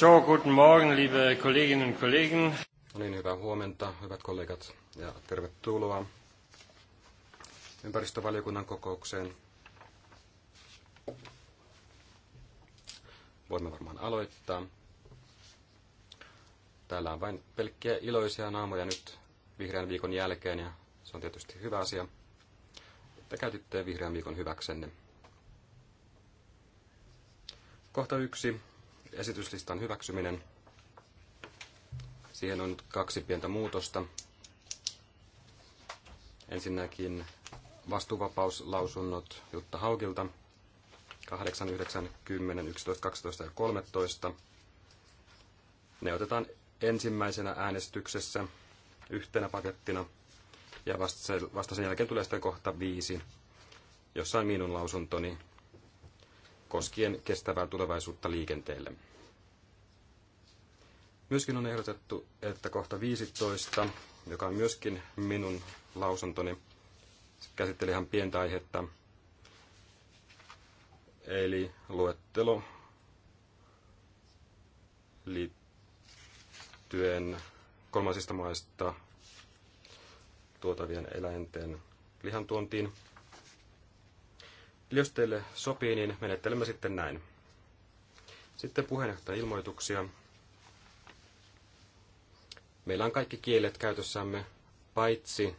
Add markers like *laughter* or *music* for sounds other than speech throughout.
So, guten Morgen, liebe Kolleginnen und Kollegen. No niin, hyvää huomenta, hyvät kollegat, ja tervetuloa ympäristövaliokunnan kokoukseen. Voimme varmaan aloittaa. Täällä on vain pelkkiä iloisia naamoja nyt vihreän viikon jälkeen, ja se on tietysti hyvä asia. että käytitte vihreän viikon hyväksenne. Kohta yksi esityslistan hyväksyminen. Siihen on kaksi pientä muutosta. Ensinnäkin vastuuvapauslausunnot Jutta Haukilta 8, 9, 10, 11, 12 ja 13. Ne otetaan ensimmäisenä äänestyksessä yhtenä pakettina ja vasta sen jälkeen tulee sitten kohta 5, jossa on minun lausuntoni koskien kestävää tulevaisuutta liikenteelle. Myöskin on ehdotettu, että kohta 15, joka on myöskin minun lausuntoni, käsitteli ihan pientä aihetta, eli luettelo liittyen kolmansista maista tuotavien eläinten lihantuontiin. Eli jos teille sopii, niin menettelemme sitten näin. Sitten puheenjohtajan ilmoituksia. Meillä on kaikki kielet käytössämme, paitsi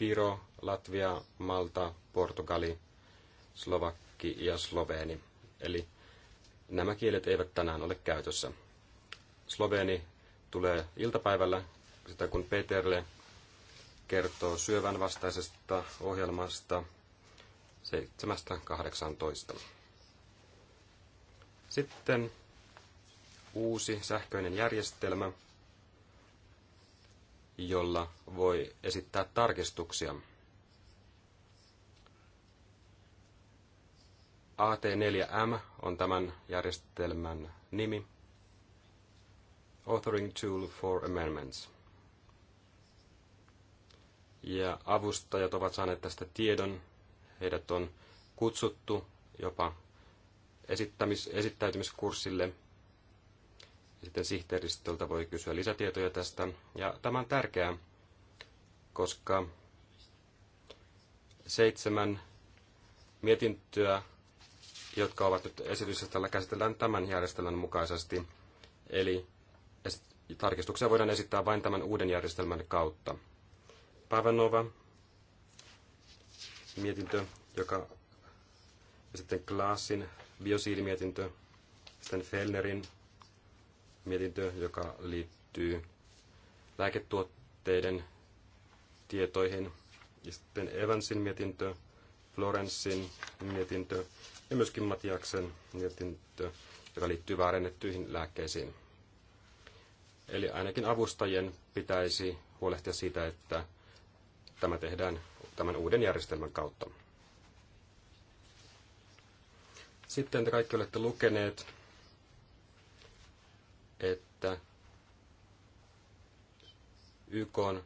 Viro, Latvia, Malta, Portugali, Slovakki ja Sloveeni. Eli nämä kielet eivät tänään ole käytössä. Sloveeni tulee iltapäivällä, sitä kun Peterle kertoo syövän vastaisesta ohjelmasta – 7.18. Sitten uusi sähköinen järjestelmä, jolla voi esittää tarkistuksia. AT4M on tämän järjestelmän nimi. Authoring Tool for Amendments. Ja avustajat ovat saaneet tästä tiedon Heidät on kutsuttu jopa esittämis, esittäytymiskurssille. sitten sihteeristöltä voi kysyä lisätietoja tästä. Ja tämä on tärkeää, koska seitsemän mietintöä, jotka ovat nyt esityslistalla, käsitellään tämän järjestelmän mukaisesti. Eli tarkistuksia voidaan esittää vain tämän uuden järjestelmän kautta. Pavanova mietintö, joka ja sitten Glassin biosiilimietintö, sitten Fellnerin mietintö, joka liittyy lääketuotteiden tietoihin, ja sitten Evansin mietintö, Florensin mietintö ja myöskin Matiaksen mietintö, joka liittyy väärennettyihin lääkkeisiin. Eli ainakin avustajien pitäisi huolehtia siitä, että tämä tehdään tämän uuden järjestelmän kautta. Sitten te kaikki olette lukeneet, että YK on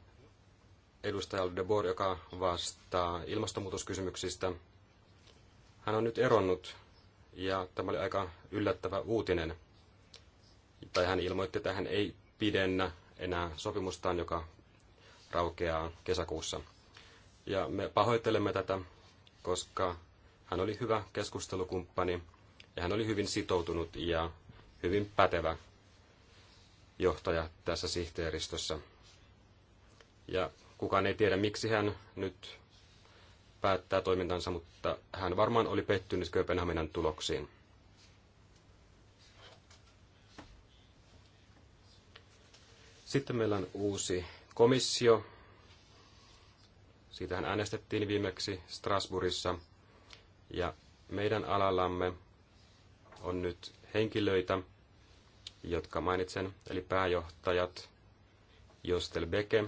edustaja De Boer, joka vastaa ilmastonmuutoskysymyksistä. Hän on nyt eronnut ja tämä oli aika yllättävä uutinen. Tai hän ilmoitti, että hän ei pidennä enää sopimustaan, joka raukeaa kesäkuussa. Ja me pahoittelemme tätä, koska hän oli hyvä keskustelukumppani ja hän oli hyvin sitoutunut ja hyvin pätevä johtaja tässä sihteeristössä. Ja kukaan ei tiedä, miksi hän nyt päättää toimintansa, mutta hän varmaan oli pettynyt Kööpenhaminan tuloksiin. Sitten meillä on uusi komissio, Siitähän äänestettiin viimeksi Strasbourgissa. Ja meidän alallamme on nyt henkilöitä, jotka mainitsen, eli pääjohtajat Jostel Beke.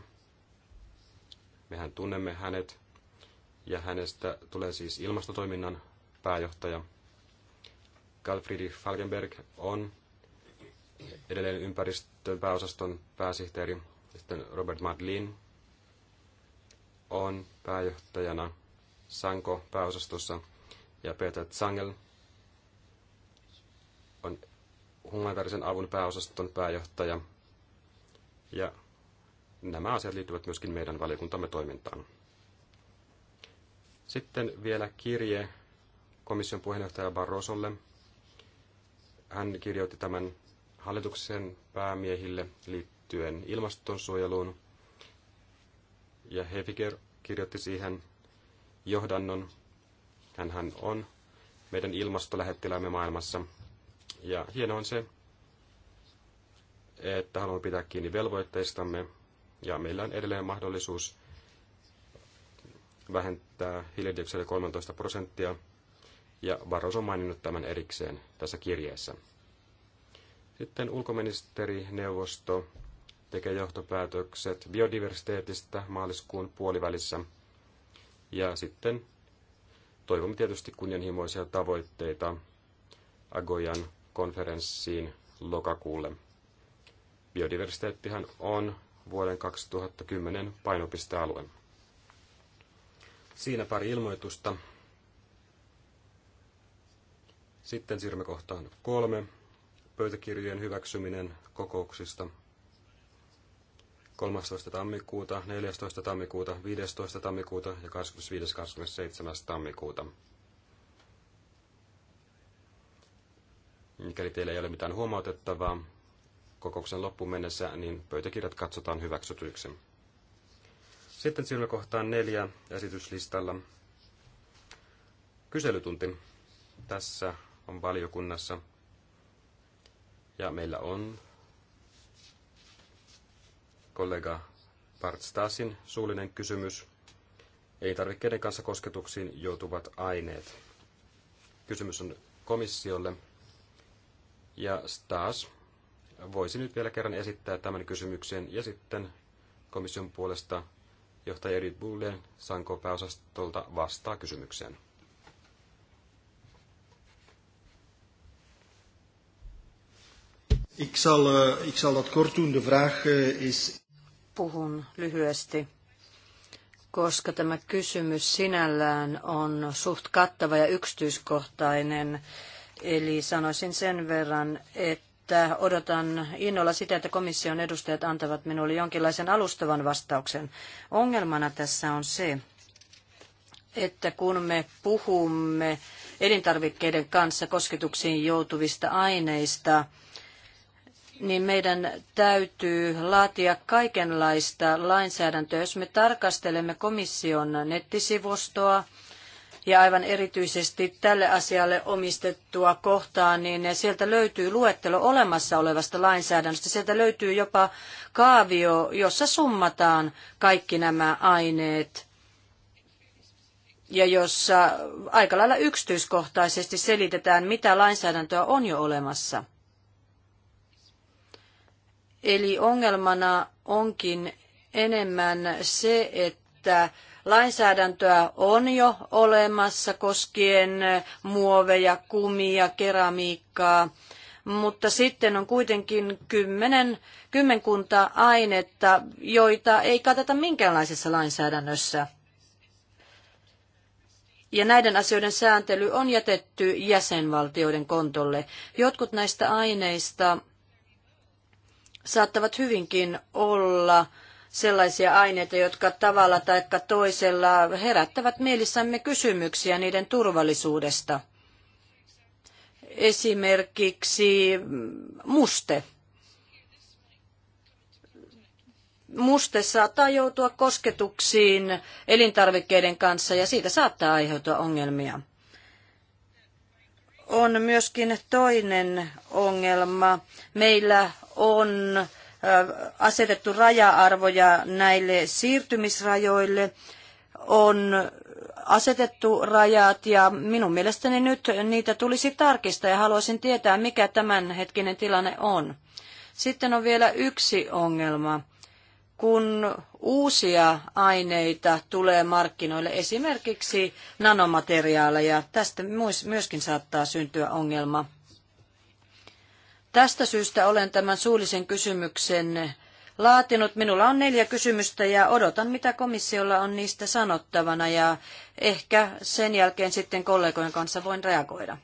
Mehän tunnemme hänet ja hänestä tulee siis ilmastotoiminnan pääjohtaja. Friedrich Falkenberg on edelleen ympäristön pääosaston pääsihteeri, sitten Robert Madlin, on pääjohtajana Sanko pääosastossa ja Peter Zangel on humanitaarisen avun pääosaston pääjohtaja. Ja nämä asiat liittyvät myöskin meidän valiokuntamme toimintaan. Sitten vielä kirje komission puheenjohtaja Barrosolle. Hän kirjoitti tämän hallituksen päämiehille liittyen ilmastonsuojeluun ja Heviger kirjoitti siihen johdannon. Hänhän on meidän ilmastolähettiläämme maailmassa. Ja hieno on se, että haluamme pitää kiinni velvoitteistamme ja meillä on edelleen mahdollisuus vähentää hiilidioksidia 13 prosenttia ja Varos on maininnut tämän erikseen tässä kirjeessä. Sitten ulkoministerineuvosto tekee johtopäätökset biodiversiteetistä maaliskuun puolivälissä. Ja sitten toivomme tietysti kunnianhimoisia tavoitteita Agojan konferenssiin lokakuulle. Biodiversiteettihan on vuoden 2010 painopistealue. Siinä pari ilmoitusta. Sitten siirrymme kohtaan kolme. Pöytäkirjojen hyväksyminen kokouksista 13. tammikuuta, 14. tammikuuta, 15. tammikuuta ja 25.–27. tammikuuta. Mikäli teillä ei ole mitään huomautettavaa kokouksen loppuun mennessä, niin pöytäkirjat katsotaan hyväksytyiksi. Sitten siirrymme kohtaan neljä esityslistalla. Kyselytunti tässä on valiokunnassa. Ja meillä on kollega Bart Stasin suullinen kysymys. ei kenen kanssa kosketuksiin joutuvat aineet. Kysymys on komissiolle. Ja Stas voisi nyt vielä kerran esittää tämän kysymyksen ja sitten komission puolesta johtaja Edith Bullen Sanko pääosastolta vastaa kysymykseen. Ik zal, uh, ik zal dat kort doen. De vraag uh, is puhun lyhyesti, koska tämä kysymys sinällään on suht kattava ja yksityiskohtainen. Eli sanoisin sen verran, että odotan innolla sitä, että komission edustajat antavat minulle jonkinlaisen alustavan vastauksen. Ongelmana tässä on se, että kun me puhumme elintarvikkeiden kanssa kosketuksiin joutuvista aineista, niin meidän täytyy laatia kaikenlaista lainsäädäntöä. Jos me tarkastelemme komission nettisivustoa, ja aivan erityisesti tälle asialle omistettua kohtaa, niin sieltä löytyy luettelo olemassa olevasta lainsäädännöstä. Sieltä löytyy jopa kaavio, jossa summataan kaikki nämä aineet ja jossa aika lailla yksityiskohtaisesti selitetään, mitä lainsäädäntöä on jo olemassa. Eli ongelmana onkin enemmän se, että lainsäädäntöä on jo olemassa koskien muoveja, kumia, keramiikkaa, mutta sitten on kuitenkin kymmenen, kymmenkunta ainetta, joita ei kateta minkäänlaisessa lainsäädännössä. Ja näiden asioiden sääntely on jätetty jäsenvaltioiden kontolle. Jotkut näistä aineista saattavat hyvinkin olla sellaisia aineita, jotka tavalla tai toisella herättävät mielissämme kysymyksiä niiden turvallisuudesta. Esimerkiksi muste. Muste saattaa joutua kosketuksiin elintarvikkeiden kanssa ja siitä saattaa aiheutua ongelmia on myöskin toinen ongelma. Meillä on äh, asetettu raja-arvoja näille siirtymisrajoille, on asetettu rajat ja minun mielestäni nyt niitä tulisi tarkistaa ja haluaisin tietää, mikä tämänhetkinen tilanne on. Sitten on vielä yksi ongelma kun uusia aineita tulee markkinoille, esimerkiksi nanomateriaaleja, tästä myöskin saattaa syntyä ongelma. Tästä syystä olen tämän suullisen kysymyksen laatinut. Minulla on neljä kysymystä ja odotan, mitä komissiolla on niistä sanottavana ja ehkä sen jälkeen sitten kollegojen kanssa voin reagoida.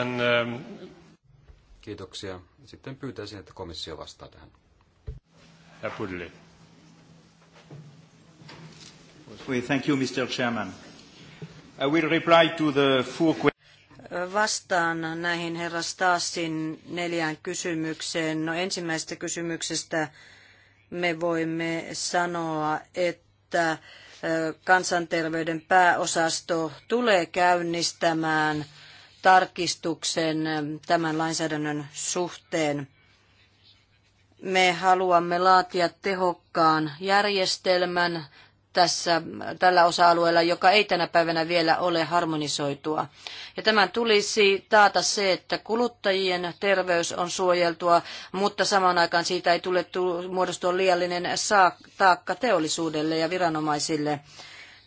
Um, Kiitoksia. Sitten pyytäisin, että komissio vastaa tähän. Herr Thank you, Mr. Chairman. I will reply to the four questions. Vastaan näihin herra Stasin neljään kysymykseen. No ensimmäisestä kysymyksestä me voimme sanoa, että kansanterveyden pääosasto tulee käynnistämään tarkistuksen tämän lainsäädännön suhteen. Me haluamme laatia tehokkaan järjestelmän tässä, tällä osa-alueella, joka ei tänä päivänä vielä ole harmonisoitua. Ja tämän tulisi taata se, että kuluttajien terveys on suojeltua, mutta samaan aikaan siitä ei tule muodostua liiallinen taakka teollisuudelle ja viranomaisille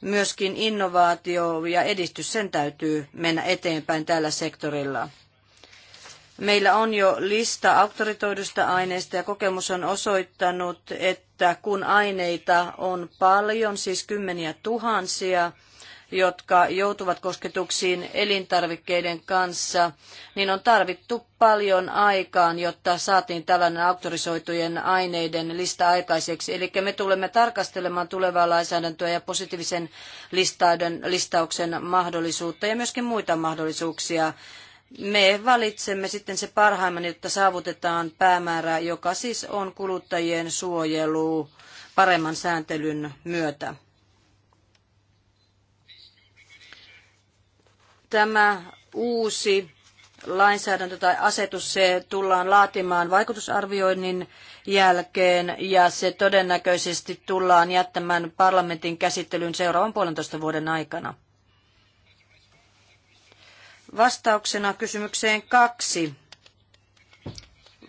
myöskin innovaatio ja edistys, sen täytyy mennä eteenpäin tällä sektorilla. Meillä on jo lista auktoritoidusta aineista ja kokemus on osoittanut, että kun aineita on paljon, siis kymmeniä tuhansia, jotka joutuvat kosketuksiin elintarvikkeiden kanssa, niin on tarvittu paljon aikaan, jotta saatiin tällainen auktorisoitujen aineiden lista aikaiseksi. Eli me tulemme tarkastelemaan tulevaa lainsäädäntöä ja positiivisen listauksen mahdollisuutta ja myöskin muita mahdollisuuksia me valitsemme sitten se parhaimman, jotta saavutetaan päämäärä, joka siis on kuluttajien suojelu paremman sääntelyn myötä. Tämä uusi lainsäädäntö tai asetus se tullaan laatimaan vaikutusarvioinnin jälkeen ja se todennäköisesti tullaan jättämään parlamentin käsittelyyn seuraavan puolentoista vuoden aikana. Vastauksena kysymykseen kaksi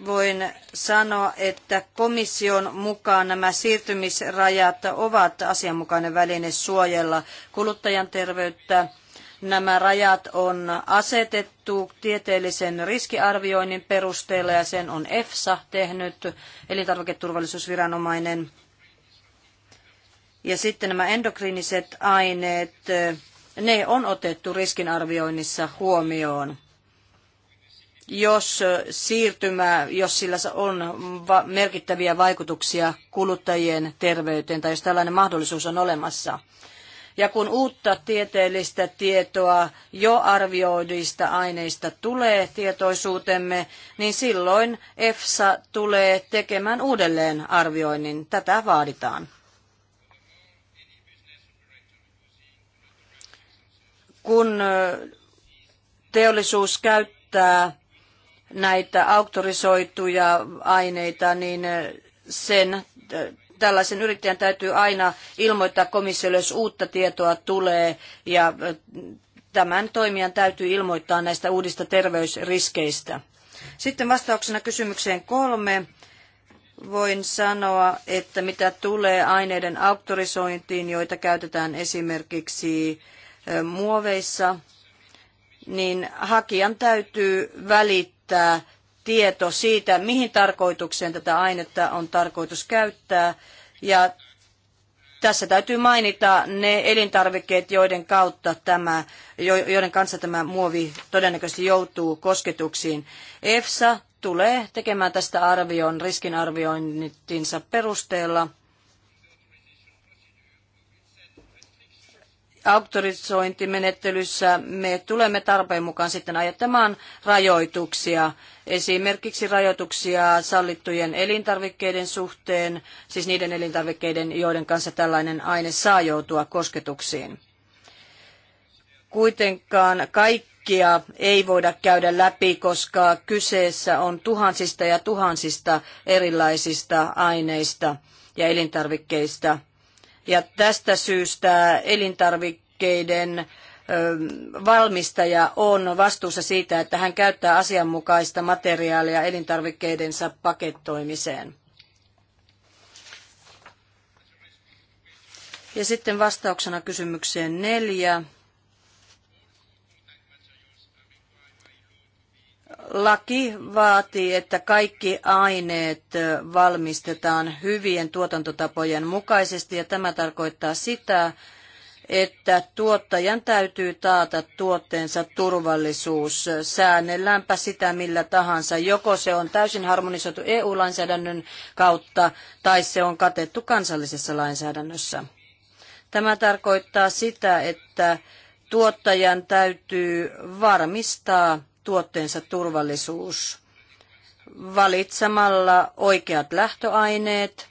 voin sanoa, että komission mukaan nämä siirtymisrajat ovat asianmukainen väline suojella kuluttajan terveyttä. Nämä rajat on asetettu tieteellisen riskiarvioinnin perusteella ja sen on EFSA tehnyt, elintarviketurvallisuusviranomainen. Ja sitten nämä endokriiniset aineet, ne on otettu riskinarvioinnissa huomioon. Jos siirtymä, jos sillä on merkittäviä vaikutuksia kuluttajien terveyteen tai jos tällainen mahdollisuus on olemassa. Ja kun uutta tieteellistä tietoa jo arvioiduista aineista tulee tietoisuutemme, niin silloin EFSA tulee tekemään uudelleen arvioinnin. Tätä vaaditaan. kun teollisuus käyttää näitä auktorisoituja aineita, niin sen tällaisen yrittäjän täytyy aina ilmoittaa komissiolle, jos uutta tietoa tulee ja tämän toimijan täytyy ilmoittaa näistä uudista terveysriskeistä. Sitten vastauksena kysymykseen kolme voin sanoa, että mitä tulee aineiden auktorisointiin, joita käytetään esimerkiksi muoveissa, niin hakijan täytyy välittää tieto siitä, mihin tarkoitukseen tätä ainetta on tarkoitus käyttää. Ja tässä täytyy mainita ne elintarvikkeet, joiden, kautta tämä, joiden kanssa tämä muovi todennäköisesti joutuu kosketuksiin. EFSA tulee tekemään tästä arvion riskinarviointinsa perusteella – auktorisointimenettelyssä me tulemme tarpeen mukaan sitten ajattamaan rajoituksia, esimerkiksi rajoituksia sallittujen elintarvikkeiden suhteen, siis niiden elintarvikkeiden, joiden kanssa tällainen aine saa joutua kosketuksiin. Kuitenkaan kaikkia ei voida käydä läpi, koska kyseessä on tuhansista ja tuhansista erilaisista aineista ja elintarvikkeista – ja tästä syystä elintarvikkeiden valmistaja on vastuussa siitä, että hän käyttää asianmukaista materiaalia elintarvikkeidensa pakettoimiseen. Ja sitten vastauksena kysymykseen neljä. Laki vaatii, että kaikki aineet valmistetaan hyvien tuotantotapojen mukaisesti ja tämä tarkoittaa sitä, että tuottajan täytyy taata tuotteensa turvallisuus. Säännelläänpä sitä millä tahansa. Joko se on täysin harmonisoitu EU-lainsäädännön kautta tai se on katettu kansallisessa lainsäädännössä. Tämä tarkoittaa sitä, että tuottajan täytyy varmistaa tuotteensa turvallisuus valitsemalla oikeat lähtöaineet,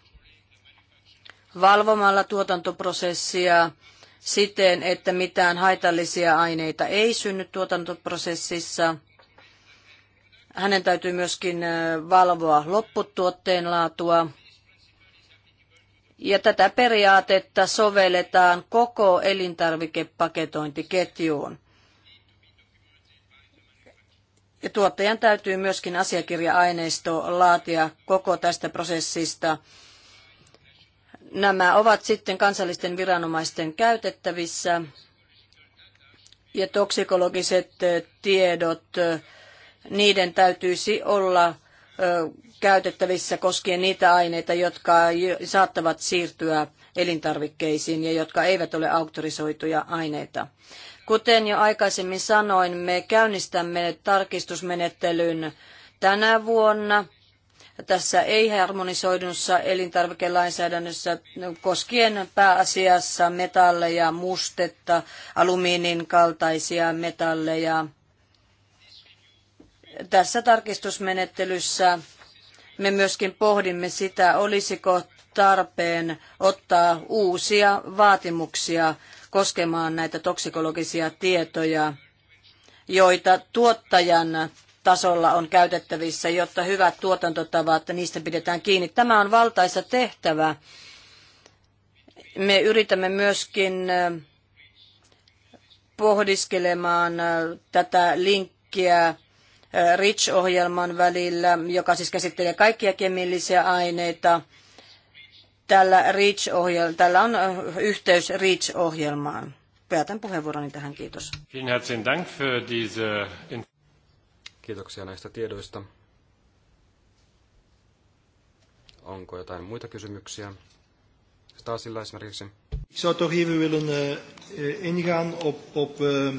valvomalla tuotantoprosessia siten, että mitään haitallisia aineita ei synny tuotantoprosessissa. Hänen täytyy myöskin valvoa lopputuotteen laatua. Ja tätä periaatetta sovelletaan koko elintarvikepaketointiketjuun. Ja tuottajan täytyy myöskin asiakirja-aineisto laatia koko tästä prosessista. Nämä ovat sitten kansallisten viranomaisten käytettävissä ja toksikologiset tiedot, niiden täytyisi olla käytettävissä koskien niitä aineita, jotka saattavat siirtyä elintarvikkeisiin ja jotka eivät ole auktorisoituja aineita. Kuten jo aikaisemmin sanoin, me käynnistämme tarkistusmenettelyn tänä vuonna tässä ei-harmonisoidussa elintarvikelainsäädännössä koskien pääasiassa metalleja, mustetta, alumiinin kaltaisia metalleja. Tässä tarkistusmenettelyssä me myöskin pohdimme sitä, olisiko tarpeen ottaa uusia vaatimuksia koskemaan näitä toksikologisia tietoja, joita tuottajan tasolla on käytettävissä, jotta hyvät tuotantotavat, niistä pidetään kiinni. Tämä on valtaisa tehtävä. Me yritämme myöskin pohdiskelemaan tätä linkkiä RICH-ohjelman välillä, joka siis käsittelee kaikkia kemillisiä aineita – tällä, REACH tällä on yhteys REACH-ohjelmaan. Päätän puheenvuoroni tähän, kiitos. Kiitoksia näistä tiedoista. Onko jotain muita kysymyksiä? Stasilla esimerkiksi. Ik zou eh, eh, ingaan op, op ehm,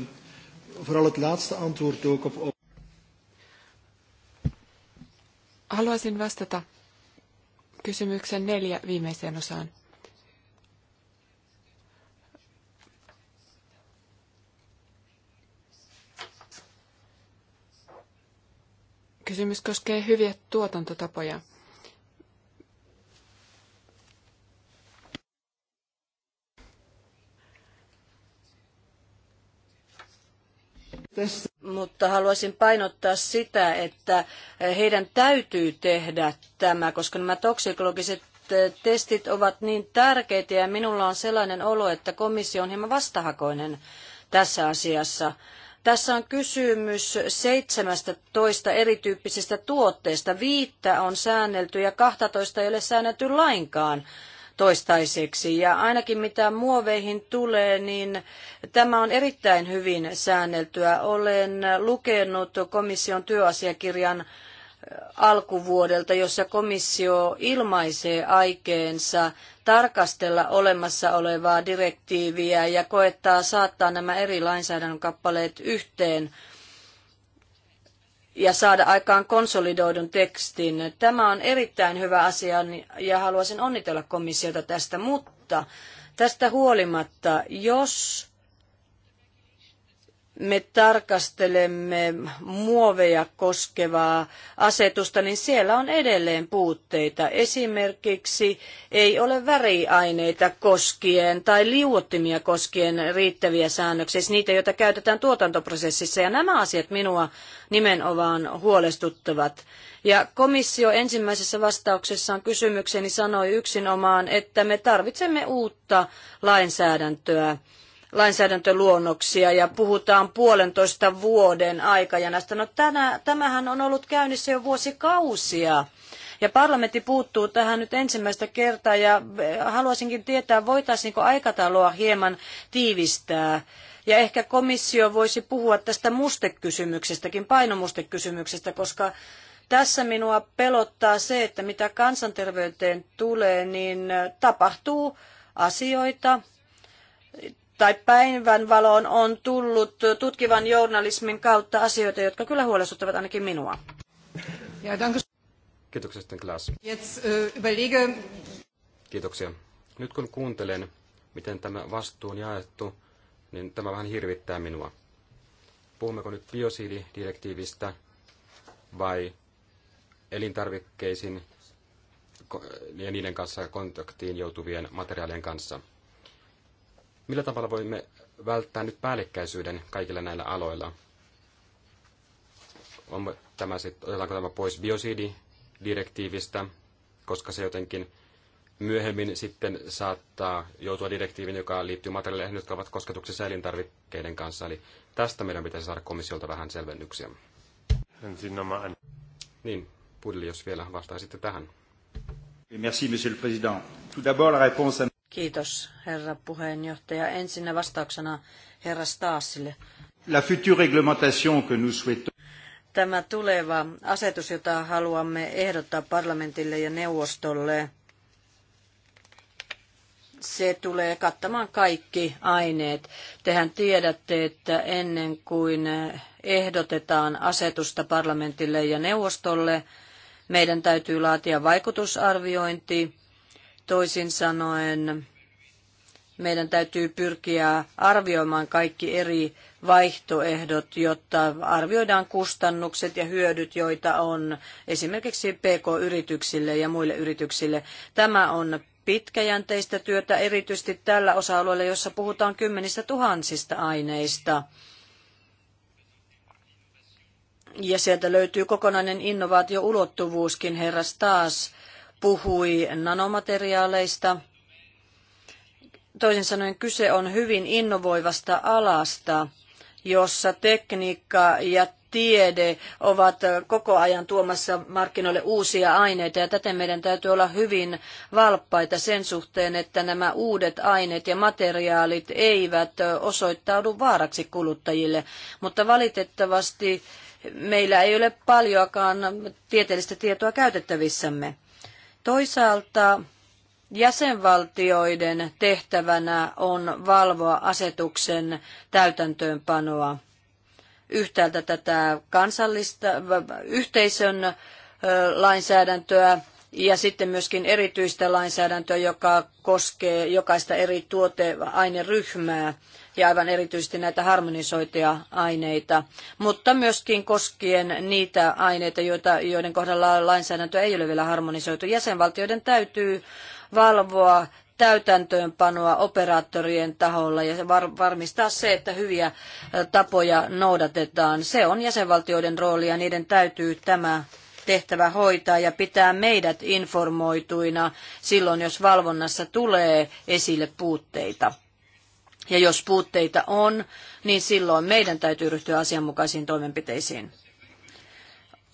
vooral het laatste antwoord ook op... Haluaisin vastata kysymyksen neljä viimeiseen osaan. Kysymys koskee hyviä tuotantotapoja. Mutta haluaisin painottaa sitä, että heidän täytyy tehdä tämä, koska nämä toksikologiset eh, testit ovat niin tärkeitä ja minulla on sellainen olo, että komissio on hieman vastahakoinen tässä asiassa. Tässä on kysymys 17 erityyppisestä tuotteesta. Viittä on säännelty ja 12 ei ole säännelty lainkaan toistaiseksi. Ja ainakin mitä muoveihin tulee, niin tämä on erittäin hyvin säänneltyä. Olen lukenut komission työasiakirjan äh, alkuvuodelta, jossa komissio ilmaisee aikeensa tarkastella olemassa olevaa direktiiviä ja koettaa saattaa nämä eri lainsäädännön kappaleet yhteen ja saada aikaan konsolidoidun tekstin. Tämä on erittäin hyvä asia ja haluaisin onnitella komissiota tästä, mutta tästä huolimatta, jos me tarkastelemme muoveja koskevaa asetusta, niin siellä on edelleen puutteita. Esimerkiksi ei ole väriaineita koskien tai liuottimia koskien riittäviä säännöksiä, siis niitä, joita käytetään tuotantoprosessissa. Ja nämä asiat minua nimenomaan huolestuttavat. Ja komissio ensimmäisessä vastauksessaan kysymykseni sanoi yksinomaan, että me tarvitsemme uutta lainsäädäntöä lainsäädäntöluonnoksia ja puhutaan puolentoista vuoden aikajanasta. No tänä, tämähän on ollut käynnissä jo vuosikausia. Ja parlamentti puuttuu tähän nyt ensimmäistä kertaa ja eh, haluaisinkin tietää, voitaisiinko aikataulua hieman tiivistää. Ja ehkä komissio voisi puhua tästä mustekysymyksestäkin, painomustekysymyksestä, koska tässä minua pelottaa se, että mitä kansanterveyteen tulee, niin eh, tapahtuu asioita, tai päivänvaloon on tullut tutkivan journalismin kautta asioita, jotka kyllä huolestuttavat ainakin minua. Kiitoksia sitten Klaas. Äh, Kiitoksia. Nyt kun kuuntelen, miten tämä vastuu on jaettu, niin tämä vähän hirvittää minua. Puhummeko nyt biosiilidirektiivistä vai elintarvikkeisiin ja niiden kanssa kontaktiin joutuvien materiaalien kanssa? Millä tavalla voimme välttää nyt päällekkäisyyden kaikilla näillä aloilla? On tämä sit, otetaanko tämä pois direktiivistä, koska se jotenkin myöhemmin sitten saattaa joutua direktiivin, joka liittyy materiaaleihin, jotka ovat kosketuksessa elintarvikkeiden kanssa. Eli tästä meidän pitäisi saada komissiolta vähän selvennyksiä. Niin, Pudli, jos vielä vastaisitte tähän. Merci, monsieur le président. Tout d'abord, la réponse à... Kiitos, herra puheenjohtaja. Ensinnä vastauksena herra Staasille. La future réglementation que nous souhaitons tämä tuleva asetus, jota haluamme ehdottaa parlamentille ja neuvostolle, se tulee kattamaan kaikki aineet. Tehän tiedätte, että ennen kuin ehdotetaan asetusta parlamentille ja neuvostolle, meidän täytyy laatia vaikutusarviointi Toisin sanoen meidän täytyy pyrkiä arvioimaan kaikki eri vaihtoehdot, jotta arvioidaan kustannukset ja hyödyt, joita on esimerkiksi PK-yrityksille ja muille yrityksille. Tämä on pitkäjänteistä työtä erityisesti tällä osa-alueella, jossa puhutaan kymmenistä tuhansista aineista. Ja sieltä löytyy kokonainen innovaatioulottuvuuskin, herras taas puhui nanomateriaaleista. Toisin sanoen kyse on hyvin innovoivasta alasta, jossa tekniikka ja tiede ovat koko ajan tuomassa markkinoille uusia aineita ja täten meidän täytyy olla hyvin valppaita sen suhteen, että nämä uudet aineet ja materiaalit eivät osoittaudu vaaraksi kuluttajille. Mutta valitettavasti meillä ei ole paljoakaan tieteellistä tietoa käytettävissämme. Toisaalta jäsenvaltioiden tehtävänä on valvoa asetuksen täytäntöönpanoa yhtäältä tätä kansallista yhteisön lainsäädäntöä ja sitten myöskin erityistä lainsäädäntöä, joka koskee jokaista eri tuoteaineryhmää ja aivan erityisesti näitä harmonisoituja aineita, mutta myöskin koskien niitä aineita, joita, joiden kohdalla lainsäädäntö ei ole vielä harmonisoitu. Jäsenvaltioiden täytyy valvoa täytäntöönpanoa operaattorien taholla ja varmistaa se, että hyviä äh, tapoja noudatetaan. Se on jäsenvaltioiden rooli ja niiden täytyy tämä tehtävä hoitaa ja pitää meidät informoituina silloin, jos valvonnassa tulee esille puutteita. Ja jos puutteita on, niin silloin meidän täytyy ryhtyä asianmukaisiin toimenpiteisiin.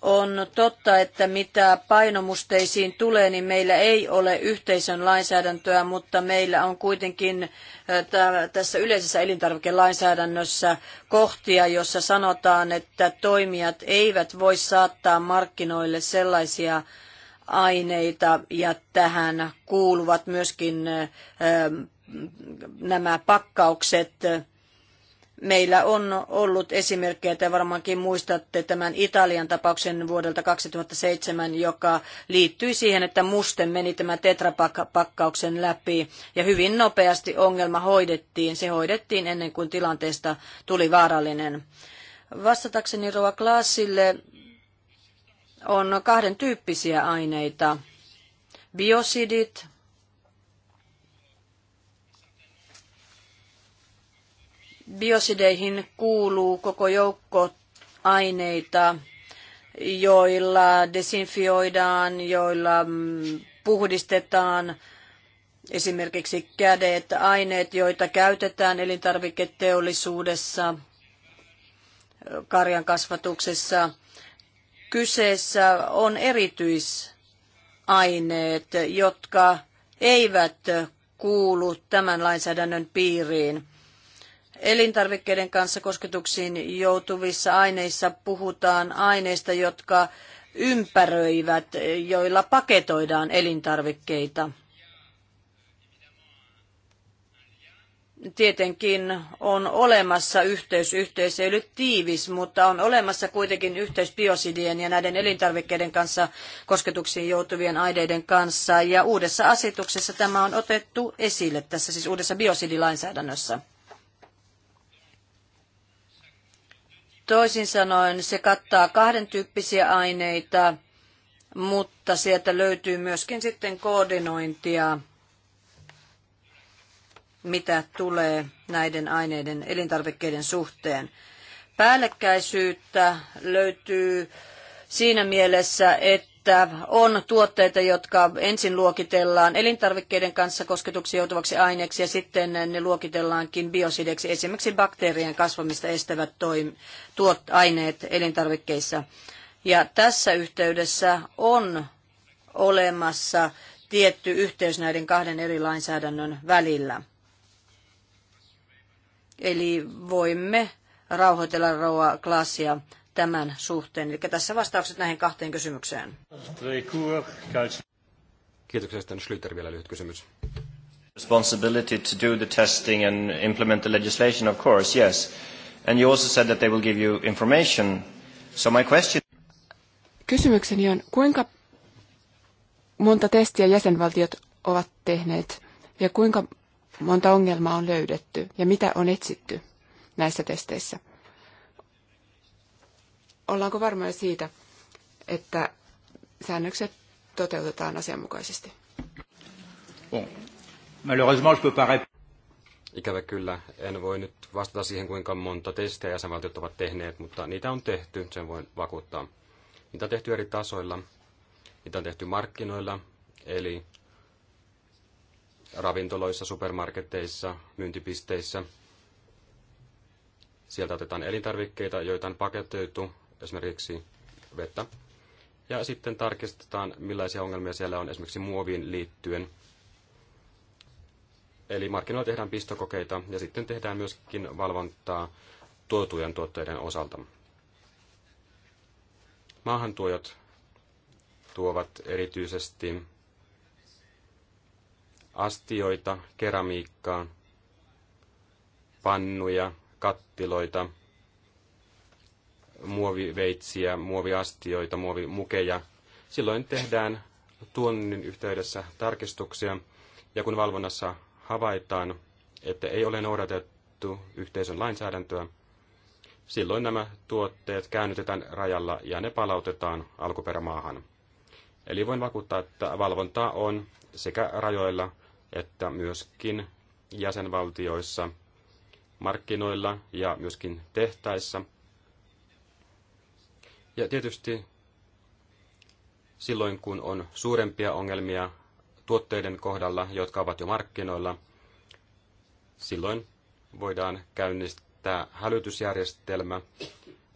On totta, että mitä painomusteisiin tulee, niin meillä ei ole yhteisön lainsäädäntöä, mutta meillä on kuitenkin äh, tässä yleisessä elintarvikelainsäädännössä kohtia, jossa sanotaan, että toimijat eivät voi saattaa markkinoille sellaisia aineita ja tähän kuuluvat myöskin äh, nämä pakkaukset, Meillä on ollut esimerkkejä, te varmaankin muistatte tämän Italian tapauksen vuodelta 2007, joka liittyi siihen, että muste meni tämän tetrapakkauksen läpi ja hyvin nopeasti ongelma hoidettiin. Se hoidettiin ennen kuin tilanteesta tuli vaarallinen. Vastatakseni Rova Klaasille on kahden tyyppisiä aineita. Biosidit, Biosideihin kuuluu koko joukko aineita, joilla desinfioidaan, joilla puhdistetaan esimerkiksi kädet, aineet, joita käytetään elintarviketeollisuudessa, karjan kasvatuksessa. Kyseessä on erityisaineet, jotka eivät kuulu tämän lainsäädännön piiriin elintarvikkeiden kanssa kosketuksiin joutuvissa aineissa puhutaan aineista, jotka ympäröivät, joilla paketoidaan elintarvikkeita. Tietenkin on olemassa yhteys, yhteys ei ole tiivis, mutta on olemassa kuitenkin yhteys biosidien ja näiden elintarvikkeiden kanssa kosketuksiin joutuvien aineiden kanssa. Ja uudessa asetuksessa tämä on otettu esille tässä siis uudessa biosidilainsäädännössä. Toisin sanoen se kattaa kahden tyyppisiä aineita, mutta sieltä löytyy myöskin sitten koordinointia, mitä tulee näiden aineiden elintarvikkeiden suhteen. Päällekkäisyyttä löytyy siinä mielessä, että että on tuotteita, jotka ensin luokitellaan elintarvikkeiden kanssa kosketuksi joutuvaksi aineeksi ja sitten ne luokitellaankin biosideksi, esimerkiksi bakteerien kasvamista estävät toim- tuot aineet elintarvikkeissa. Ja tässä yhteydessä on olemassa tietty yhteys näiden kahden eri lainsäädännön välillä. Eli voimme rauhoitella Roa Glasia tämän suhteen. Eli tässä vastaukset näihin kahteen kysymykseen. Kiitoksia. Sitten Schlüter vielä lyhyt kysymys. Responsibility to do the testing and implement the legislation, of course, yes. And you also said that they will give you information. So my question... Kysymykseni on, kuinka monta testiä jäsenvaltiot ovat tehneet ja kuinka monta ongelmaa on löydetty ja mitä on etsitty näissä testeissä? ollaanko varmoja siitä, että säännökset toteutetaan asianmukaisesti? Bon. Malheureusement, je peux pas Ikävä kyllä, en voi nyt vastata siihen, kuinka monta testejä jäsenvaltiot ovat tehneet, mutta niitä on tehty, sen voin vakuuttaa. Niitä on tehty eri tasoilla. Niitä on tehty markkinoilla, eli ravintoloissa, supermarketeissa, myyntipisteissä. Sieltä otetaan elintarvikkeita, joita on paketoitu esimerkiksi vettä. Ja sitten tarkistetaan, millaisia ongelmia siellä on esimerkiksi muoviin liittyen. Eli markkinoilla tehdään pistokokeita ja sitten tehdään myöskin valvontaa tuotujen tuotteiden osalta. Maahantuojat tuovat erityisesti astioita, keramiikkaa, pannuja, kattiloita, muoviveitsiä, muoviastioita, muovimukeja. Silloin tehdään tuonnin yhteydessä tarkistuksia, ja kun valvonnassa havaitaan, että ei ole noudatettu yhteisön lainsäädäntöä, silloin nämä tuotteet käännytetään rajalla ja ne palautetaan alkuperämaahan. Eli voin vakuuttaa, että valvontaa on sekä rajoilla että myöskin jäsenvaltioissa, markkinoilla ja myöskin tehtaissa – ja tietysti silloin, kun on suurempia ongelmia tuotteiden kohdalla, jotka ovat jo markkinoilla, silloin voidaan käynnistää hälytysjärjestelmä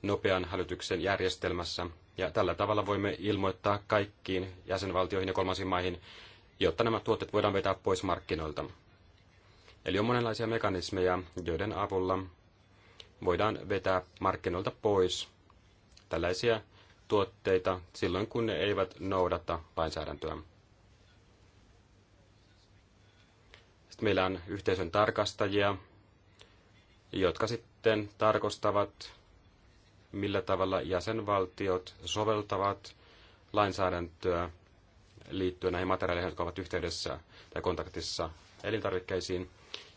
nopean hälytyksen järjestelmässä. Ja tällä tavalla voimme ilmoittaa kaikkiin jäsenvaltioihin ja kolmansiin maihin, jotta nämä tuotteet voidaan vetää pois markkinoilta. Eli on monenlaisia mekanismeja, joiden avulla voidaan vetää markkinoilta pois tällaisia tuotteita silloin, kun ne eivät noudata lainsäädäntöä. Sitten meillä on yhteisön tarkastajia, jotka sitten tarkostavat, millä tavalla jäsenvaltiot soveltavat lainsäädäntöä liittyen näihin materiaaleihin, jotka ovat yhteydessä tai kontaktissa elintarvikkeisiin.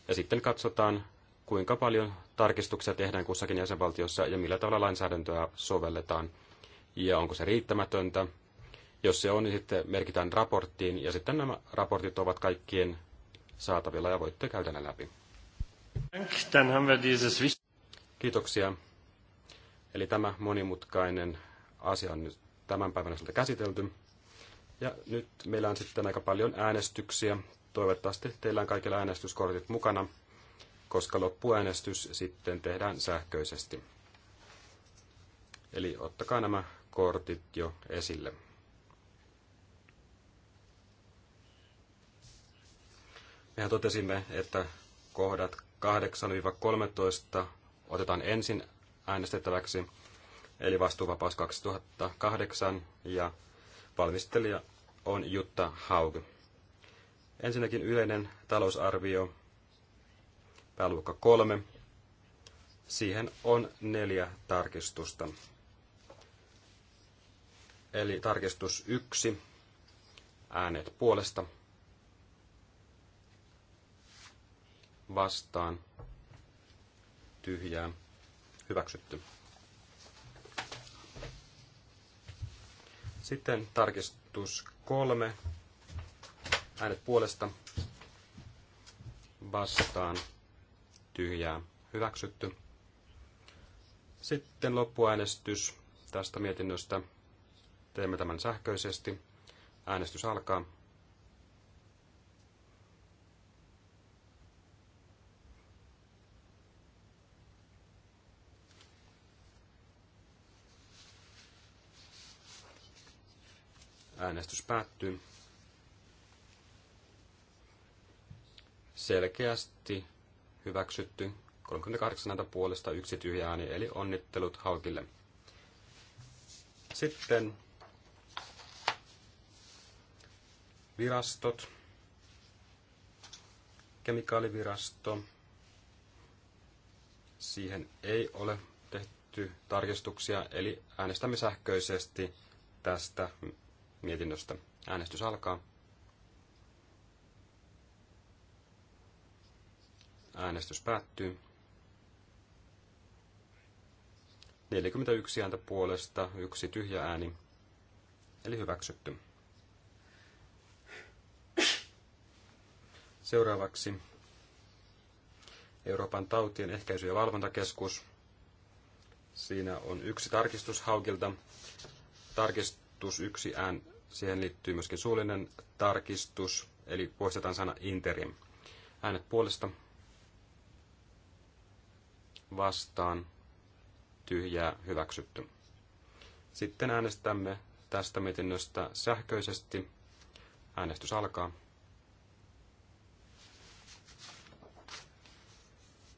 Ja sitten katsotaan, kuinka paljon tarkistuksia tehdään kussakin jäsenvaltiossa ja millä tavalla lainsäädäntöä sovelletaan ja onko se riittämätöntä. Jos se on, niin sitten merkitään raporttiin ja sitten nämä raportit ovat kaikkien saatavilla ja voitte käydä ne läpi. Kiitoksia. Eli tämä monimutkainen asia on nyt tämän päivän osalta käsitelty. Ja nyt meillä on sitten aika paljon äänestyksiä. Toivottavasti teillä on kaikilla äänestyskortit mukana koska loppuäänestys sitten tehdään sähköisesti. Eli ottakaa nämä kortit jo esille. Mehän totesimme, että kohdat 8-13 otetaan ensin äänestettäväksi, eli vastuuvapaus 2008 ja valmistelija on Jutta Haug. Ensinnäkin yleinen talousarvio pääluokka kolme. Siihen on neljä tarkistusta. Eli tarkistus yksi, äänet puolesta, vastaan, tyhjää, hyväksytty. Sitten tarkistus kolme, äänet puolesta, vastaan, tyhjää hyväksytty. Sitten loppuäänestys tästä mietinnöstä. Teemme tämän sähköisesti. Äänestys alkaa. Äänestys päättyy. Selkeästi hyväksytty. 38 ääntä puolesta yksi tyhjä ääni, eli onnittelut Haukille. Sitten virastot, kemikaalivirasto, siihen ei ole tehty tarkistuksia, eli äänestämme sähköisesti tästä mietinnöstä. Äänestys alkaa. Äänestys päättyy. 41 ääntä puolesta, yksi tyhjä ääni, eli hyväksytty. Seuraavaksi Euroopan tautien ehkäisy- ja valvontakeskus. Siinä on yksi tarkistus Haukilta. Tarkistus yksi ään, siihen liittyy myöskin suullinen tarkistus, eli poistetaan sana interim. Äänet puolesta vastaan tyhjää hyväksytty. Sitten äänestämme tästä mietinnöstä sähköisesti. Äänestys alkaa.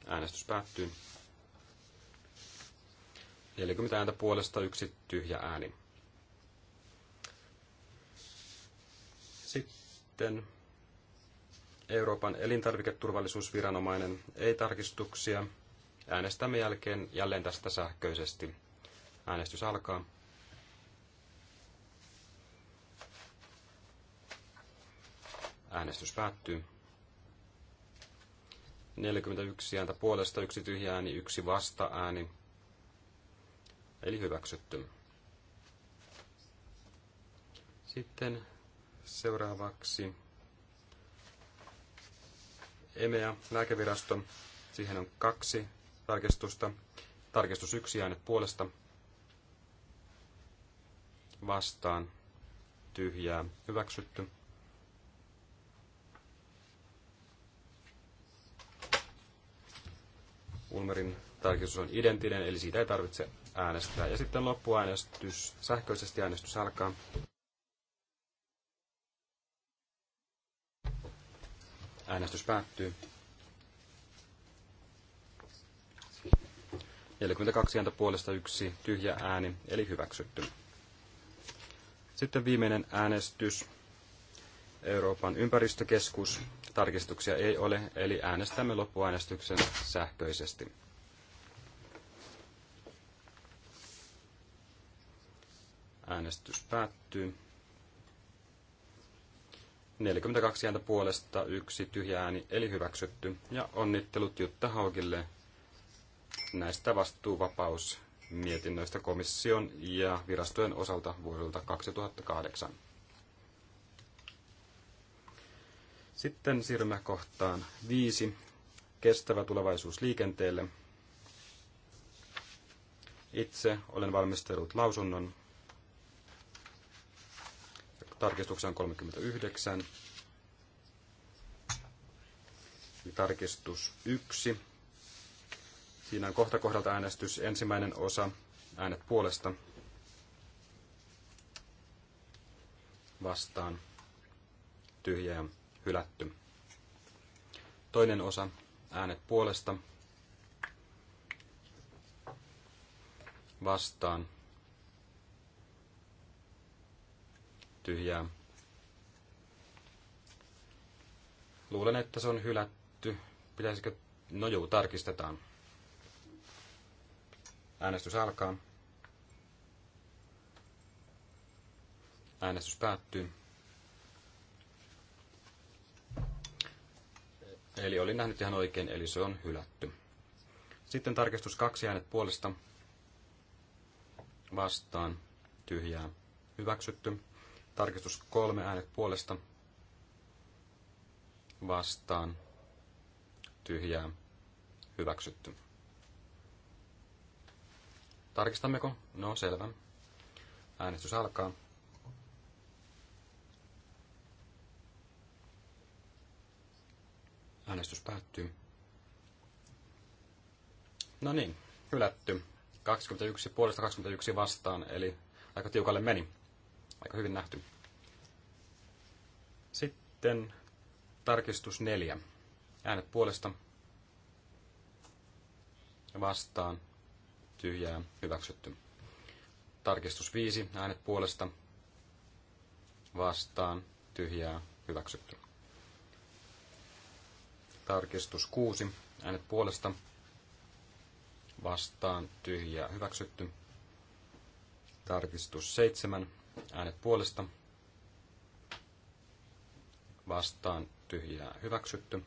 Äänestys päättyy. 40 ääntä puolesta yksi tyhjä ääni. Sitten Euroopan elintarviketurvallisuusviranomainen ei tarkistuksia Äänestämme jälkeen jälleen tästä sähköisesti. Äänestys alkaa. Äänestys päättyy. 41 ääntä puolesta, yksi tyhjä ääni, yksi vasta ääni. Eli hyväksytty. Sitten seuraavaksi EMEA, lääkevirasto. Siihen on kaksi tarkistusta. Tarkistus yksi äänet puolesta vastaan tyhjää hyväksytty. Ulmerin tarkistus on identtinen, eli siitä ei tarvitse äänestää. Ja sitten loppuäänestys, sähköisesti äänestys alkaa. Äänestys päättyy. 42 ääntä puolesta yksi tyhjä ääni, eli hyväksytty. Sitten viimeinen äänestys. Euroopan ympäristökeskus. Tarkistuksia ei ole, eli äänestämme loppuäänestyksen sähköisesti. Äänestys päättyy. 42 ääntä puolesta, yksi tyhjä ääni, eli hyväksytty. Ja onnittelut Jutta Haukille näistä vastuuvapaus mietinnöistä komission ja virastojen osalta vuodelta 2008. Sitten siirrymme kohtaan 5. Kestävä tulevaisuus liikenteelle. Itse olen valmistellut lausunnon. Tarkistuksen 39. Tarkistus 1 Siinä on kohta kohdalta äänestys. Ensimmäinen osa, äänet puolesta. Vastaan. Tyhjä ja hylätty. Toinen osa, äänet puolesta. Vastaan. Tyhjää. Luulen, että se on hylätty. Pitäisikö... No juu, tarkistetaan. Äänestys alkaa. Äänestys päättyy. Eli olin nähnyt ihan oikein, eli se on hylätty. Sitten tarkistus kaksi äänet puolesta. Vastaan. Tyhjää. Hyväksytty. Tarkistus kolme äänet puolesta. Vastaan. Tyhjää. Hyväksytty. Tarkistammeko? No, selvä. Äänestys alkaa. Äänestys päättyy. No niin, hylätty. 21 puolesta 21 vastaan, eli aika tiukalle meni. Aika hyvin nähty. Sitten tarkistus 4. Äänet puolesta vastaan tyhjää, hyväksytty. Tarkistus 5, äänet puolesta, vastaan, tyhjää, hyväksytty. Tarkistus 6, äänet puolesta, vastaan, tyhjää, hyväksytty. Tarkistus 7, äänet puolesta, vastaan, tyhjää, hyväksytty.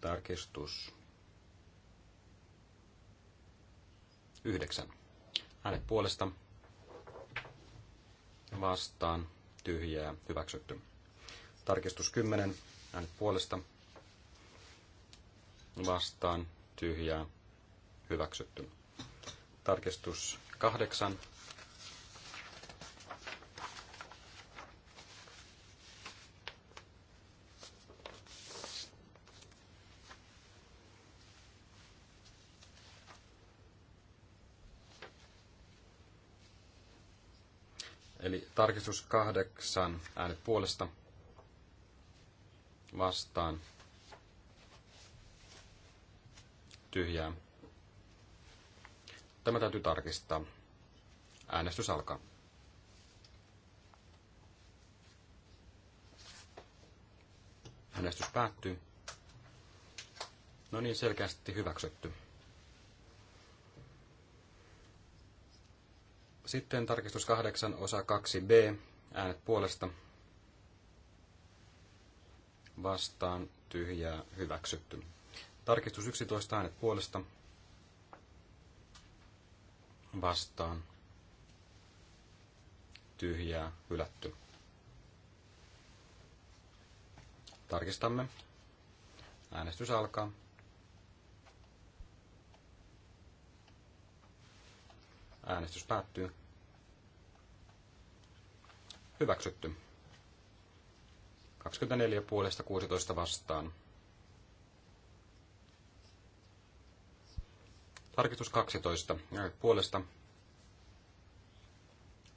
Tarkistus 9. Äänet puolesta vastaan tyhjää hyväksytty. Tarkistus 10. Äänet puolesta vastaan tyhjää hyväksytty. Tarkistus 8. Tarkistus kahdeksan äänet puolesta vastaan tyhjää. Tämä täytyy tarkistaa. Äänestys alkaa. Äänestys päättyy. No niin, selkeästi hyväksytty. Sitten tarkistus 8 osa 2b, äänet puolesta vastaan tyhjää hyväksytty. Tarkistus 11 äänet puolesta vastaan tyhjää hylätty. Tarkistamme. Äänestys alkaa. Äänestys päättyy. Hyväksytty. 24 puolesta 16 vastaan. Tarkistus 12. Puolesta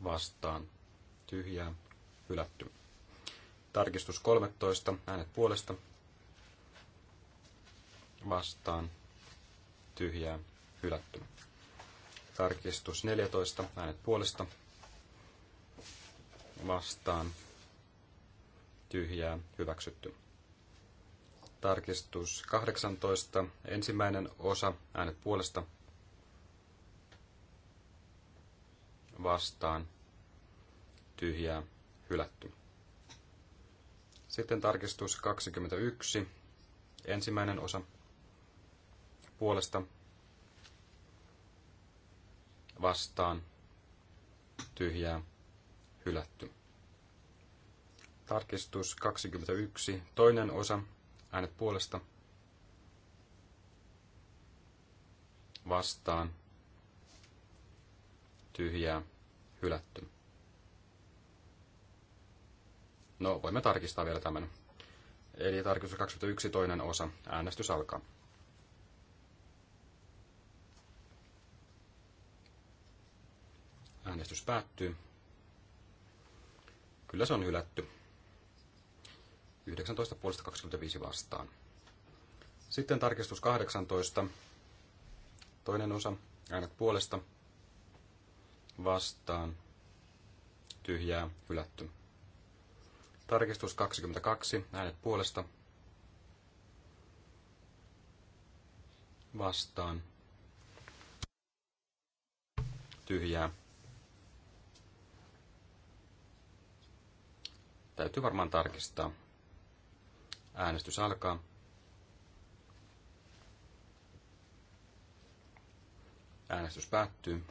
vastaan. Tyhjää. Hylätty. Tarkistus 13. Äänet puolesta vastaan. Tyhjää. Hylätty. Tarkistus 14, äänet puolesta. Vastaan. Tyhjää, hyväksytty. Tarkistus 18, ensimmäinen osa, äänet puolesta. Vastaan. Tyhjää, hylätty. Sitten tarkistus 21, ensimmäinen osa puolesta vastaan tyhjää hylätty. Tarkistus 21, toinen osa, äänet puolesta vastaan tyhjää hylätty. No, voimme tarkistaa vielä tämän. Eli tarkistus 21, toinen osa. Äänestys alkaa. Äänestys päättyy. Kyllä se on hylätty. 19 puolesta 25 vastaan. Sitten tarkistus 18. Toinen osa. Äänet puolesta. Vastaan. Tyhjää. Hylätty. Tarkistus 22. Äänet puolesta. Vastaan. Tyhjää. Täytyy varmaan tarkistaa. Äänestys alkaa. Äänestys päättyy.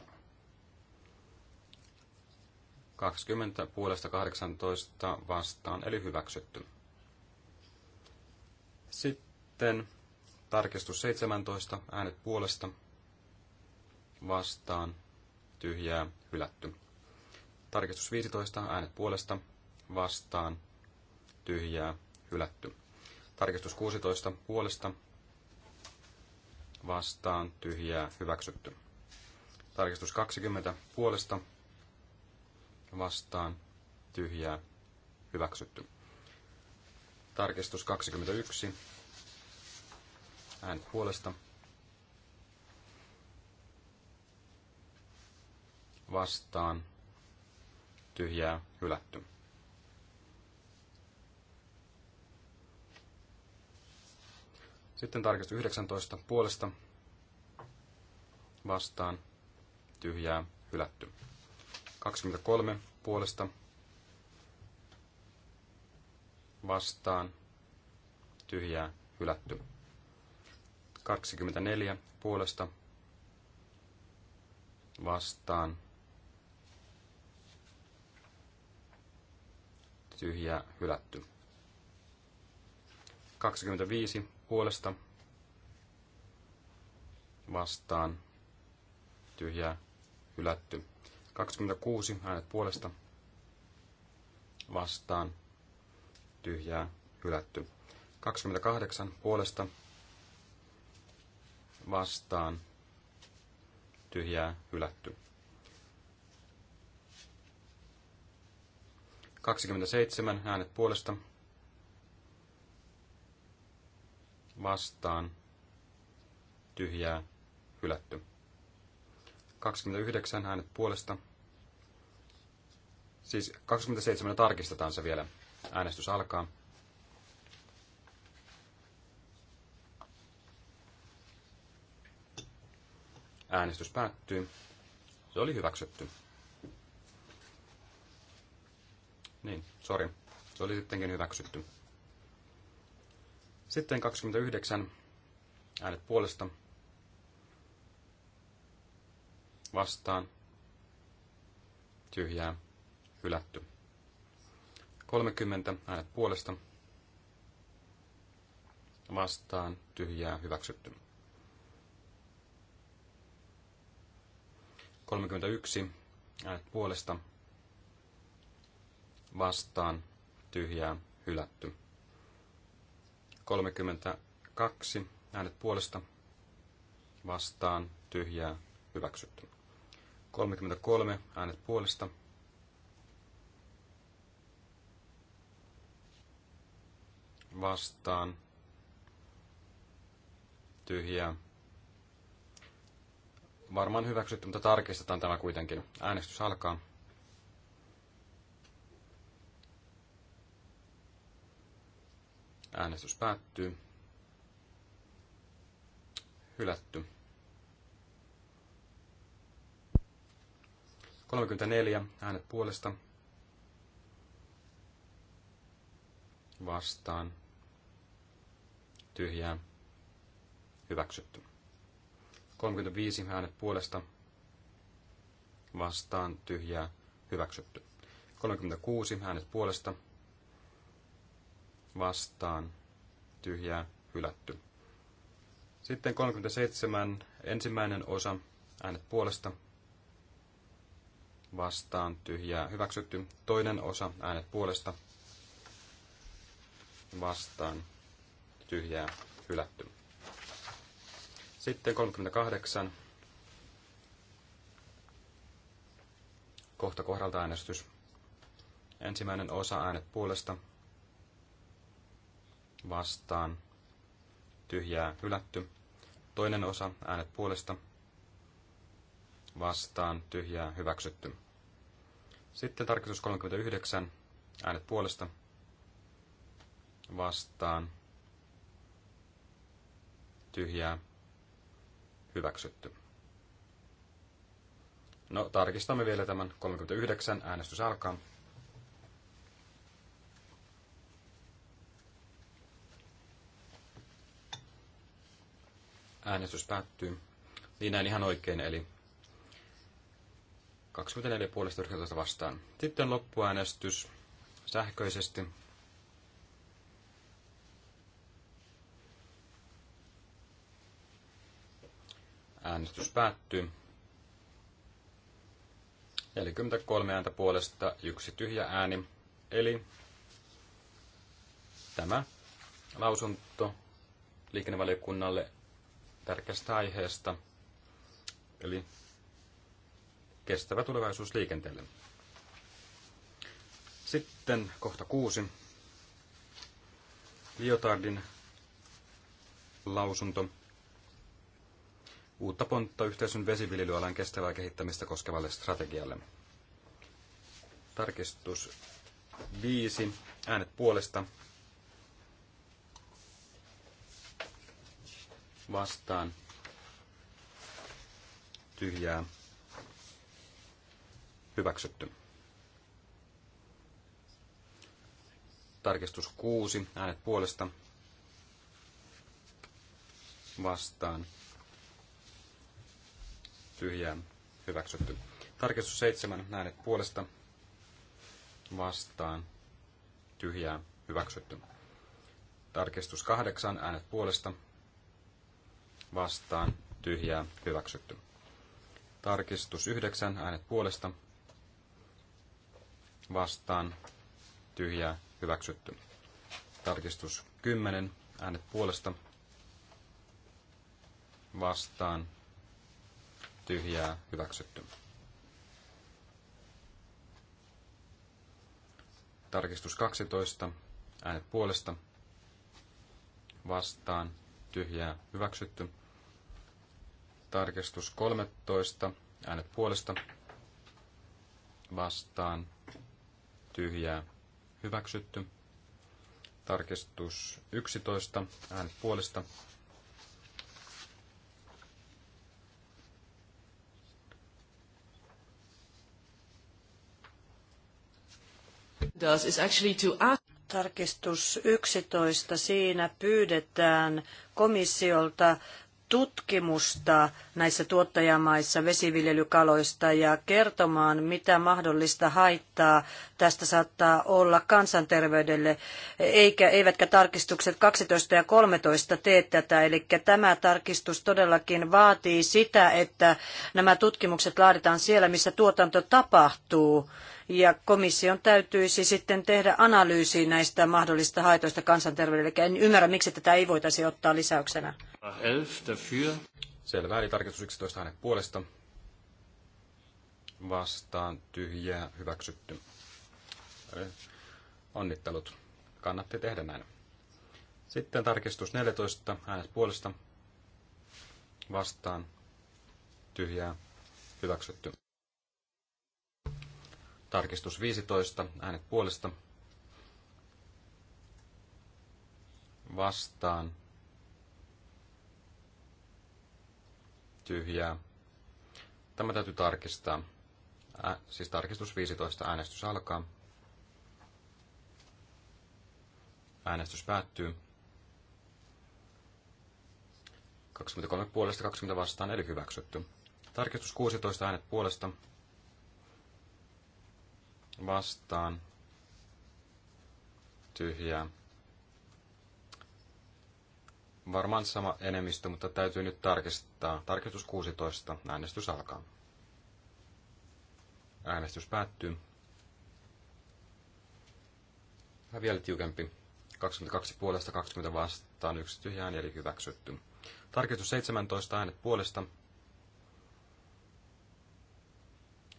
20 puolesta 18 vastaan, eli hyväksytty. Sitten tarkistus 17, äänet puolesta vastaan, tyhjää, hylätty. Tarkistus 15, äänet puolesta vastaan, tyhjää, hylätty. Tarkistus 16 puolesta vastaan, tyhjää, hyväksytty. Tarkistus 20 puolesta vastaan, tyhjää, hyväksytty. Tarkistus 21, äänet puolesta, vastaan, tyhjää, hylätty. Sitten tarkistus 19 puolesta vastaan tyhjää hylätty. 23 puolesta vastaan tyhjää hylätty. 24 puolesta vastaan tyhjää hylätty. 25 puolesta vastaan tyhjää hylätty. 26 äänet puolesta vastaan tyhjää hylätty. 28 puolesta vastaan tyhjää hylätty. 27 äänet puolesta vastaan tyhjää hylätty. 29 hänet puolesta. Siis 27 tarkistetaan se vielä. Äänestys alkaa. Äänestys päättyy. Se oli hyväksytty. Niin, sori. Se oli sittenkin hyväksytty. Sitten 29 äänet puolesta vastaan tyhjää hylätty. 30 äänet puolesta vastaan tyhjää hyväksytty. 31 äänet puolesta vastaan tyhjää hylätty. 32 äänet puolesta vastaan tyhjää hyväksytty. 33 äänet puolesta vastaan tyhjää. Varmaan hyväksytty, mutta tarkistetaan tämä kuitenkin. Äänestys alkaa. Äänestys päättyy. Hylätty. 34 äänet puolesta. Vastaan. Tyhjää. Hyväksytty. 35 äänet puolesta. Vastaan. Tyhjää. Hyväksytty. 36 äänet puolesta vastaan tyhjää hylätty. Sitten 37 ensimmäinen osa äänet puolesta vastaan tyhjää hyväksytty. Toinen osa äänet puolesta vastaan tyhjää hylätty. Sitten 38. Kohta kohdalta äänestys. Ensimmäinen osa äänet puolesta vastaan tyhjää hylätty. Toinen osa äänet puolesta vastaan tyhjää hyväksytty. Sitten tarkistus 39 äänet puolesta vastaan tyhjää hyväksytty. No, tarkistamme vielä tämän 39 äänestys alkaa. Äänestys päättyy. Niin näin ihan oikein, eli 24 puolesta 19 vastaan. Sitten loppuäänestys sähköisesti. Äänestys päättyy. 43 ääntä puolesta, yksi tyhjä ääni. Eli tämä lausunto liikennevaliokunnalle tärkeästä aiheesta, eli kestävä tulevaisuus liikenteelle. Sitten kohta kuusi. Liotardin lausunto. Uutta pontta yhteisön vesiviljelyalan kestävää kehittämistä koskevalle strategialle. Tarkistus 5. Äänet puolesta vastaan tyhjää hyväksytty. Tarkistus 6, äänet puolesta vastaan tyhjää hyväksytty. Tarkistus 7, äänet puolesta vastaan tyhjää hyväksytty. Tarkistus 8, äänet puolesta vastaan tyhjää hyväksytty. Tarkistus 9 äänet puolesta vastaan tyhjää hyväksytty. Tarkistus 10 äänet puolesta vastaan tyhjää hyväksytty. Tarkistus 12 äänet puolesta vastaan tyhjää hyväksytty Tarkistus 13. Äänet puolesta. Vastaan. Tyhjää. Hyväksytty. Tarkistus 11. Äänet puolesta. does is actually to ask Tarkistus 11. Siinä pyydetään komissiolta tutkimusta näissä tuottajamaissa vesiviljelykaloista ja kertomaan, mitä mahdollista haittaa tästä saattaa olla kansanterveydelle, eikä, eivätkä tarkistukset 12 ja 13 tee tätä. Eli tämä tarkistus todellakin vaatii sitä, että nämä tutkimukset laaditaan siellä, missä tuotanto tapahtuu. Ja komission täytyisi sitten tehdä analyysi näistä mahdollisista haitoista kansanterveydelle. en ymmärrä, miksi tätä ei voitaisi ottaa lisäyksenä. 11 dafür. Selvä, eli tarkistus 11 hänen puolesta. Vastaan tyhjää hyväksytty. Onnittelut. Kannatti tehdä näin. Sitten tarkistus 14 äänet puolesta. Vastaan tyhjää hyväksytty. Tarkistus 15 äänet puolesta. Vastaan tyhjää. Tämä täytyy tarkistaa. Ä, siis tarkistus 15, äänestys alkaa. Äänestys päättyy. 23 puolesta 20 vastaan, eli hyväksytty. Tarkistus 16, äänet puolesta. Vastaan. Tyhjää. Varmaan sama enemmistö, mutta täytyy nyt tarkistaa. Tarkistus 16. Äänestys alkaa. Äänestys päättyy. Vähän vielä tiukempi. 22 puolesta, 20 vastaan, yksi ääni, eli hyväksytty. Tarkistus 17, äänet puolesta.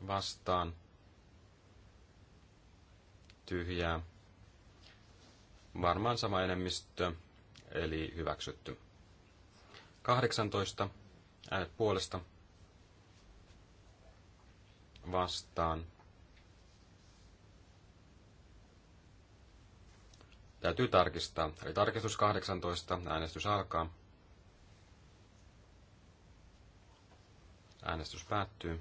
Vastaan. Tyhjää. Varmaan sama enemmistö, eli hyväksytty. 18 äänet puolesta vastaan. Täytyy tarkistaa. Eli tarkistus 18, äänestys alkaa. Äänestys päättyy.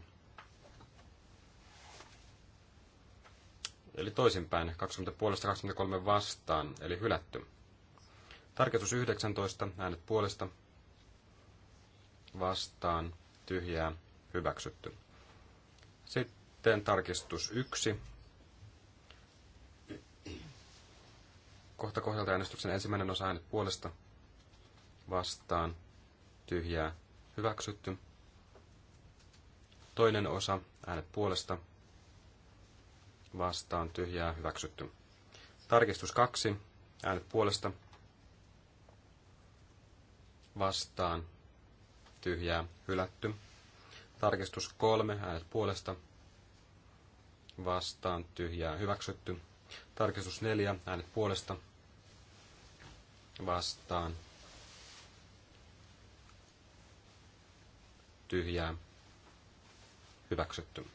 Eli toisinpäin, 20 puolesta 23 vastaan, eli hylätty. Tarkistus 19, äänet puolesta, vastaan, tyhjää, hyväksytty. Sitten tarkistus 1. Kohta kohdalta äänestyksen ensimmäinen osa äänet puolesta, vastaan, tyhjää, hyväksytty. Toinen osa, äänet puolesta, vastaan, tyhjää, hyväksytty. Tarkistus 2, äänet puolesta, vastaan tyhjää hylätty. Tarkistus kolme, äänet puolesta vastaan tyhjää hyväksytty. Tarkistus neljä, äänet puolesta vastaan tyhjää hyväksytty.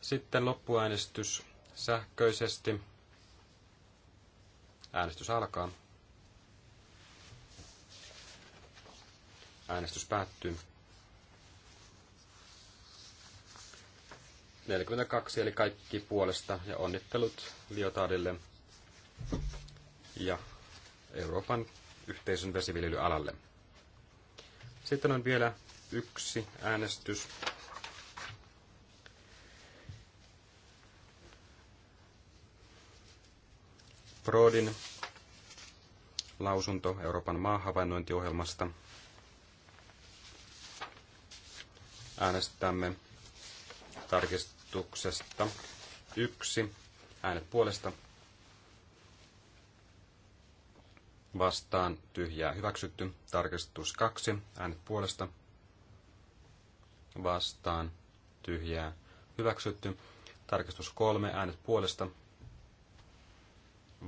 Sitten loppuäänestys sähköisesti. Äänestys alkaa. Äänestys päättyy. 42 eli kaikki puolesta ja onnittelut Liotardille ja Euroopan yhteisön vesiviljelyalalle. Sitten on vielä yksi äänestys. Prodin lausunto Euroopan maahavainnointiohjelmasta – Äänestämme tarkistuksesta yksi. Äänet puolesta vastaan tyhjää hyväksytty. Tarkistus kaksi. Äänet puolesta vastaan tyhjää hyväksytty. Tarkistus kolme. Äänet puolesta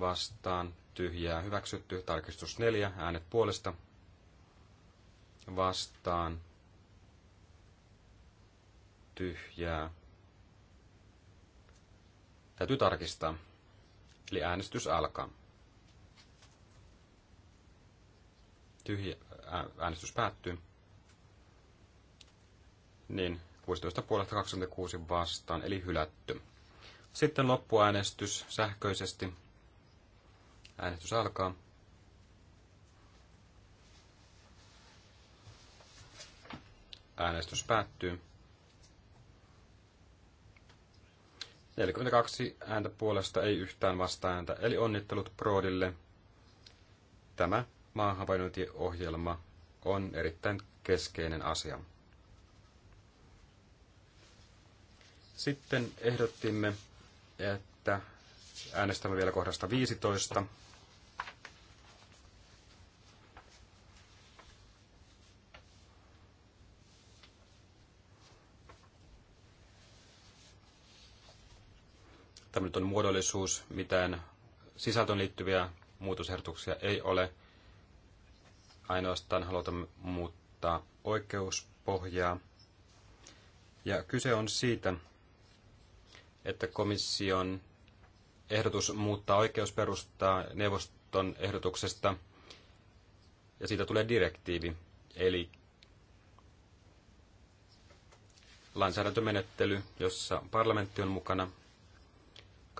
vastaan tyhjää hyväksytty. Tarkistus neljä. Äänet puolesta vastaan tyhjää. Täytyy tarkistaa. Eli äänestys alkaa. Tyhjä, äänestys päättyy. Niin, 16 puolesta 26 vastaan, eli hylätty. Sitten loppuäänestys sähköisesti. Äänestys alkaa. Äänestys päättyy. 42 ääntä puolesta, ei yhtään vastaääntä, eli onnittelut Proodille. Tämä maahanpainointiohjelma on erittäin keskeinen asia. Sitten ehdottimme, että äänestämme vielä kohdasta 15. Tämä nyt on muodollisuus, mitään sisältöön liittyviä muutosehdotuksia ei ole. Ainoastaan halutaan muuttaa oikeuspohjaa. Ja kyse on siitä, että komission ehdotus muuttaa oikeusperustaa neuvoston ehdotuksesta ja siitä tulee direktiivi. Eli lainsäädäntömenettely, jossa parlamentti on mukana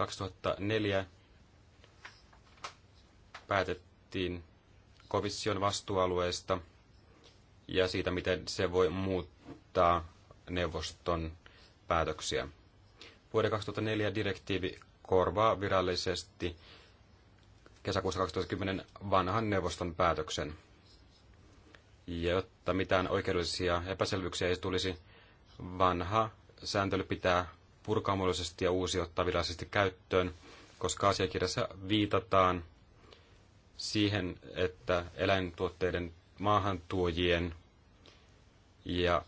2004 päätettiin komission vastuualueesta ja siitä, miten se voi muuttaa neuvoston päätöksiä. Vuoden 2004 direktiivi korvaa virallisesti kesäkuussa 2010 vanhan neuvoston päätöksen. Ja jotta mitään oikeudellisia epäselvyyksiä ei tulisi, vanha sääntely pitää purkaa ja uusi käyttöön, koska asiakirjassa viitataan siihen, että eläintuotteiden maahantuojien ja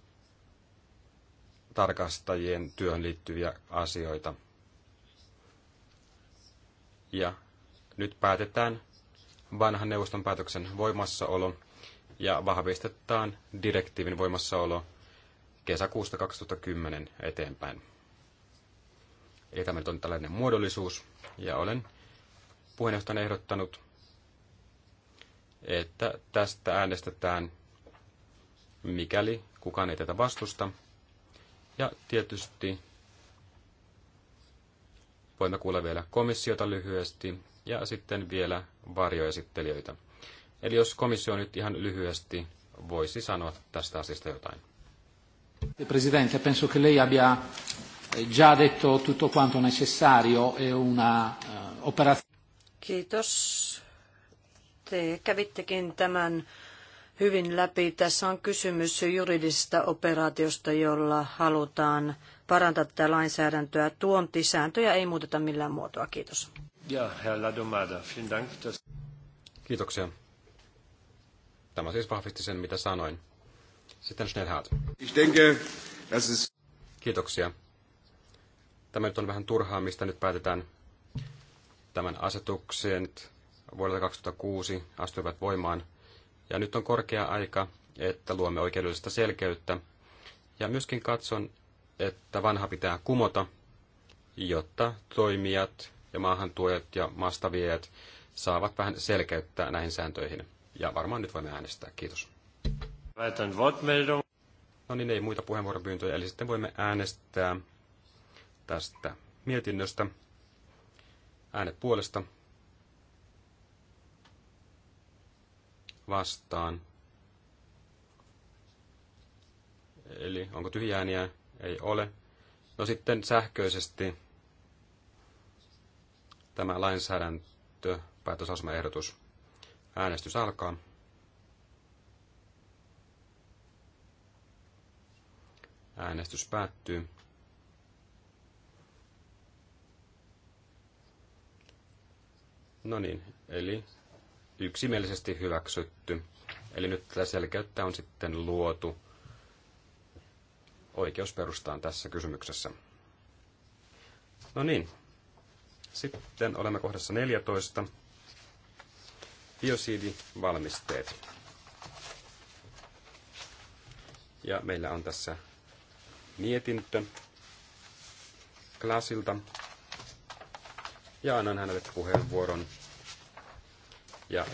tarkastajien työhön liittyviä asioita. Ja nyt päätetään vanhan neuvoston päätöksen voimassaolo ja vahvistetaan direktiivin voimassaolo kesäkuusta 2010 eteenpäin. Eli tämä nyt on tällainen muodollisuus, ja olen puheenjohtajan ehdottanut, että tästä äänestetään, mikäli kukaan ei tätä vastusta. Ja tietysti voimme kuulla vielä komissiota lyhyesti ja sitten vielä varjoesittelijöitä. Eli jos komissio nyt ihan lyhyesti voisi sanoa tästä asiasta jotain. Presidente, penso che lei abbia Eh, già detto tutto quanto necessario e una eh, operazione. Kiitos. Te kävittekin tämän hyvin läpi. Tässä on kysymys juridista operaatiosta, jolla halutaan parantaa tätä lainsäädäntöä. Tuontisääntöjä ei muuteta millään muotoa. Kiitos. Ja, herr Ladomada, vielen Dank. Dass... Kiitoksia. Tämä siis vahvisti sen, mitä sanoin. Sitten Schnellhardt. Ich denke, das ist... Kiitoksia. Tämä nyt on vähän turhaa, mistä nyt päätetään. Tämän asetuksen vuodelta 2006 astuivat voimaan. Ja nyt on korkea aika, että luomme oikeudellista selkeyttä. Ja myöskin katson, että vanha pitää kumota, jotta toimijat ja maahantuojat ja maastaviejät saavat vähän selkeyttä näihin sääntöihin. Ja varmaan nyt voimme äänestää. Kiitos. No niin, ei muita puheenvuoropyyntöjä, eli sitten voimme äänestää tästä mietinnöstä. Äänet puolesta. Vastaan. Eli onko tyhjääniä? Ei ole. No sitten sähköisesti tämä lainsäädäntö, päätösasemaehdotus, äänestys alkaa. Äänestys päättyy. No niin, eli yksimielisesti hyväksytty. Eli nyt tätä selkeyttä on sitten luotu oikeusperustaan tässä kysymyksessä. No niin, sitten olemme kohdassa 14. Biosiidivalmisteet. Ja meillä on tässä mietintö Klasilta ja annan hänelle puheenvuoron. Ja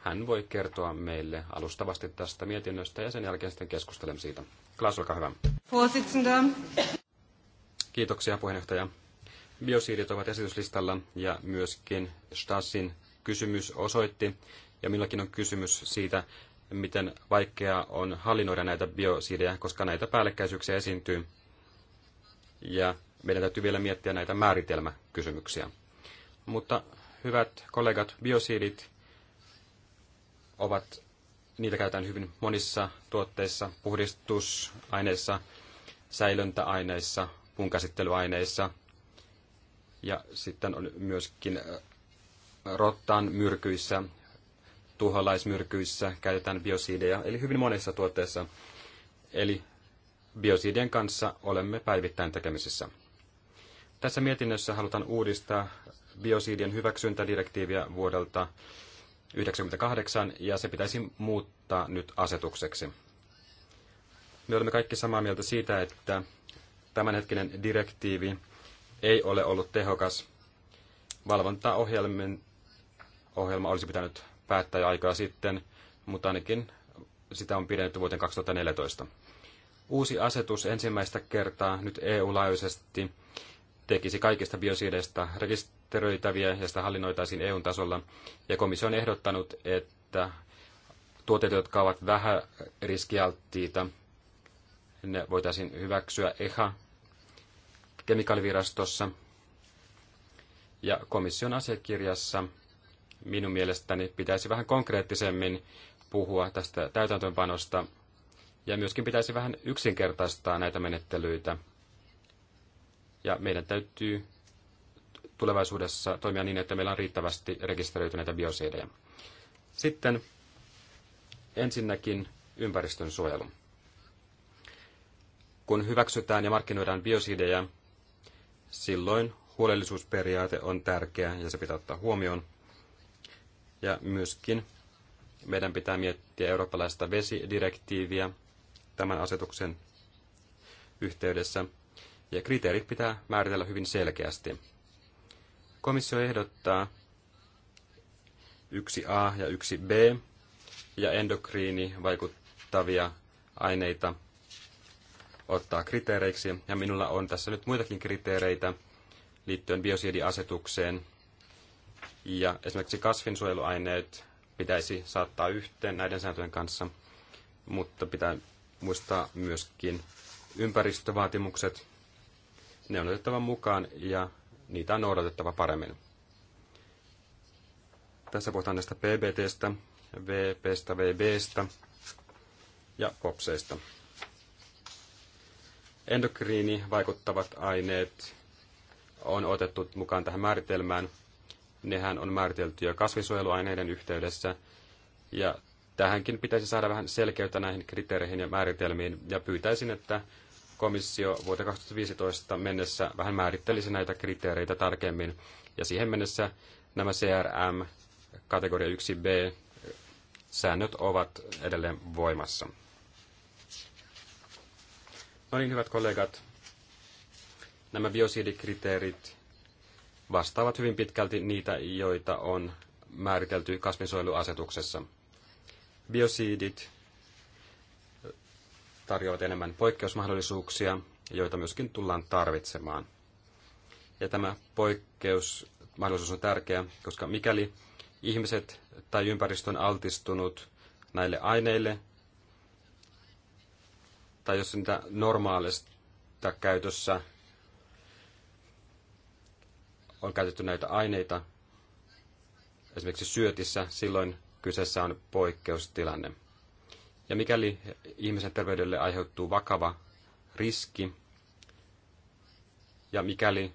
hän voi kertoa meille alustavasti tästä mietinnöstä ja sen jälkeen sitten keskustelemme siitä. Klaas, olkaa hyvä. Kiitoksia puheenjohtaja. Biosiidit ovat esityslistalla ja myöskin Stassin kysymys osoitti, ja minullakin on kysymys siitä, miten vaikeaa on hallinnoida näitä biosiidejä, koska näitä päällekkäisyyksiä esiintyy. Ja meidän täytyy vielä miettiä näitä määritelmäkysymyksiä. Mutta hyvät kollegat, biosiidit ovat, niitä käytetään hyvin monissa tuotteissa, puhdistusaineissa, säilöntäaineissa, punkäsittelyaineissa ja sitten on myöskin rottaan myrkyissä, tuholaismyrkyissä käytetään biosiideja, eli hyvin monissa tuotteissa. Eli biosiidien kanssa olemme päivittäin tekemisissä. Tässä mietinnössä halutaan uudistaa biosiidien hyväksyntädirektiiviä vuodelta 1998 ja se pitäisi muuttaa nyt asetukseksi. Me olemme kaikki samaa mieltä siitä, että tämänhetkinen direktiivi ei ole ollut tehokas. Valvontaohjelmien ohjelma olisi pitänyt päättää jo aikaa sitten, mutta ainakin sitä on pidennetty vuoteen 2014. Uusi asetus ensimmäistä kertaa nyt EU-laajuisesti tekisi kaikista biosiideista rekisteröitäviä ja sitä hallinnoitaisiin EUn tasolla. Ja komissio on ehdottanut, että tuotteet, jotka ovat vähän riskialttiita, ne voitaisiin hyväksyä EHA kemikaalivirastossa. Ja komission asiakirjassa minun mielestäni pitäisi vähän konkreettisemmin puhua tästä täytäntöönpanosta ja myöskin pitäisi vähän yksinkertaistaa näitä menettelyitä – ja meidän täytyy tulevaisuudessa toimia niin, että meillä on riittävästi rekisteröityneitä bioseidejä. Sitten ensinnäkin ympäristön suojelu. Kun hyväksytään ja markkinoidaan biosiidejä, silloin huolellisuusperiaate on tärkeä ja se pitää ottaa huomioon. Ja myöskin meidän pitää miettiä eurooppalaista vesidirektiiviä tämän asetuksen yhteydessä – ja kriteerit pitää määritellä hyvin selkeästi. Komissio ehdottaa 1A ja 1B ja endokriini vaikuttavia aineita ottaa kriteereiksi. Ja minulla on tässä nyt muitakin kriteereitä liittyen biosiediasetukseen. Ja esimerkiksi kasvinsuojeluaineet pitäisi saattaa yhteen näiden sääntöjen kanssa, mutta pitää muistaa myöskin ympäristövaatimukset ne on otettava mukaan ja niitä on noudatettava paremmin. Tässä puhutaan näistä PBTstä, VPstä, VBstä ja POPSeista. Endokriini vaikuttavat aineet on otettu mukaan tähän määritelmään. Nehän on määritelty jo kasvinsuojeluaineiden yhteydessä. Ja tähänkin pitäisi saada vähän selkeyttä näihin kriteereihin ja määritelmiin. Ja pyytäisin, että komissio vuoteen 2015 mennessä vähän määrittelisi näitä kriteereitä tarkemmin, ja siihen mennessä nämä CRM, kategoria 1b, säännöt ovat edelleen voimassa. No niin, hyvät kollegat, nämä biosiidikriteerit vastaavat hyvin pitkälti niitä, joita on määritelty kasvinsuojeluasetuksessa. Biosiidit tarjoavat enemmän poikkeusmahdollisuuksia, joita myöskin tullaan tarvitsemaan. Ja tämä poikkeusmahdollisuus on tärkeä, koska mikäli ihmiset tai ympäristö on altistunut näille aineille, tai jos niitä normaalista käytössä on käytetty näitä aineita, esimerkiksi syötissä, silloin kyseessä on poikkeustilanne. Ja mikäli ihmisen terveydelle aiheutuu vakava riski, ja mikäli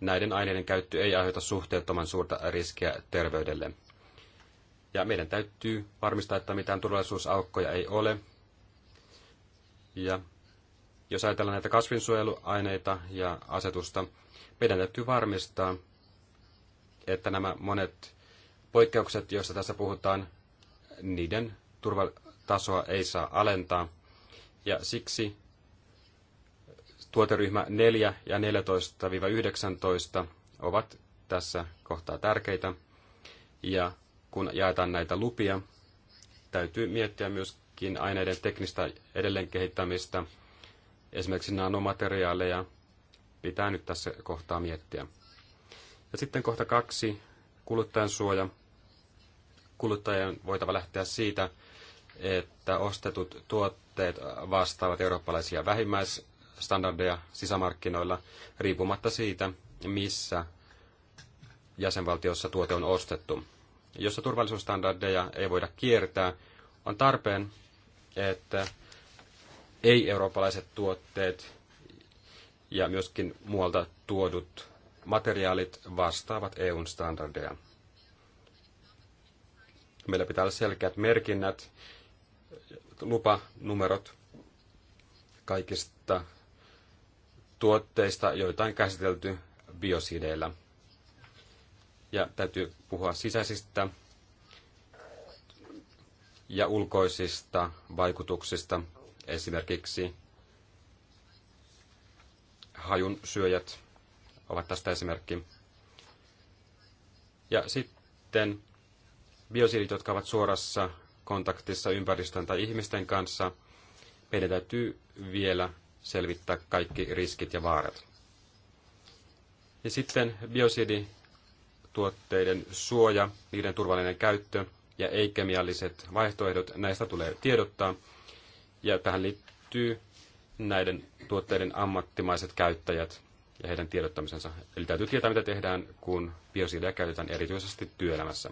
näiden aineiden käyttö ei aiheuta suhteettoman suurta riskiä terveydelle. Ja meidän täytyy varmistaa, että mitään turvallisuusaukkoja ei ole. Ja jos ajatellaan näitä kasvinsuojeluaineita ja asetusta, meidän täytyy varmistaa, että nämä monet poikkeukset, joista tässä puhutaan, niiden turvatasoa ei saa alentaa. Ja siksi tuoteryhmä 4 ja 14-19 ovat tässä kohtaa tärkeitä. Ja kun jaetaan näitä lupia, täytyy miettiä myöskin aineiden teknistä edelleenkehittämistä. Esimerkiksi nanomateriaaleja pitää nyt tässä kohtaa miettiä. Ja sitten kohta kaksi, kuluttajan suoja. Kuluttajan voitava lähteä siitä, että ostetut tuotteet vastaavat eurooppalaisia vähimmäisstandardeja sisämarkkinoilla riippumatta siitä, missä jäsenvaltiossa tuote on ostettu. Jossa turvallisuusstandardeja ei voida kiertää, on tarpeen, että ei-eurooppalaiset tuotteet ja myöskin muualta tuodut materiaalit vastaavat EUn standardeja. Meillä pitää olla selkeät merkinnät, lupanumerot kaikista tuotteista, joita on käsitelty biosideillä. Ja täytyy puhua sisäisistä ja ulkoisista vaikutuksista, esimerkiksi hajun syöjät ovat tästä esimerkki. Ja sitten biosidit, jotka ovat suorassa kontaktissa ympäristön tai ihmisten kanssa, meidän täytyy vielä selvittää kaikki riskit ja vaarat. Ja sitten biosiidituotteiden suoja, niiden turvallinen käyttö ja ei-kemialliset vaihtoehdot, näistä tulee tiedottaa. Ja tähän liittyy näiden tuotteiden ammattimaiset käyttäjät ja heidän tiedottamisensa. Eli täytyy tietää, mitä tehdään, kun biosiilejä käytetään erityisesti työelämässä.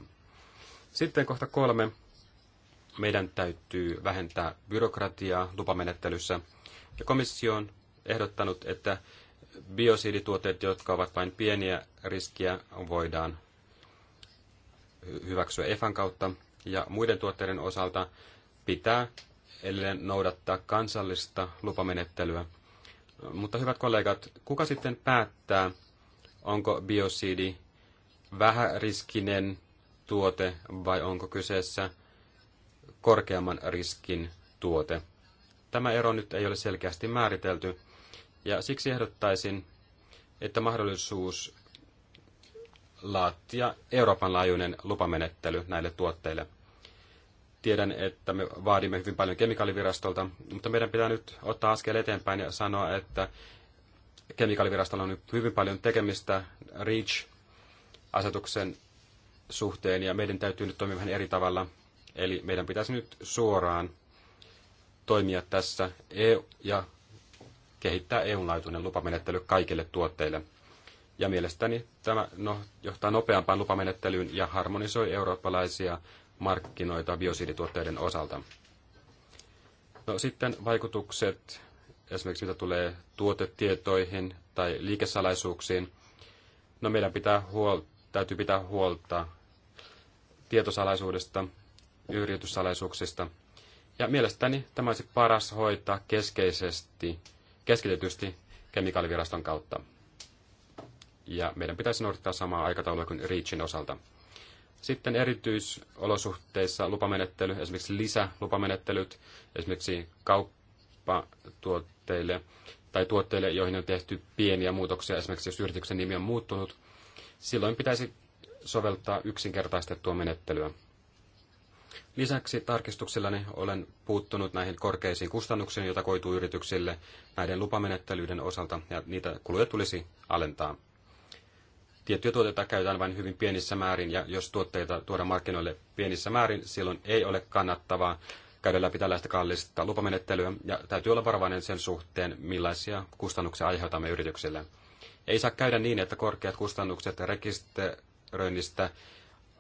Sitten kohta kolme. Meidän täytyy vähentää byrokratiaa lupamenettelyssä. Ja komissio on ehdottanut, että biosiilituotteet, jotka ovat vain pieniä riskiä, voidaan hyväksyä EFAN kautta. Ja muiden tuotteiden osalta pitää edelleen noudattaa kansallista lupamenettelyä – mutta hyvät kollegat, kuka sitten päättää, onko biosidi vähäriskinen tuote vai onko kyseessä korkeamman riskin tuote? Tämä ero nyt ei ole selkeästi määritelty, ja siksi ehdottaisin, että mahdollisuus laatia Euroopan laajuinen lupamenettely näille tuotteille – Tiedän, että me vaadimme hyvin paljon kemikaalivirastolta, mutta meidän pitää nyt ottaa askel eteenpäin ja sanoa, että kemikaalivirastolla on nyt hyvin paljon tekemistä REACH-asetuksen suhteen ja meidän täytyy nyt toimia vähän eri tavalla. Eli meidän pitäisi nyt suoraan toimia tässä EU ja kehittää eu laituinen lupamenettely kaikille tuotteille. Ja mielestäni tämä no, johtaa nopeampaan lupamenettelyyn ja harmonisoi eurooppalaisia markkinoita biosidituotteiden osalta. No, sitten vaikutukset, esimerkiksi mitä tulee tuotetietoihin tai liikesalaisuuksiin. No, meidän pitää huol- täytyy pitää huolta tietosalaisuudesta, yrityssalaisuuksista. Ja mielestäni tämä olisi paras hoitaa keskeisesti, keskitetysti kemikaaliviraston kautta. Ja meidän pitäisi noudattaa samaa aikataulua kuin REACHin osalta. Sitten erityisolosuhteissa lupamenettely, esimerkiksi lisälupamenettelyt, esimerkiksi kauppatuotteille tai tuotteille, joihin on tehty pieniä muutoksia, esimerkiksi jos yrityksen nimi on muuttunut, silloin pitäisi soveltaa yksinkertaistettua menettelyä. Lisäksi tarkistuksillani olen puuttunut näihin korkeisiin kustannuksiin, joita koituu yrityksille näiden lupamenettelyiden osalta, ja niitä kuluja tulisi alentaa tiettyjä tuotteita käytetään vain hyvin pienissä määrin, ja jos tuotteita tuodaan markkinoille pienissä määrin, silloin ei ole kannattavaa käydä läpi tällaista kallista lupamenettelyä, ja täytyy olla varovainen sen suhteen, millaisia kustannuksia aiheutamme yrityksille. Ei saa käydä niin, että korkeat kustannukset rekisteröinnistä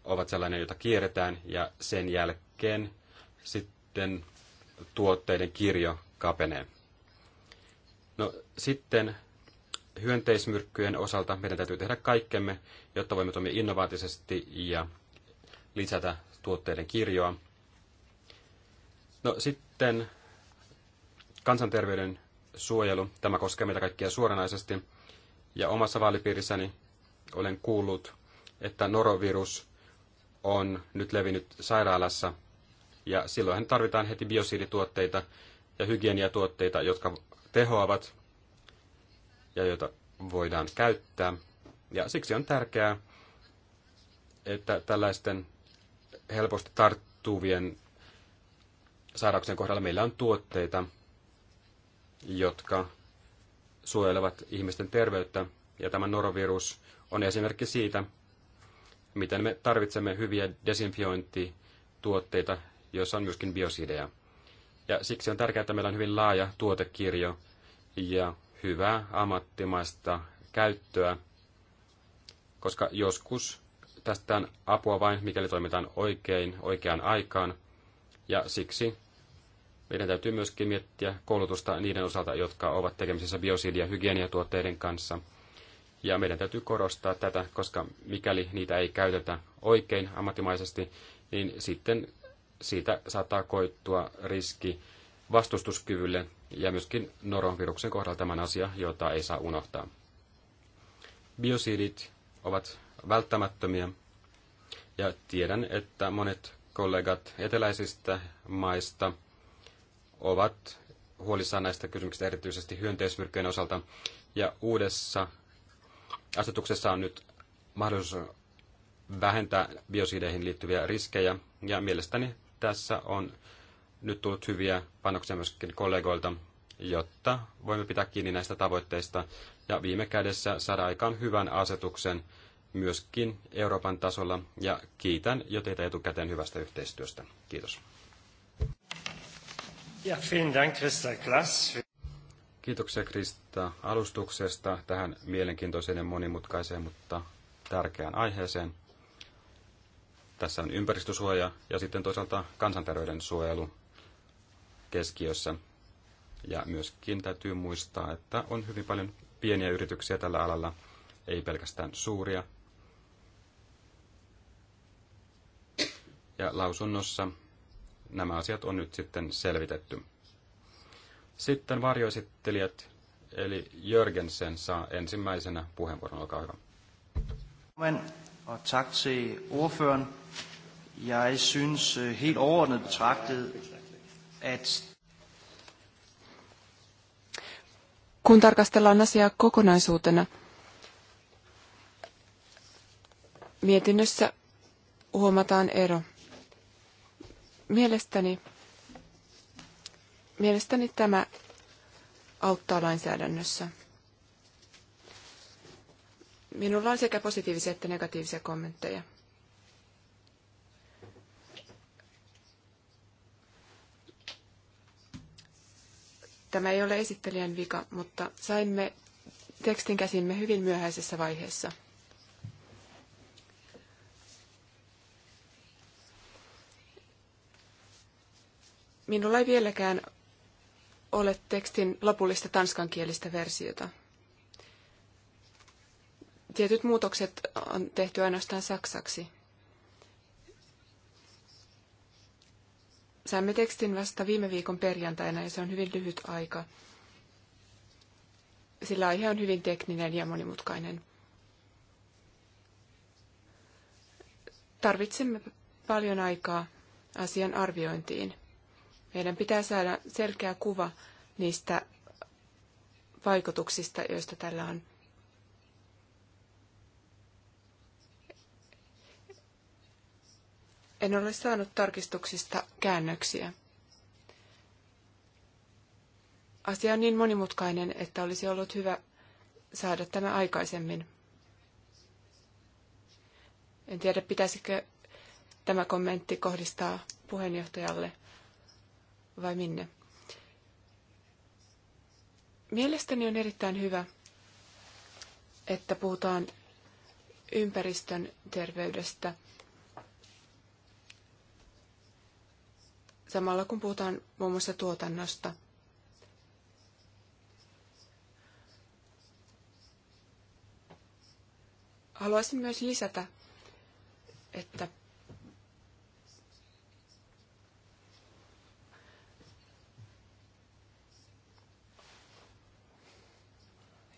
ovat sellainen, jota kierretään, ja sen jälkeen sitten tuotteiden kirjo kapenee. No sitten hyönteismyrkkyjen osalta meidän täytyy tehdä kaikkemme, jotta voimme toimia innovaatisesti ja lisätä tuotteiden kirjoa. No sitten kansanterveyden suojelu. Tämä koskee meitä kaikkia suoranaisesti. Ja omassa vaalipiirissäni olen kuullut, että norovirus on nyt levinnyt sairaalassa. Ja silloin tarvitaan heti biosiidituotteita ja hygieniatuotteita, jotka tehoavat ja joita voidaan käyttää. Ja siksi on tärkeää, että tällaisten helposti tarttuvien sairauksien kohdalla meillä on tuotteita, jotka suojelevat ihmisten terveyttä. Ja tämä norovirus on esimerkki siitä, miten me tarvitsemme hyviä desinfiointituotteita, joissa on myöskin biosideja. Ja siksi on tärkeää, että meillä on hyvin laaja tuotekirjo ja hyvää ammattimaista käyttöä, koska joskus tästä on apua vain, mikäli toimitaan oikein, oikeaan aikaan, ja siksi meidän täytyy myöskin miettiä koulutusta niiden osalta, jotka ovat tekemisissä biosiidi- ja hygieniatuotteiden kanssa. Ja meidän täytyy korostaa tätä, koska mikäli niitä ei käytetä oikein ammattimaisesti, niin sitten siitä saattaa koittua riski vastustuskyvylle ja myöskin noronviruksen kohdalla tämän asia, jota ei saa unohtaa. Biosidit ovat välttämättömiä ja tiedän, että monet kollegat eteläisistä maista ovat huolissaan näistä kysymyksistä erityisesti hyönteismyrkkyjen osalta. Ja uudessa asetuksessa on nyt mahdollisuus vähentää biosideihin liittyviä riskejä. Ja mielestäni tässä on nyt tullut hyviä panoksia myöskin kollegoilta, jotta voimme pitää kiinni näistä tavoitteista ja viime kädessä saada aikaan hyvän asetuksen myöskin Euroopan tasolla. Ja kiitän jo teitä etukäteen hyvästä yhteistyöstä. Kiitos. Ja, vielen Dank, Christa Klass. Kiitoksia Krista alustuksesta tähän mielenkiintoiseen ja monimutkaiseen, mutta tärkeään aiheeseen. Tässä on ympäristösuoja ja sitten toisaalta kansanterveyden suojelu keskiössä. Ja myöskin täytyy muistaa, että on hyvin paljon pieniä yrityksiä tällä alalla, ei pelkästään suuria. Ja lausunnossa nämä asiat on nyt sitten selvitetty. Sitten varjoesittelijät, eli Jörgensen saa ensimmäisenä puheenvuoron, olkaa hyvä. Men, og tak til ordføreren. Jeg synes øh, helt overordnet betragtet, kun tarkastellaan asiaa kokonaisuutena, mietinnössä huomataan ero. Mielestäni, mielestäni tämä auttaa lainsäädännössä. Minulla on sekä positiivisia että negatiivisia kommentteja. Tämä ei ole esittelijän vika, mutta saimme tekstin käsimme hyvin myöhäisessä vaiheessa. Minulla ei vieläkään ole tekstin lopullista tanskankielistä versiota. Tietyt muutokset on tehty ainoastaan saksaksi. Saimme tekstin vasta viime viikon perjantaina ja se on hyvin lyhyt aika. Sillä aihe on hyvin tekninen ja monimutkainen. Tarvitsemme paljon aikaa asian arviointiin. Meidän pitää saada selkeä kuva niistä vaikutuksista, joista tällä on. En ole saanut tarkistuksista käännöksiä. Asia on niin monimutkainen, että olisi ollut hyvä saada tämä aikaisemmin. En tiedä, pitäisikö tämä kommentti kohdistaa puheenjohtajalle vai minne. Mielestäni on erittäin hyvä, että puhutaan ympäristön terveydestä – samalla kun puhutaan muun muassa tuotannosta. Haluaisin myös lisätä, että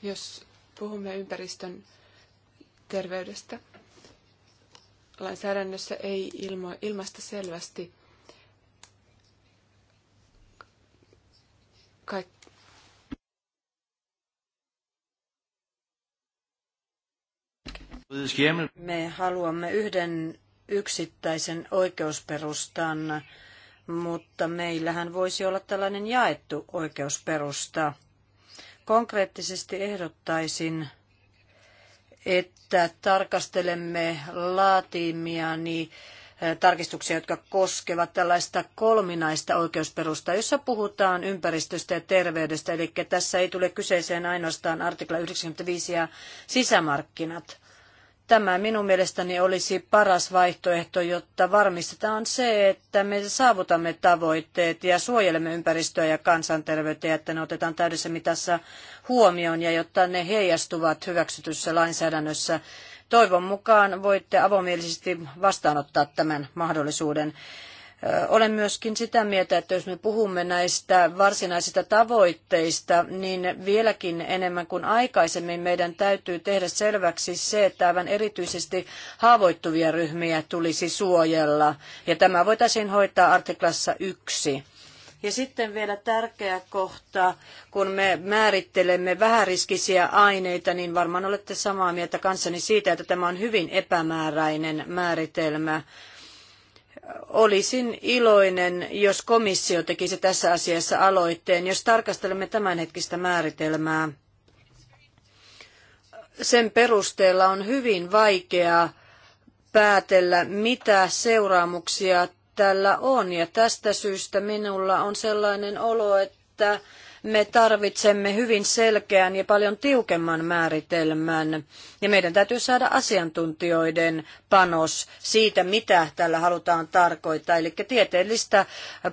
jos puhumme ympäristön terveydestä, lainsäädännössä ei ilmo, ilmaista selvästi kaikki Me haluamme yhden yksittäisen oikeusperustan, mutta meillähän voisi olla tällainen jaettu oikeusperusta. Konkreettisesti ehdottaisin, että tarkastelemme laatimiani niin tarkistuksia, jotka koskevat tällaista kolminaista oikeusperustaa, jossa puhutaan ympäristöstä ja terveydestä. Eli tässä ei tule kyseeseen ainoastaan artikla 95 ja sisämarkkinat. Tämä minun mielestäni olisi paras vaihtoehto, jotta varmistetaan se, että me saavutamme tavoitteet ja suojelemme ympäristöä ja kansanterveyttä ja että ne otetaan täydessä mitassa huomioon ja jotta ne heijastuvat hyväksytyssä lainsäädännössä Toivon mukaan voitte avomielisesti vastaanottaa tämän mahdollisuuden. Olen myöskin sitä mieltä, että jos me puhumme näistä varsinaisista tavoitteista, niin vieläkin enemmän kuin aikaisemmin meidän täytyy tehdä selväksi se, että aivan erityisesti haavoittuvia ryhmiä tulisi suojella. Ja tämä voitaisiin hoitaa artiklassa yksi. Ja sitten vielä tärkeä kohta, kun me määrittelemme vähäriskisiä aineita, niin varmaan olette samaa mieltä kanssani siitä, että tämä on hyvin epämääräinen määritelmä. Olisin iloinen, jos komissio tekisi tässä asiassa aloitteen, jos tarkastelemme tämänhetkistä määritelmää. Sen perusteella on hyvin vaikeaa päätellä, mitä seuraamuksia Tällä on. Ja tästä syystä minulla on sellainen olo, että me tarvitsemme hyvin selkeän ja paljon tiukemman määritelmän. Ja meidän täytyy saada asiantuntijoiden panos siitä, mitä tällä halutaan tarkoittaa. Eli tieteellistä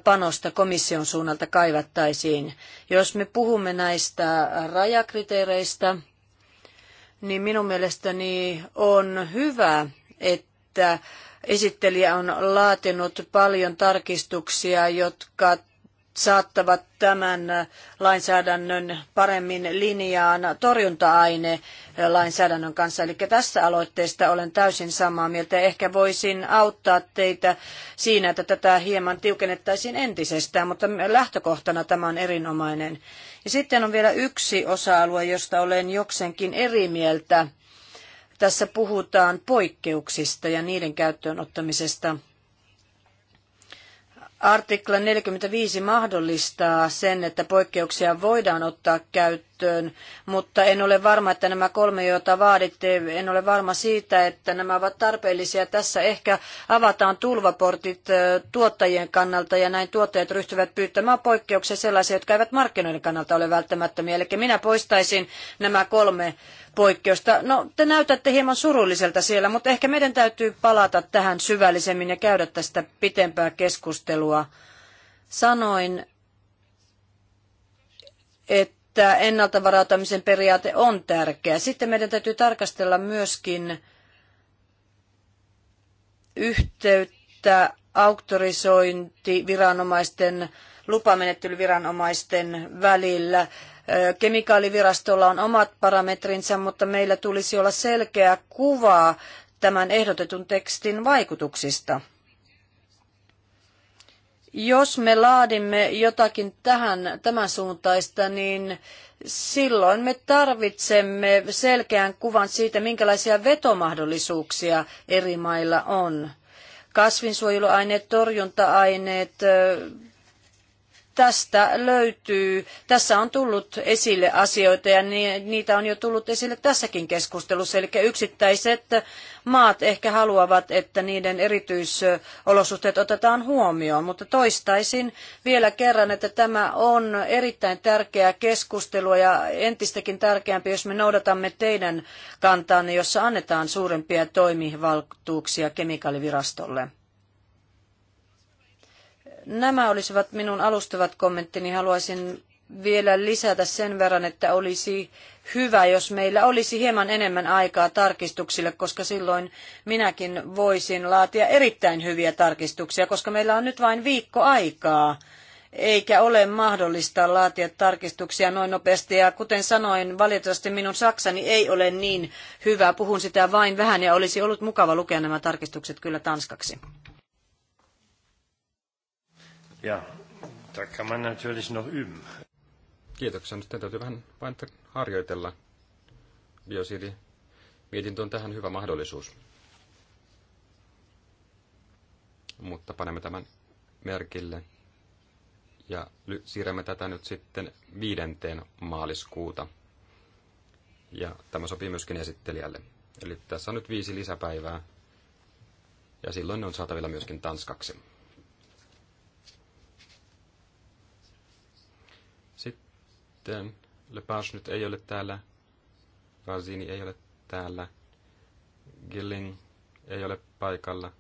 panosta komission suunnalta kaivattaisiin. Jos me puhumme näistä rajakriteereistä, niin minun mielestäni on hyvä, että Esittelijä on laatinut paljon tarkistuksia, jotka saattavat tämän lainsäädännön paremmin linjaan torjunta-aine lainsäädännön kanssa. Eli tästä aloitteesta olen täysin samaa mieltä. Ehkä voisin auttaa teitä siinä, että tätä hieman tiukennettaisiin entisestään, mutta lähtökohtana tämä on erinomainen. Ja sitten on vielä yksi osa-alue, josta olen jokseenkin eri mieltä tässä puhutaan poikkeuksista ja niiden käyttöön ottamisesta. Artikla 45 mahdollistaa sen, että poikkeuksia voidaan ottaa käyttöön käyttöön, mutta en ole varma, että nämä kolme, joita vaaditte, en ole varma siitä, että nämä ovat tarpeellisia. Tässä ehkä avataan tulvaportit tuottajien kannalta ja näin tuottajat ryhtyvät pyytämään poikkeuksia sellaisia, jotka eivät markkinoiden kannalta ole välttämättömiä. Eli minä poistaisin nämä kolme poikkeusta. No, te näytätte hieman surulliselta siellä, mutta ehkä meidän täytyy palata tähän syvällisemmin ja käydä tästä pitempää keskustelua. Sanoin, että tämä ennalta periaate on tärkeä. Sitten meidän täytyy tarkastella myöskin yhteyttä auktorisointiviranomaisten, lupamenettelyviranomaisten välillä. Kemikaalivirastolla on omat parametrinsa, mutta meillä tulisi olla selkeä kuva tämän ehdotetun tekstin vaikutuksista. Jos me laadimme jotakin tähän, tämän suuntaista, niin silloin me tarvitsemme selkeän kuvan siitä, minkälaisia vetomahdollisuuksia eri mailla on. Kasvinsuojeluaineet, torjunta-aineet, tästä löytyy, tässä on tullut esille asioita ja niitä on jo tullut esille tässäkin keskustelussa. Eli yksittäiset maat ehkä haluavat, että niiden erityisolosuhteet otetaan huomioon, mutta toistaisin vielä kerran, että tämä on erittäin tärkeää keskustelua ja entistäkin tärkeämpi, jos me noudatamme teidän kantaanne, jossa annetaan suurempia toimivaltuuksia kemikaalivirastolle. Nämä olisivat minun alustavat kommenttini. Haluaisin vielä lisätä sen verran, että olisi hyvä, jos meillä olisi hieman enemmän aikaa tarkistuksille, koska silloin minäkin voisin laatia erittäin hyviä tarkistuksia, koska meillä on nyt vain viikko aikaa, eikä ole mahdollista laatia tarkistuksia noin nopeasti. Ja kuten sanoin, valitettavasti minun saksani ei ole niin hyvä. Puhun sitä vain vähän ja olisi ollut mukava lukea nämä tarkistukset kyllä tanskaksi. Ja, da kann man natürlich noch üben. Kiitoksia. Nyt täytyy vähän vain harjoitella. biosiidi. mietintö on tähän hyvä mahdollisuus. Mutta panemme tämän merkille ja siirrämme tätä nyt sitten viidenteen maaliskuuta. Ja tämä sopii myöskin esittelijälle. Eli tässä on nyt viisi lisäpäivää ja silloin ne on saatavilla myöskin tanskaksi. Sitten Lepage nyt ei ole täällä, Razini ei ole täällä, Gilling ei ole paikalla.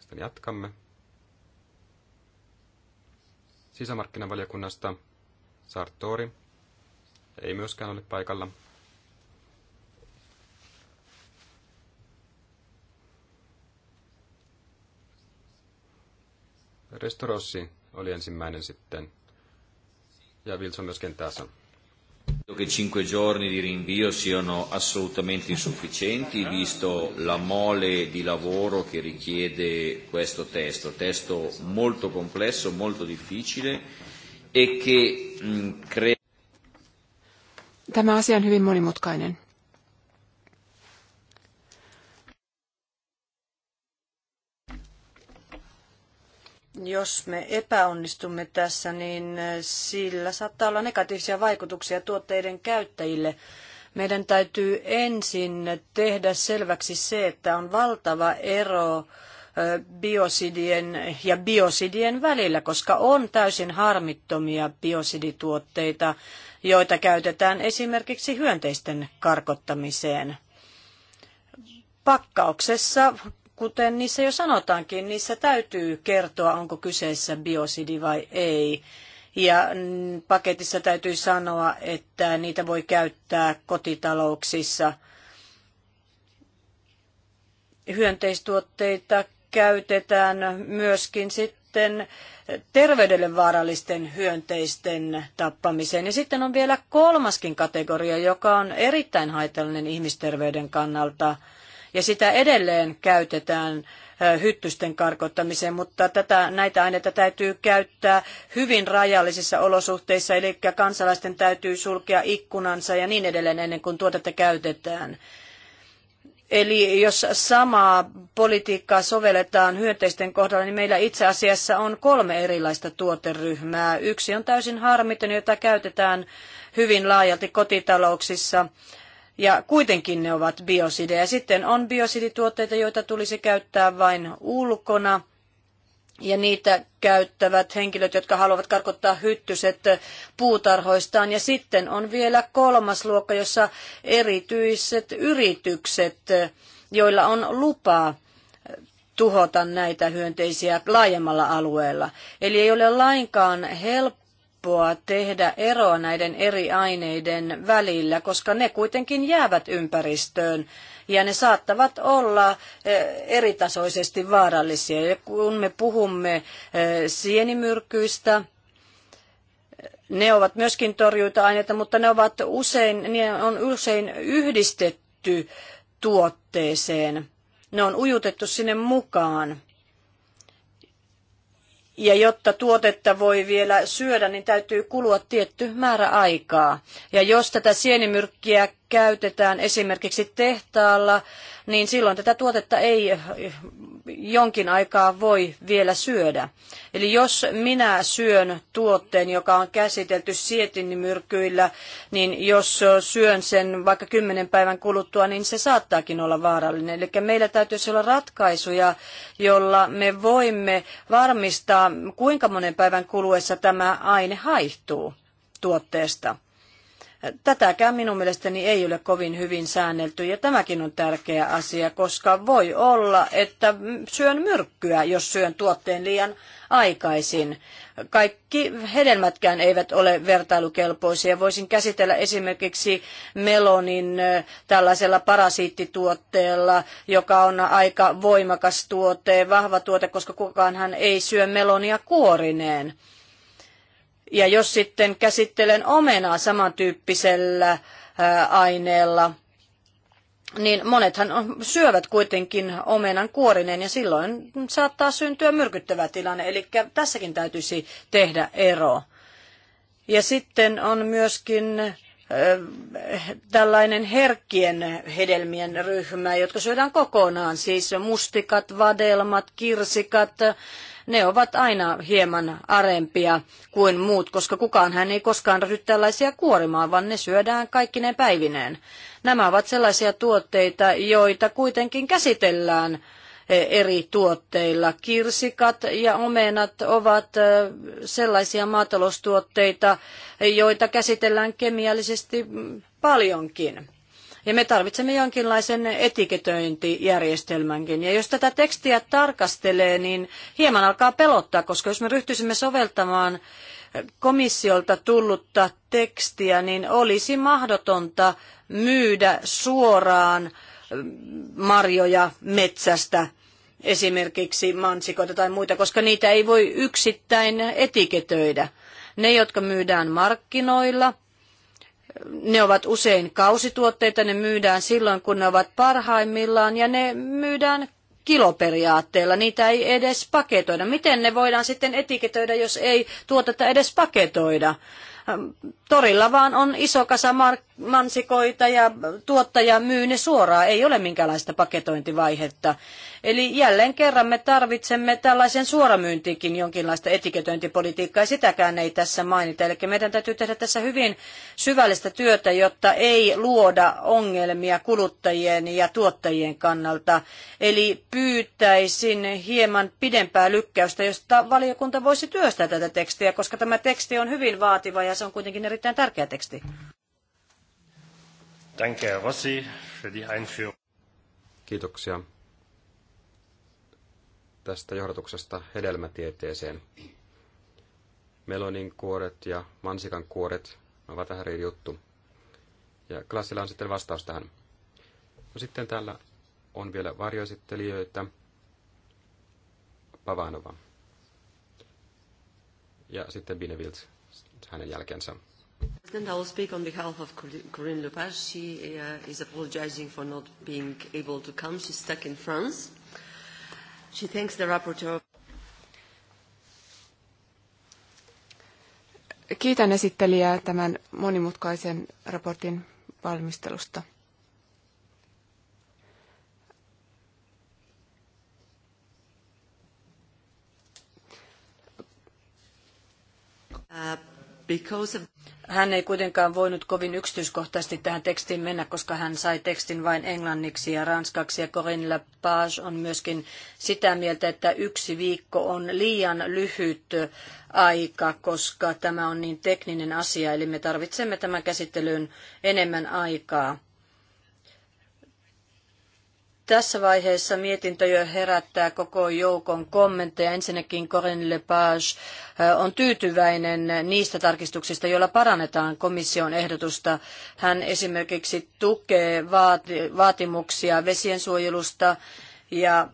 Sitten jatkamme. Sisämarkkinavaliokunnasta Sartori ei myöskään ole paikalla. Restorossi oli ensimmäinen sitten ja Wilson myöskin tässä. Che cinque giorni di rinvio siano assolutamente insufficienti visto la mole di lavoro che richiede questo testo, testo molto complesso, molto difficile e che mm, crea. Tämä asia on hyvin monimutkainen. jos me epäonnistumme tässä, niin eh, sillä saattaa olla negatiivisia vaikutuksia tuotteiden käyttäjille. Meidän täytyy ensin tehdä selväksi se, että on valtava ero eh, biosidien ja biosidien välillä, koska on täysin harmittomia biosidituotteita, joita käytetään esimerkiksi hyönteisten karkottamiseen pakkauksessa kuten niissä jo sanotaankin, niissä täytyy kertoa, onko kyseessä biosidi vai ei. Ja paketissa täytyy sanoa, että niitä voi käyttää kotitalouksissa. Hyönteistuotteita käytetään myöskin sitten terveydelle vaarallisten hyönteisten tappamiseen. Ja sitten on vielä kolmaskin kategoria, joka on erittäin haitallinen ihmisterveyden kannalta – ja sitä edelleen käytetään hyttysten karkottamiseen, mutta tätä, näitä aineita täytyy käyttää hyvin rajallisissa olosuhteissa, eli kansalaisten täytyy sulkea ikkunansa ja niin edelleen ennen kuin tuotetta käytetään. Eli jos samaa politiikkaa sovelletaan hyönteisten kohdalla, niin meillä itse asiassa on kolme erilaista tuoteryhmää. Yksi on täysin harmiton, jota käytetään hyvin laajalti kotitalouksissa ja kuitenkin ne ovat biosidejä. Sitten on biosidituotteita, joita tulisi käyttää vain ulkona, ja niitä käyttävät henkilöt, jotka haluavat karkottaa hyttyset puutarhoistaan. Ja sitten on vielä kolmas luokka, jossa erityiset yritykset, joilla on lupa tuhota näitä hyönteisiä laajemmalla alueella. Eli ei ole lainkaan helppoa helppoa tehdä eroa näiden eri aineiden välillä, koska ne kuitenkin jäävät ympäristöön ja ne saattavat olla eh, eritasoisesti vaarallisia. Ja kun me puhumme eh, sienimyrkyistä, ne ovat myöskin torjuita aineita mutta ne, ovat usein, ne on usein yhdistetty tuotteeseen. Ne on ujutettu sinne mukaan. Ja jotta tuotetta voi vielä syödä, niin täytyy kulua tietty määrä aikaa. Ja jos tätä sienimyrkkiä käytetään esimerkiksi tehtaalla, niin silloin tätä tuotetta ei jonkin aikaa voi vielä syödä. Eli jos minä syön tuotteen, joka on käsitelty sietinimyrkyillä, niin jos syön sen vaikka kymmenen päivän kuluttua, niin se saattaakin olla vaarallinen. Eli meillä täytyisi olla ratkaisuja, jolla me voimme varmistaa, kuinka monen päivän kuluessa tämä aine haihtuu tuotteesta. Tätäkään minun mielestäni ei ole kovin hyvin säännelty ja tämäkin on tärkeä asia, koska voi olla, että syön myrkkyä, jos syön tuotteen liian aikaisin. Kaikki hedelmätkään eivät ole vertailukelpoisia. Voisin käsitellä esimerkiksi melonin tällaisella parasiittituotteella, joka on aika voimakas tuote, vahva tuote, koska kukaan hän ei syö melonia kuorineen. Ja jos sitten käsittelen omenaa samantyyppisellä aineella, niin monethan syövät kuitenkin omenan kuorinen ja silloin saattaa syntyä myrkyttävä tilanne. Eli tässäkin täytyisi tehdä ero. Ja sitten on myöskin tällainen herkkien hedelmien ryhmä, jotka syödään kokonaan, siis mustikat, vadelmat, kirsikat, ne ovat aina hieman arempia kuin muut, koska kukaan hän ei koskaan ryhdy tällaisia kuorimaan, vaan ne syödään kaikki ne päivineen. Nämä ovat sellaisia tuotteita, joita kuitenkin käsitellään e, eri tuotteilla. Kirsikat ja omenat ovat e, sellaisia maataloustuotteita, e, joita käsitellään kemiallisesti mm, paljonkin. Ja me tarvitsemme jonkinlaisen etiketöintijärjestelmänkin. Ja jos tätä tekstiä tarkastelee, niin hieman alkaa pelottaa, koska jos me ryhtyisimme soveltamaan komissiolta tullutta tekstiä, niin olisi mahdotonta myydä suoraan mm, marjoja metsästä esimerkiksi mansikoita tai muita, koska niitä ei voi yksittäin etiketöidä. Ne, jotka myydään markkinoilla, ne ovat usein kausituotteita, ne myydään silloin, kun ne ovat parhaimmillaan ja ne myydään kiloperiaatteella. Niitä ei edes paketoida. Miten ne voidaan sitten etiketoida, jos ei tuotetta edes paketoida? Torilla vaan on iso kasa mark- mansikoita ja tuottaja myy ne suoraan. Ei ole minkäänlaista paketointivaihetta. Eli jälleen kerran me tarvitsemme tällaisen suoramyyntiikin jonkinlaista ja Sitäkään ei tässä mainita. Eli meidän täytyy tehdä tässä hyvin syvällistä työtä, jotta ei luoda ongelmia kuluttajien ja tuottajien kannalta. Eli pyytäisin hieman pidempää lykkäystä, josta valiokunta voisi työstää tätä tekstiä, koska tämä teksti on hyvin vaativa ja se on kuitenkin erittäin tärkeä teksti. Danke, Herr Rossi, für die Einführung. Kiitoksia tästä johdatuksesta hedelmätieteeseen. Melonin kuoret ja mansikan kuoret ovat vähän eri juttu. Ja klassilla on sitten vastaus tähän. No sitten täällä on vielä varjoesittelijöitä. Pavanova. Ja sitten Binevilt hänen jälkeensä. President, I will speak on behalf of Corinne Lepage. She uh, is apologizing for not being able to come. She's stuck in France. She thanks the rapporteur. Kiitän esittelijää tämän monimutkaisen raportin valmistelusta. Uh, because of hän ei kuitenkaan voinut kovin yksityiskohtaisesti tähän tekstiin mennä, koska hän sai tekstin vain englanniksi ja ranskaksi. Ja Corinne Lepage on myöskin sitä mieltä, että yksi viikko on liian lyhyt aika, koska tämä on niin tekninen asia, eli me tarvitsemme tämän käsittelyyn enemmän aikaa. Tässä vaiheessa mietintö jo herättää koko joukon kommentteja. Ensinnäkin Corinne Lepage on tyytyväinen niistä tarkistuksista, joilla parannetaan komission ehdotusta. Hän esimerkiksi tukee vaatimuksia vesien suojelusta ja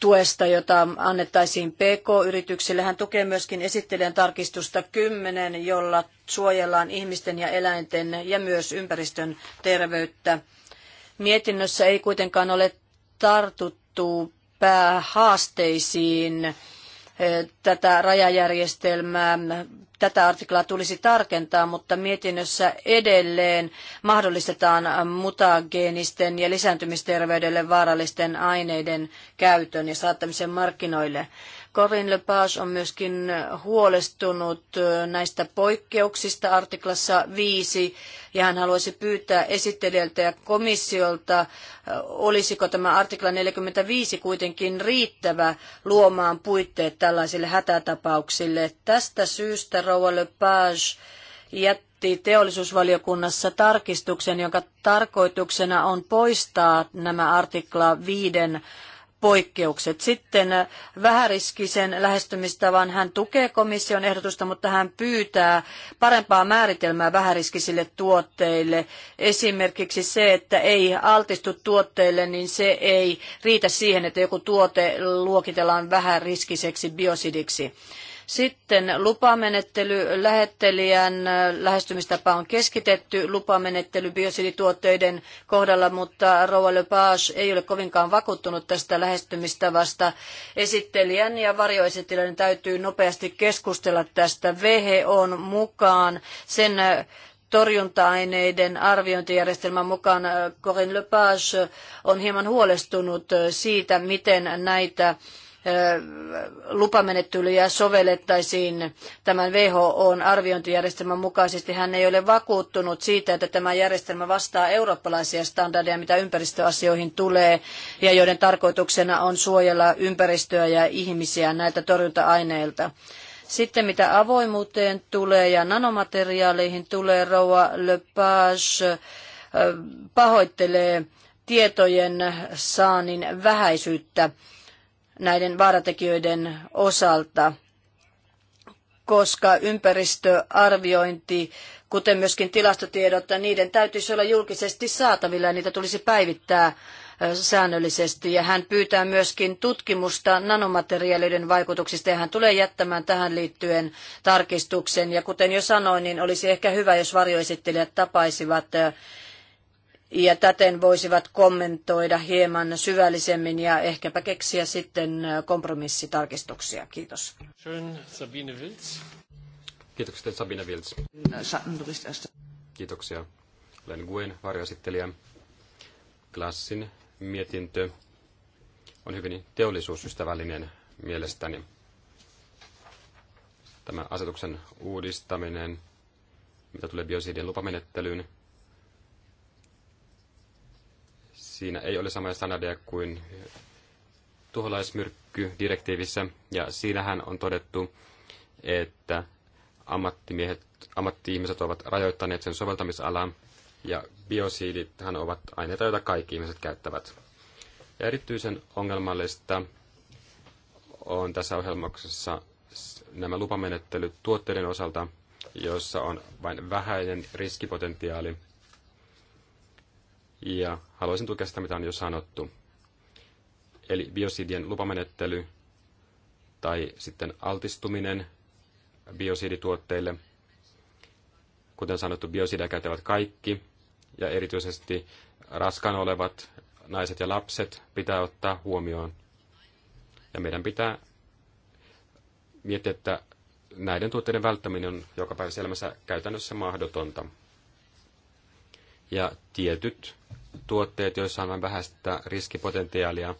tuesta, jota annettaisiin PK-yrityksille. Hän tukee myöskin esittelijän tarkistusta 10, jolla suojellaan ihmisten ja eläinten ja myös ympäristön terveyttä Mietinnössä ei kuitenkaan ole tartuttu päähaasteisiin eh, tätä rajajärjestelmää. Tätä artiklaa tulisi tarkentaa, mutta mietinnössä edelleen mahdollistetaan mutageenisten ja lisääntymisterveydelle vaarallisten aineiden käytön ja saattamisen markkinoille. Corin Lepage on myöskin huolestunut näistä poikkeuksista artiklassa 5 ja hän haluaisi pyytää esittelijältä ja komissiolta, olisiko tämä artikla 45 kuitenkin riittävä luomaan puitteet tällaisille hätätapauksille. Tästä syystä Rouva Lepage jätti teollisuusvaliokunnassa tarkistuksen, jonka tarkoituksena on poistaa nämä artikla 5 poikkeukset. Sitten vähäriskisen lähestymistavan hän tukee komission ehdotusta, mutta hän pyytää parempaa määritelmää vähäriskisille tuotteille. Esimerkiksi se, että ei altistu tuotteille, niin se ei riitä siihen, että joku tuote luokitellaan vähäriskiseksi biosidiksi. Sitten lupamenettely, lähettelijän lähestymistapa on keskitetty lupamenettely biosidituotteiden kohdalla, mutta Rouva Lepage ei ole kovinkaan vakuuttunut tästä lähestymistavasta. Esittelijän ja varjoesittelijän täytyy nopeasti keskustella tästä. WHO on mukaan sen torjunta-aineiden arviointijärjestelmän mukaan Corinne Lepage on hieman huolestunut siitä, miten näitä lupamenettelyjä sovellettaisiin tämän WHOn arviointijärjestelmän mukaisesti. Hän ei ole vakuuttunut siitä, että tämä järjestelmä vastaa eurooppalaisia standardeja, mitä ympäristöasioihin tulee, ja joiden tarkoituksena on suojella ympäristöä ja ihmisiä näiltä torjunta-aineilta. Sitten mitä avoimuuteen tulee ja nanomateriaaleihin tulee, Rouva Lepage pahoittelee tietojen saanin vähäisyyttä näiden vaaratekijöiden osalta, koska ympäristöarviointi, kuten myöskin tilastotiedot, niiden täytyisi olla julkisesti saatavilla ja niitä tulisi päivittää säännöllisesti. Ja hän pyytää myöskin tutkimusta nanomateriaalien vaikutuksista ja hän tulee jättämään tähän liittyen tarkistuksen. Ja kuten jo sanoin, niin olisi ehkä hyvä, jos varjoesittelijät tapaisivat ja täten voisivat kommentoida hieman syvällisemmin ja ehkäpä keksiä sitten kompromissitarkistuksia. Kiitos. Schön, Sabine Wils. Kiitoksia Sabine Wilz. Äh, Kiitoksia. Olen Guen varjoesittelijä. Klassin mietintö on hyvin teollisuusystävällinen mielestäni. Tämä asetuksen uudistaminen, mitä tulee biosidien lupamenettelyyn, Siinä ei ole samoja standardeja kuin tuholaismyrkkydirektiivissä, ja siinähän on todettu, että ammattimiehet, ammattiihmiset ovat rajoittaneet sen soveltamisalaa, ja biosiidithan ovat aineita, joita kaikki ihmiset käyttävät. Ja erityisen ongelmallista on tässä ohjelmaksessa nämä lupamenettelyt tuotteiden osalta, joissa on vain vähäinen riskipotentiaali – ja haluaisin tukea sitä, mitä on jo sanottu. Eli biosidien lupamenettely tai sitten altistuminen biosidituotteille. Kuten sanottu, biosidia käyttävät kaikki ja erityisesti raskaan olevat naiset ja lapset pitää ottaa huomioon. Ja meidän pitää miettiä, että näiden tuotteiden välttäminen on joka päivä elämässä käytännössä mahdotonta ja tietyt tuotteet, joissa on vähäistä riskipotentiaalia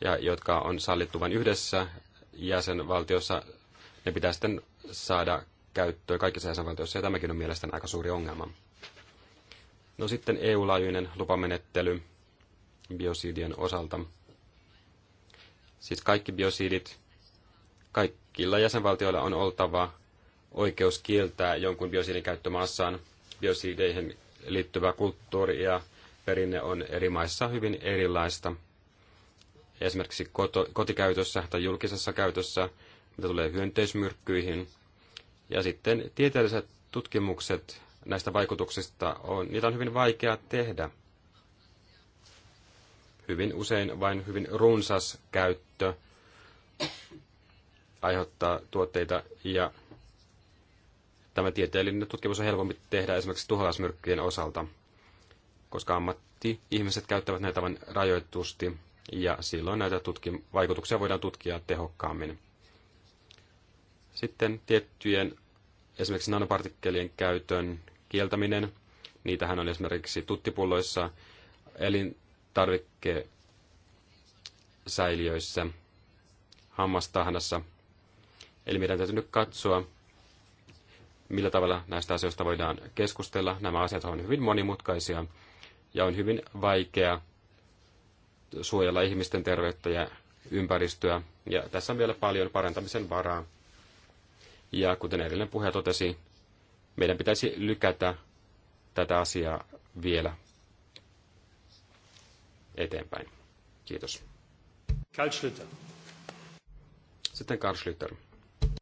ja jotka on sallittu vain yhdessä jäsenvaltiossa, ne pitää sitten saada käyttöön kaikissa jäsenvaltioissa, ja tämäkin on mielestäni aika suuri ongelma. No sitten EU-laajuinen lupamenettely biosidien osalta. Siis kaikki biosidit, kaikilla jäsenvaltioilla on oltava oikeus kieltää jonkun biosidin käyttö maassaan. Biosideihin liittyvä kulttuuri ja perinne on eri maissa hyvin erilaista. Esimerkiksi koto, kotikäytössä tai julkisessa käytössä, mitä tulee hyönteismyrkkyihin. Ja sitten tieteelliset tutkimukset näistä vaikutuksista, on, niitä on hyvin vaikea tehdä. Hyvin usein vain hyvin runsas käyttö aiheuttaa tuotteita ja Tämä tieteellinen tutkimus on helpompi tehdä esimerkiksi tuholaismyrkkyjen osalta, koska ammatti-ihmiset käyttävät näitä vain rajoitusti ja silloin näitä tutki- vaikutuksia voidaan tutkia tehokkaammin. Sitten tiettyjen esimerkiksi nanopartikkelien käytön kieltäminen. Niitähän on esimerkiksi tuttipulloissa, elintarvikkesäiliöissä, hammastahnassa. Eli meidän täytyy nyt katsoa, millä tavalla näistä asioista voidaan keskustella. Nämä asiat ovat hyvin monimutkaisia ja on hyvin vaikea suojella ihmisten terveyttä ja ympäristöä. Ja tässä on vielä paljon parantamisen varaa. Ja kuten edellinen puhe totesi, meidän pitäisi lykätä tätä asiaa vielä eteenpäin. Kiitos. Karl Schlüter. Sitten Karl Schlüter.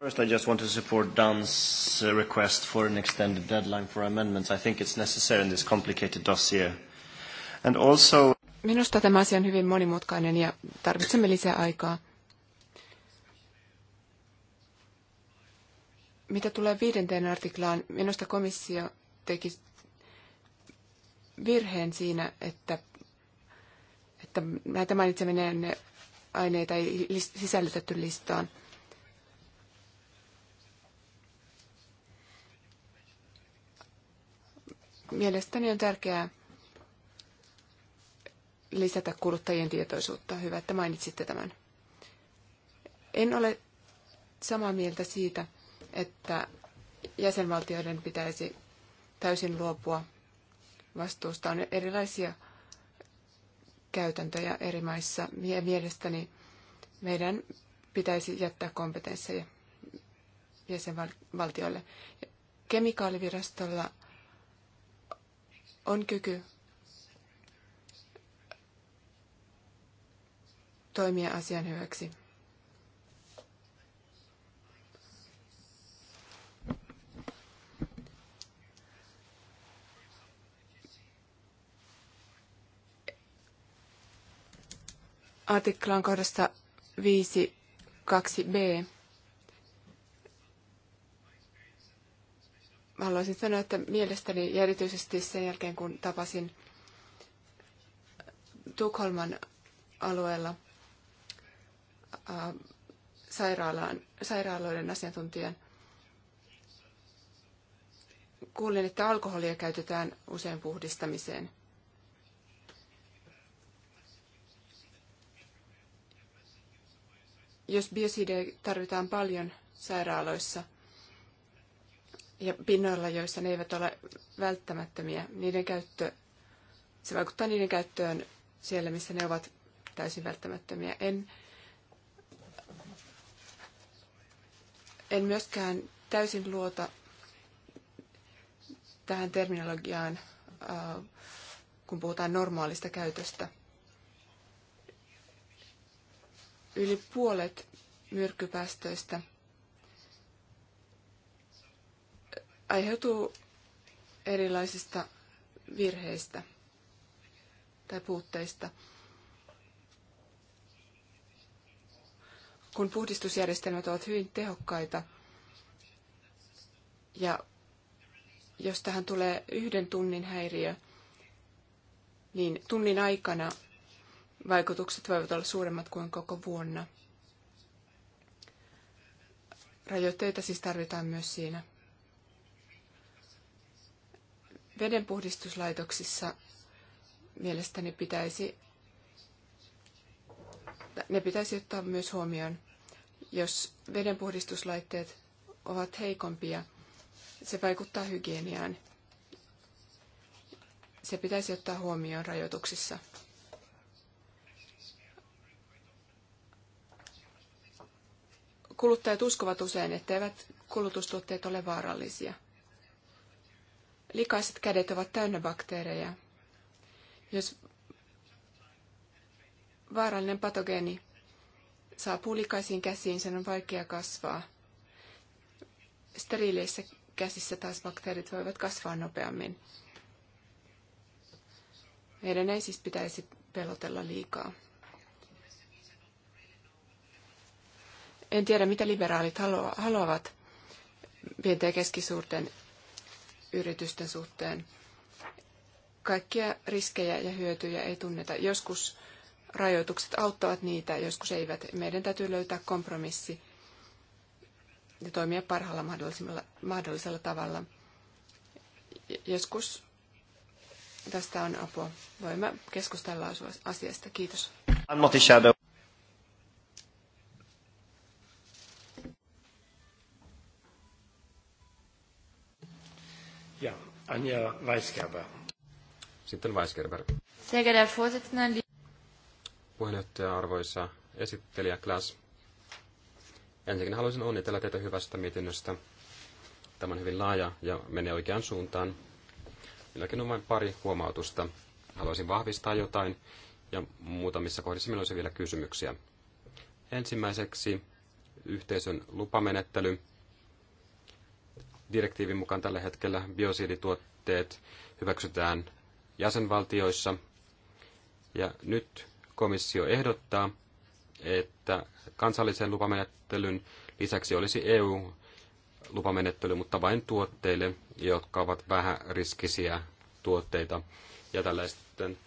First, I just want to support Dan's uh, request for an extended deadline for amendments. I think it's necessary in this complicated dossier. And also... Minusta tämä asia on hyvin monimutkainen ja tarvitsemme lisää aikaa. Mitä tulee viidenteen artiklaan, minusta komissio teki virheen siinä, että, että näitä mainitseminen aineita ei sisällytetty listaan. Mielestäni on tärkeää lisätä kuluttajien tietoisuutta. Hyvä, että mainitsitte tämän. En ole samaa mieltä siitä, että jäsenvaltioiden pitäisi täysin luopua vastuusta. On erilaisia käytäntöjä eri maissa. Mielestäni meidän pitäisi jättää kompetensseja jäsenvaltioille. Kemikaalivirastolla on kyky toimia asian hyväksi. Artiklan kohdasta 5.2b. haluaisin sanoa, että mielestäni ja erityisesti sen jälkeen, kun tapasin Tukholman alueella ää, äh, sairaalaan, sairaaloiden asiantuntijan, kuulin, että alkoholia käytetään usein puhdistamiseen. Jos biosideja tarvitaan paljon sairaaloissa – ja pinnoilla, joissa ne eivät ole välttämättömiä. Niiden käyttö, se vaikuttaa niiden käyttöön siellä, missä ne ovat täysin välttämättömiä. En, en myöskään täysin luota tähän terminologiaan, äh, kun puhutaan normaalista käytöstä. Yli puolet myrkkypäästöistä – aiheutuu erilaisista virheistä tai puutteista. Kun puhdistusjärjestelmät ovat hyvin tehokkaita ja jos tähän tulee yhden tunnin häiriö, niin tunnin aikana vaikutukset voivat olla suuremmat kuin koko vuonna. Rajoitteita siis tarvitaan myös siinä vedenpuhdistuslaitoksissa mielestäni pitäisi, ne pitäisi ottaa myös huomioon, jos vedenpuhdistuslaitteet ovat heikompia, se vaikuttaa hygieniaan. Se pitäisi ottaa huomioon rajoituksissa. Kuluttajat uskovat usein, etteivät kulutustuotteet ole vaarallisia – likaiset kädet ovat täynnä bakteereja. Jos vaarallinen patogeeni saapuu likaisiin käsiin, sen on vaikea kasvaa. Steriileissä käsissä taas bakteerit voivat kasvaa nopeammin. Meidän ei siis pitäisi pelotella liikaa. En tiedä, mitä liberaalit haluavat pienten ja keskisuurten yritysten suhteen. Kaikkia riskejä ja hyötyjä ei tunneta. Joskus rajoitukset auttavat niitä, joskus eivät. Meidän täytyy löytää kompromissi ja toimia parhaalla mahdollisella, mahdollisella tavalla. Joskus tästä on apua. Voimme keskustella asiasta. Kiitos. I'm not a shadow. Anja Weisgerber. Sitten Weisgerber. Puheenjohtaja, arvoisa esittelijä Klas. Ensinnäkin haluaisin onnitella teitä hyvästä mietinnöstä. Tämä on hyvin laaja ja menee oikeaan suuntaan. Minäkin on vain pari huomautusta. Haluaisin vahvistaa jotain ja muutamissa kohdissa minulla olisi vielä kysymyksiä. Ensimmäiseksi yhteisön lupamenettely Direktiivin mukaan tällä hetkellä biosidituotteet hyväksytään jäsenvaltioissa. Ja nyt komissio ehdottaa, että kansallisen lupamenettelyn lisäksi olisi EU-lupamenettely, mutta vain tuotteille, jotka ovat vähäriskisiä tuotteita. Ja tällaisten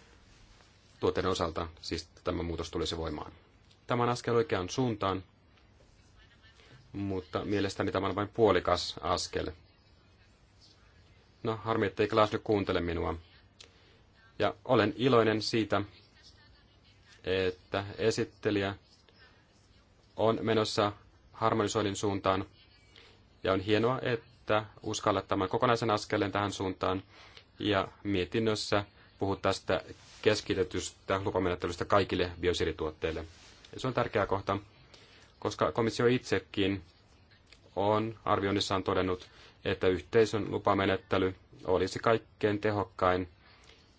tuotteiden osalta siis tämä muutos tulisi voimaan. Tämä on askel oikeaan suuntaan, mutta mielestäni tämä on vain puolikas askel. No, harmi, ettei Klaas nyt kuuntele minua. Ja olen iloinen siitä, että esittelijä on menossa harmonisoinnin suuntaan. Ja on hienoa, että uskalla tämän kokonaisen askeleen tähän suuntaan. Ja mietinnössä puhu tästä keskitetystä lupamenettelystä kaikille biosirituotteille. Ja se on tärkeä kohta koska komissio itsekin on arvioinnissaan todennut, että yhteisön lupamenettely olisi kaikkein tehokkain,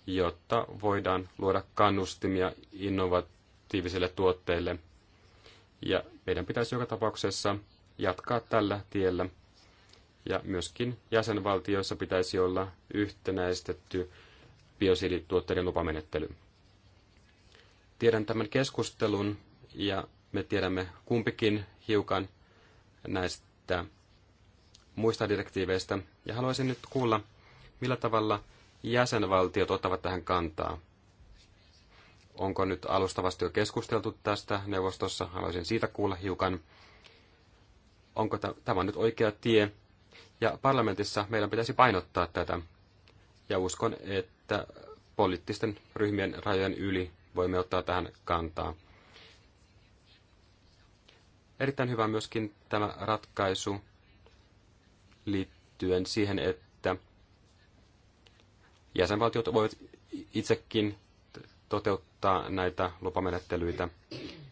jotta voidaan luoda kannustimia innovatiivisille tuotteille. Ja meidän pitäisi joka tapauksessa jatkaa tällä tiellä. Ja myöskin jäsenvaltioissa pitäisi olla yhtenäistetty biosiilituotteiden lupamenettely. Tiedän tämän keskustelun ja me tiedämme kumpikin hiukan näistä muista direktiiveistä, ja haluaisin nyt kuulla, millä tavalla jäsenvaltiot ottavat tähän kantaa. Onko nyt alustavasti jo keskusteltu tästä neuvostossa? Haluaisin siitä kuulla hiukan. Onko tämä nyt oikea tie? Ja parlamentissa meidän pitäisi painottaa tätä. Ja uskon, että poliittisten ryhmien rajojen yli voimme ottaa tähän kantaa. Erittäin hyvä myöskin tämä ratkaisu liittyen siihen, että jäsenvaltiot voivat itsekin toteuttaa näitä lupamenettelyitä.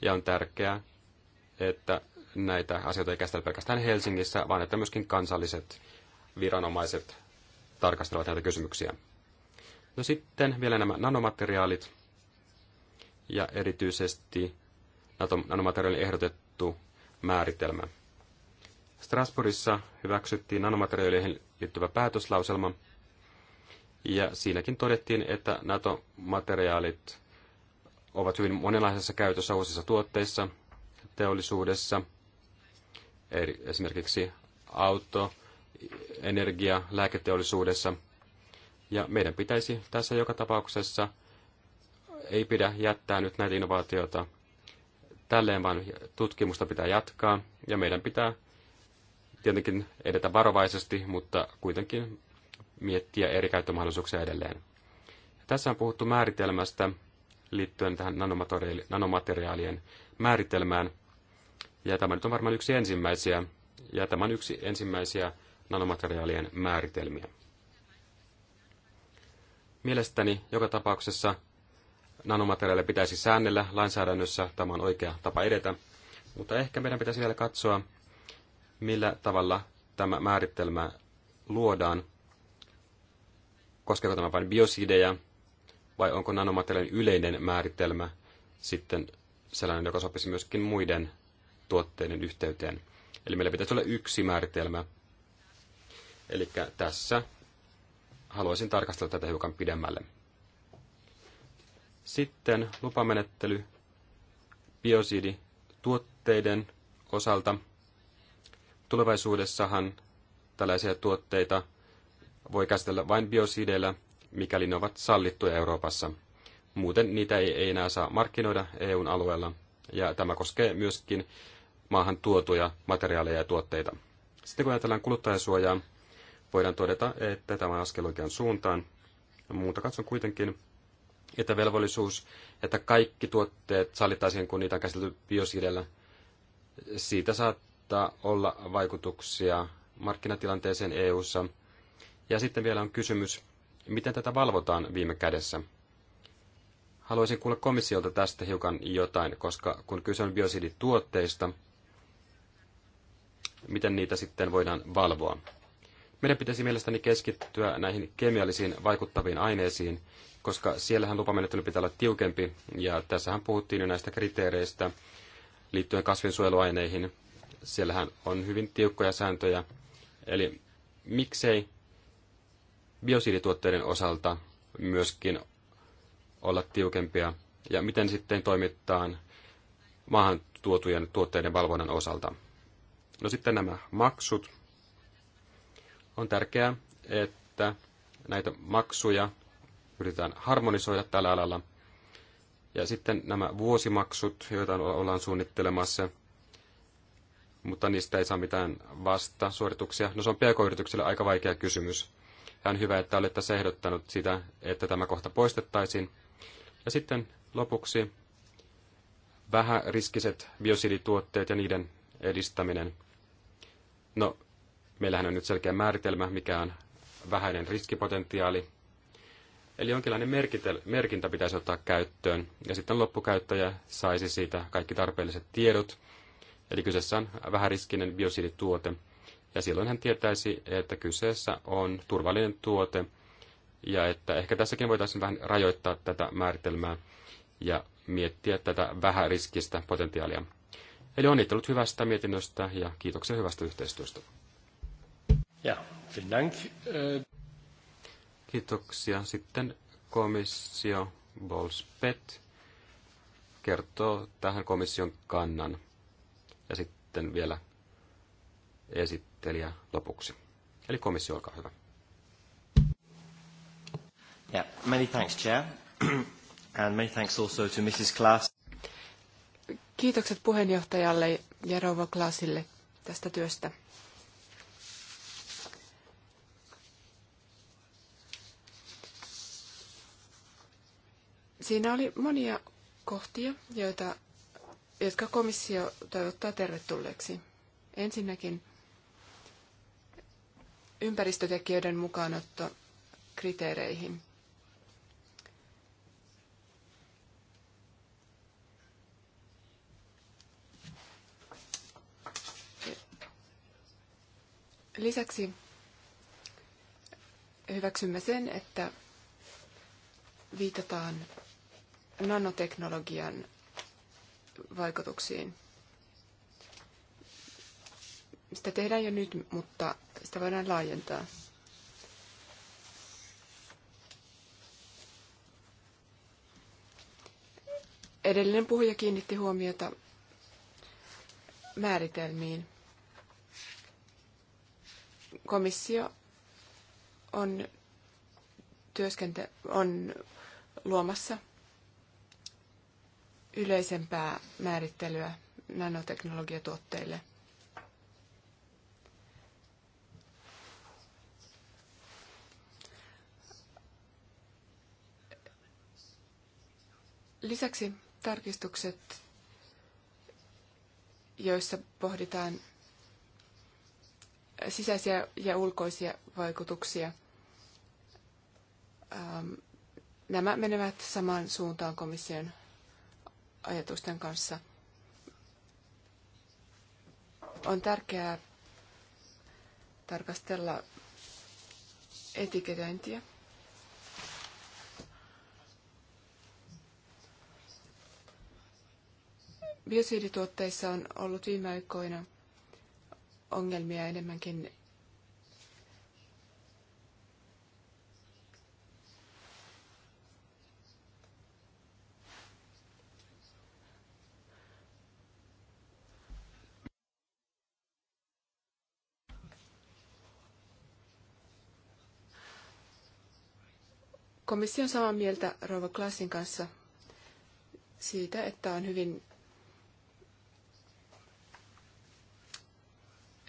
Ja on tärkeää, että näitä asioita ei käsitellä pelkästään Helsingissä, vaan että myöskin kansalliset viranomaiset tarkastelevat näitä kysymyksiä. No sitten vielä nämä nanomateriaalit ja erityisesti nanomateriaalin ehdotettu määritelmä. Strasbourgissa hyväksyttiin nanomateriaaleihin liittyvä päätöslauselma, ja siinäkin todettiin, että NATO-materiaalit ovat hyvin monenlaisessa käytössä uusissa tuotteissa, teollisuudessa, esimerkiksi auto, energia, lääketeollisuudessa. Ja meidän pitäisi tässä joka tapauksessa, ei pidä jättää nyt näitä innovaatioita tälleen, vaan tutkimusta pitää jatkaa ja meidän pitää tietenkin edetä varovaisesti, mutta kuitenkin miettiä eri käyttömahdollisuuksia edelleen. Tässä on puhuttu määritelmästä liittyen tähän nanomateriaalien määritelmään. Ja tämä nyt on varmaan yksi ensimmäisiä, ja tämä on yksi ensimmäisiä nanomateriaalien määritelmiä. Mielestäni joka tapauksessa nanomateriaaleja pitäisi säännellä lainsäädännössä. Tämä on oikea tapa edetä. Mutta ehkä meidän pitäisi vielä katsoa, millä tavalla tämä määritelmä luodaan. Koskeeko tämä vain biosidejä vai onko nanomateriaalin yleinen määritelmä sitten sellainen, joka sopisi myöskin muiden tuotteiden yhteyteen. Eli meillä pitäisi olla yksi määritelmä. Eli tässä haluaisin tarkastella tätä hiukan pidemmälle. Sitten lupamenettely biosidituotteiden osalta. Tulevaisuudessahan tällaisia tuotteita voi käsitellä vain biosideillä, mikäli ne ovat sallittuja Euroopassa. Muuten niitä ei enää saa markkinoida EUn alueella, ja tämä koskee myöskin maahan tuotuja materiaaleja ja tuotteita. Sitten kun ajatellaan kuluttajasuojaa, voidaan todeta, että tämä on askel oikeaan suuntaan. Muuta katson kuitenkin, että velvollisuus, että kaikki tuotteet sallittaisiin, kun niitä on käsitelty biosidellä, siitä saattaa olla vaikutuksia markkinatilanteeseen EU:ssa. Ja sitten vielä on kysymys, miten tätä valvotaan viime kädessä. Haluaisin kuulla komissiolta tästä hiukan jotain, koska kun kyse on biosidituotteista, miten niitä sitten voidaan valvoa. Meidän pitäisi mielestäni keskittyä näihin kemiallisiin vaikuttaviin aineisiin koska siellähän lupamenettely pitää olla tiukempi, ja tässähän puhuttiin jo näistä kriteereistä liittyen kasvinsuojeluaineihin. Siellähän on hyvin tiukkoja sääntöjä, eli miksei biosiilituotteiden osalta myöskin olla tiukempia, ja miten sitten toimitaan maahan tuotujen tuotteiden valvonnan osalta. No sitten nämä maksut. On tärkeää, että näitä maksuja yritetään harmonisoida tällä alalla. Ja sitten nämä vuosimaksut, joita ollaan suunnittelemassa, mutta niistä ei saa mitään vasta suorituksia. No se on pk yritykselle aika vaikea kysymys. Ja on hyvä, että olet tässä ehdottanut sitä, että tämä kohta poistettaisiin. Ja sitten lopuksi vähäriskiset biosidituotteet ja niiden edistäminen. No, meillähän on nyt selkeä määritelmä, mikä on vähäinen riskipotentiaali Eli jonkinlainen merkintä pitäisi ottaa käyttöön, ja sitten loppukäyttäjä saisi siitä kaikki tarpeelliset tiedot. Eli kyseessä on riskinen biosidituote, ja silloin hän tietäisi, että kyseessä on turvallinen tuote, ja että ehkä tässäkin voitaisiin vähän rajoittaa tätä määritelmää ja miettiä tätä vähäriskistä potentiaalia. Eli onnittelut hyvästä mietinnöstä ja kiitoksia hyvästä yhteistyöstä. Ja, vielen Dank. Kiitoksia. Sitten komissio Bolspet kertoo tähän komission kannan. Ja sitten vielä esittelijä lopuksi. Eli komissio, olkaa hyvä. Yeah, many thanks, Chair. *clears throat* And many thanks also to Mrs. Klaas. Kiitokset puheenjohtajalle ja rouva Klaasille tästä työstä. Siinä oli monia kohtia, joita, jotka komissio toivottaa tervetulleeksi. Ensinnäkin ympäristötekijöiden mukaanotto kriteereihin. Lisäksi hyväksymme sen, että viitataan nanoteknologian vaikutuksiin. Sitä tehdään jo nyt, mutta sitä voidaan laajentaa. Edellinen puhuja kiinnitti huomiota määritelmiin. Komissio on, työskente- on luomassa yleisempää määrittelyä nanoteknologiatuotteille. Lisäksi tarkistukset, joissa pohditaan sisäisiä ja ulkoisia vaikutuksia. Ähm, nämä menevät samaan suuntaan komission ajatusten kanssa. On tärkeää tarkastella etiketöintiä. Biosidituotteissa on ollut viime aikoina ongelmia enemmänkin Komissio on samaa mieltä Rova Klassin kanssa siitä, että on hyvin,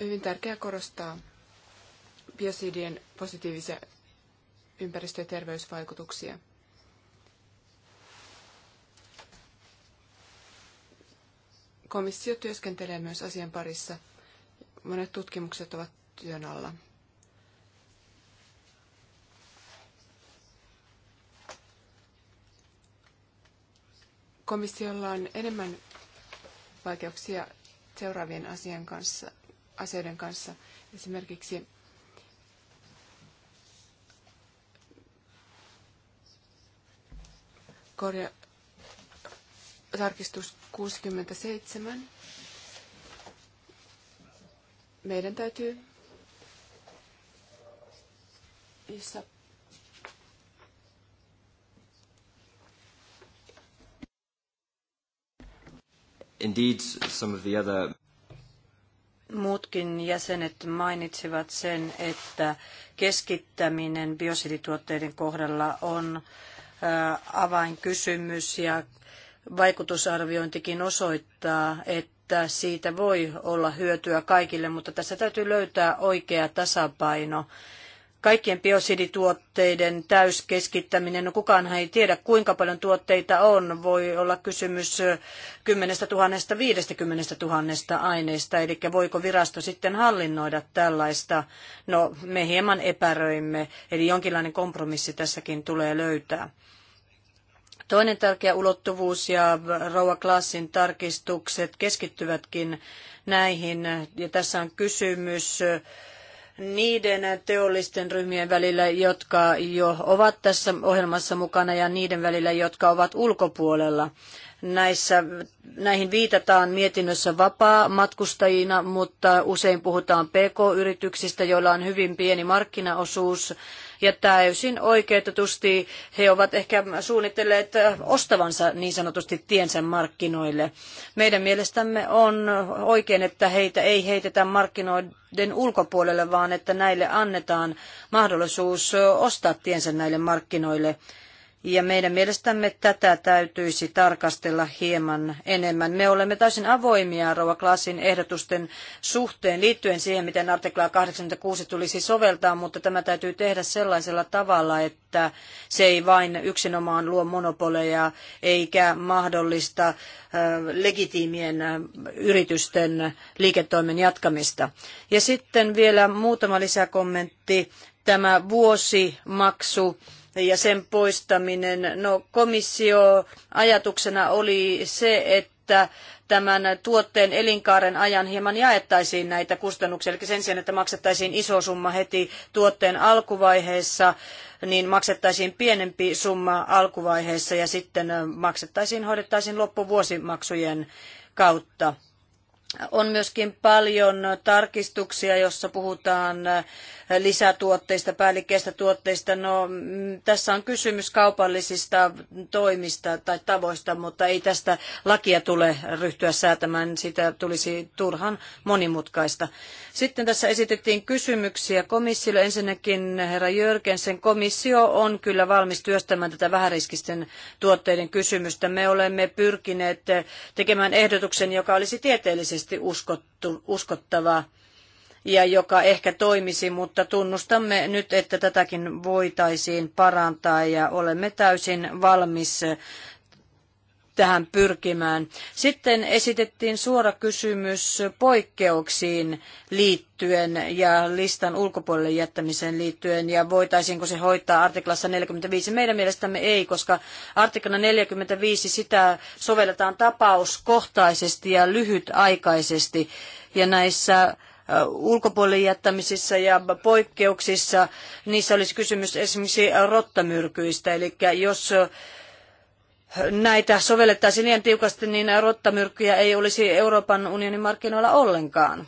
hyvin tärkeää korostaa biosidien positiivisia ympäristö- ja terveysvaikutuksia. Komissio työskentelee myös asian parissa. Monet tutkimukset ovat työn alla. Komissiolla on enemmän vaikeuksia seuraavien asian kanssa, asioiden kanssa. Esimerkiksi korja, tarkistus 67. Meidän täytyy jossa indeed some of the other Muutkin jäsenet mainitsivat sen, että keskittäminen biosidituotteiden kohdalla on avainkysymys ja vaikutusarviointikin osoittaa, että siitä voi olla hyötyä kaikille, mutta tässä täytyy löytää oikea tasapaino kaikkien biosidituotteiden täyskeskittäminen. No kukaanhan ei tiedä, kuinka paljon tuotteita on. Voi olla kysymys 10 000, 50 000 aineista, eli voiko virasto sitten hallinnoida tällaista. No me hieman epäröimme, eli jonkinlainen kompromissi tässäkin tulee löytää. Toinen tärkeä ulottuvuus ja Rouva Klassin tarkistukset keskittyvätkin näihin. Ja tässä on kysymys niiden teollisten ryhmien välillä, jotka jo ovat tässä ohjelmassa mukana ja niiden välillä, jotka ovat ulkopuolella. Näissä, näihin viitataan mietinnössä vapaa matkustajina, mutta usein puhutaan PK-yrityksistä, joilla on hyvin pieni markkinaosuus ja täysin oikeutetusti he ovat ehkä suunnitelleet ostavansa niin sanotusti tiensä markkinoille. Meidän mielestämme on oikein, että heitä ei heitetä markkinoiden ulkopuolelle, vaan että näille annetaan mahdollisuus ostaa tiensä näille markkinoille. Ja meidän mielestämme tätä täytyisi tarkastella hieman enemmän. Me olemme täysin avoimia Rova Klaasin ehdotusten suhteen liittyen siihen, miten artiklaa 86 tulisi soveltaa, mutta tämä täytyy tehdä sellaisella tavalla, että se ei vain yksinomaan luo monopoleja eikä mahdollista legitiimien yritysten liiketoimen jatkamista. Ja sitten vielä muutama lisäkommentti. Tämä vuosimaksu. maksu ja sen poistaminen. No komissio ajatuksena oli se, että tämän tuotteen elinkaaren ajan hieman jaettaisiin näitä kustannuksia. Eli sen sijaan, että maksettaisiin iso summa heti tuotteen alkuvaiheessa, niin maksettaisiin pienempi summa alkuvaiheessa ja sitten maksettaisiin, hoidettaisiin loppuvuosimaksujen kautta. On myöskin paljon tarkistuksia, jossa puhutaan lisätuotteista, päällikkeistä tuotteista. No, mm, tässä on kysymys kaupallisista toimista tai tavoista, mutta ei tästä lakia tule ryhtyä säätämään. Sitä tulisi turhan monimutkaista. Sitten tässä esitettiin kysymyksiä komissiolle. Ensinnäkin herra Jörgensen komissio on kyllä valmis työstämään tätä vähäriskisten tuotteiden kysymystä. Me olemme pyrkineet tekemään ehdotuksen, joka olisi tieteellisesti uskottu, uskottava ja joka ehkä toimisi, mutta tunnustamme nyt, että tätäkin voitaisiin parantaa ja olemme täysin valmis tähän pyrkimään. Sitten esitettiin suora kysymys poikkeuksiin liittyen ja listan ulkopuolelle jättämiseen liittyen ja voitaisiinko se hoitaa artiklassa 45. Meidän mielestämme ei, koska artikla 45 sitä sovelletaan tapauskohtaisesti ja lyhytaikaisesti ja näissä ulkopuolelle jättämisissä ja poikkeuksissa, niissä olisi kysymys esimerkiksi rottamyrkyistä. Eli jos näitä sovellettaisiin niin tiukasti, niin rottamyrkkyjä ei olisi Euroopan unionin markkinoilla ollenkaan.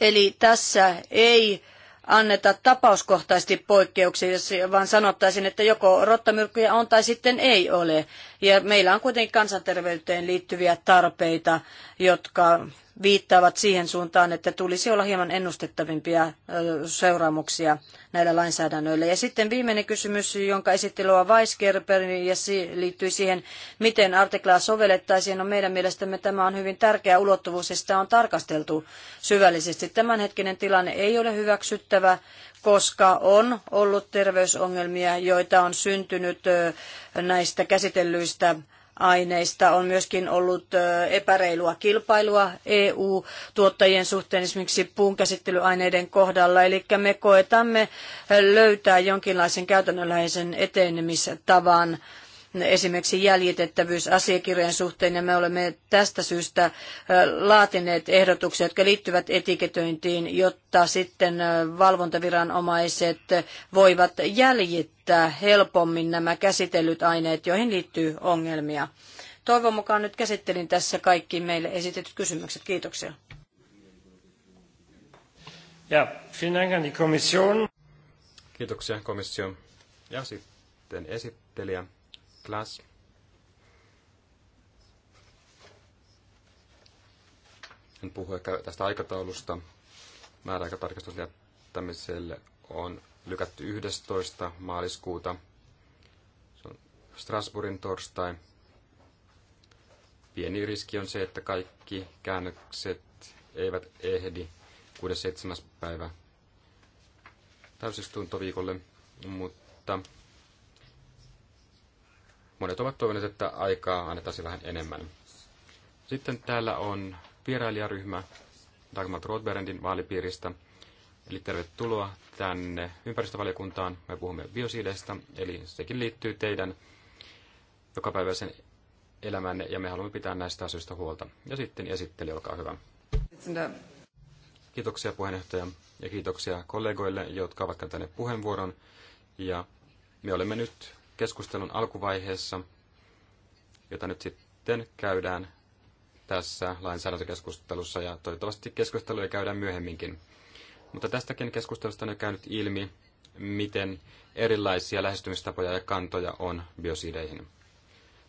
Eli tässä ei anneta tapauskohtaisesti poikkeuksia, vaan sanottaisiin, että joko rottamyrkkyjä on tai sitten ei ole. Ja meillä on kuitenkin kansanterveyteen liittyviä tarpeita, jotka viittaavat siihen suuntaan, että tulisi olla hieman ennustettavimpia seuraamuksia näillä lainsäädännöillä. Ja sitten viimeinen kysymys, jonka esittely on Weisgerber ja liittyy siihen, miten artiklaa sovellettaisiin. No meidän mielestämme tämä on hyvin tärkeä ulottuvuus ja sitä on tarkasteltu syvällisesti. Tämänhetkinen tilanne ei ole hyväksyttävä, koska on ollut terveysongelmia, joita on syntynyt näistä käsitellyistä aineista on myöskin ollut epäreilua kilpailua EU-tuottajien suhteen esimerkiksi puunkäsittelyaineiden kohdalla. Eli me koetamme löytää jonkinlaisen käytännönläheisen etenemistavan esimerkiksi jäljitettävyysasiakirjojen suhteen, ja me olemme tästä syystä laatineet ehdotuksia, jotka liittyvät etiketöintiin, jotta sitten valvontaviranomaiset voivat jäljittää helpommin nämä käsitellyt aineet, joihin liittyy ongelmia. Toivon mukaan nyt käsittelin tässä kaikki meille esitetyt kysymykset. Kiitoksia. Ja, vielen Kiitoksia komission ja sitten esittelijä class. En puhu ehkä tästä aikataulusta. Määräaikatarkastus jättämiselle on lykätty 11. maaliskuuta. Se on Strasbourgin torstai. Pieni riski on se, että kaikki käännökset eivät ehdi 6.7. päivä täysistuntoviikolle, mutta Monet ovat toivoneet, että aikaa annettaisiin vähän enemmän. Sitten täällä on vierailijaryhmä Dagmar Rothberendin vaalipiiristä. Eli tervetuloa tänne ympäristövaliokuntaan. Me puhumme biosiideista, eli sekin liittyy teidän jokapäiväisen elämänne, ja me haluamme pitää näistä asioista huolta. Ja sitten esitteli, olkaa hyvä. Kiitoksia puheenjohtaja ja kiitoksia kollegoille, jotka ovat käyttäneet puheenvuoron. Ja me olemme nyt keskustelun alkuvaiheessa, jota nyt sitten käydään tässä lainsäädäntökeskustelussa ja toivottavasti keskusteluja käydään myöhemminkin. Mutta tästäkin keskustelusta on jo käynyt ilmi, miten erilaisia lähestymistapoja ja kantoja on biosideihin.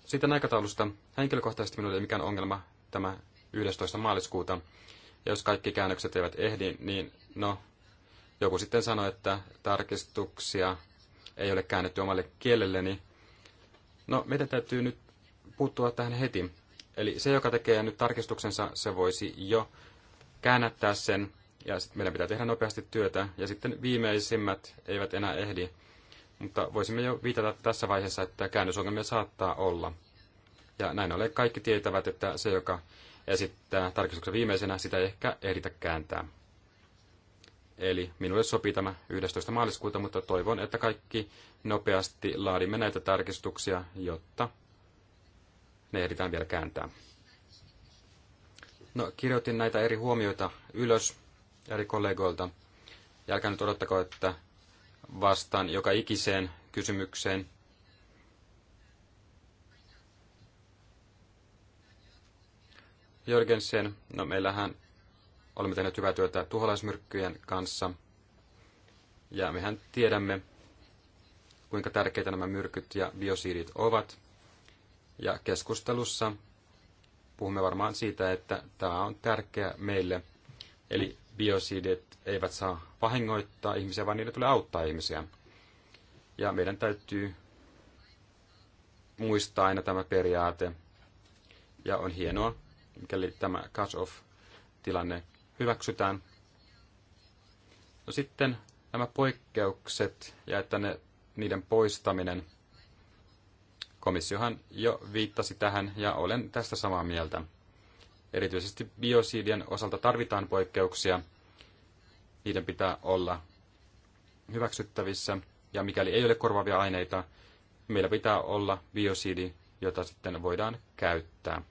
Sitten aikataulusta. Henkilökohtaisesti minulla ei mikään ongelma tämä 11. maaliskuuta. Ja jos kaikki käännökset eivät ehdi, niin no, joku sitten sanoi, että tarkistuksia ei ole käännetty omalle kielelleni. No, meidän täytyy nyt puuttua tähän heti. Eli se, joka tekee nyt tarkistuksensa, se voisi jo käännättää sen, ja sitten meidän pitää tehdä nopeasti työtä, ja sitten viimeisimmät eivät enää ehdi. Mutta voisimme jo viitata tässä vaiheessa, että käännösongelmia saattaa olla. Ja näin ollen kaikki tietävät, että se, joka esittää tarkistuksen viimeisenä, sitä ei ehkä ehditä kääntää. Eli minulle sopii tämä 11. maaliskuuta, mutta toivon, että kaikki nopeasti laadimme näitä tarkistuksia, jotta ne ehditään vielä kääntää. No, kirjoitin näitä eri huomioita ylös eri kollegoilta. Ja älkää nyt odottako, että vastaan joka ikiseen kysymykseen. Jörgensen, no meillähän Olemme tehneet hyvää työtä tuholaismyrkkyjen kanssa. Ja mehän tiedämme, kuinka tärkeitä nämä myrkyt ja biosiidit ovat. Ja keskustelussa puhumme varmaan siitä, että tämä on tärkeä meille. Eli biosiidit eivät saa vahingoittaa ihmisiä, vaan niille tulee auttaa ihmisiä. Ja meidän täytyy muistaa aina tämä periaate. Ja on hienoa, mikäli tämä cut-off-tilanne hyväksytään. No sitten nämä poikkeukset ja että ne, niiden poistaminen. Komissiohan jo viittasi tähän ja olen tästä samaa mieltä. Erityisesti biosiidien osalta tarvitaan poikkeuksia. Niiden pitää olla hyväksyttävissä ja mikäli ei ole korvaavia aineita, meillä pitää olla biosiidi, jota sitten voidaan käyttää.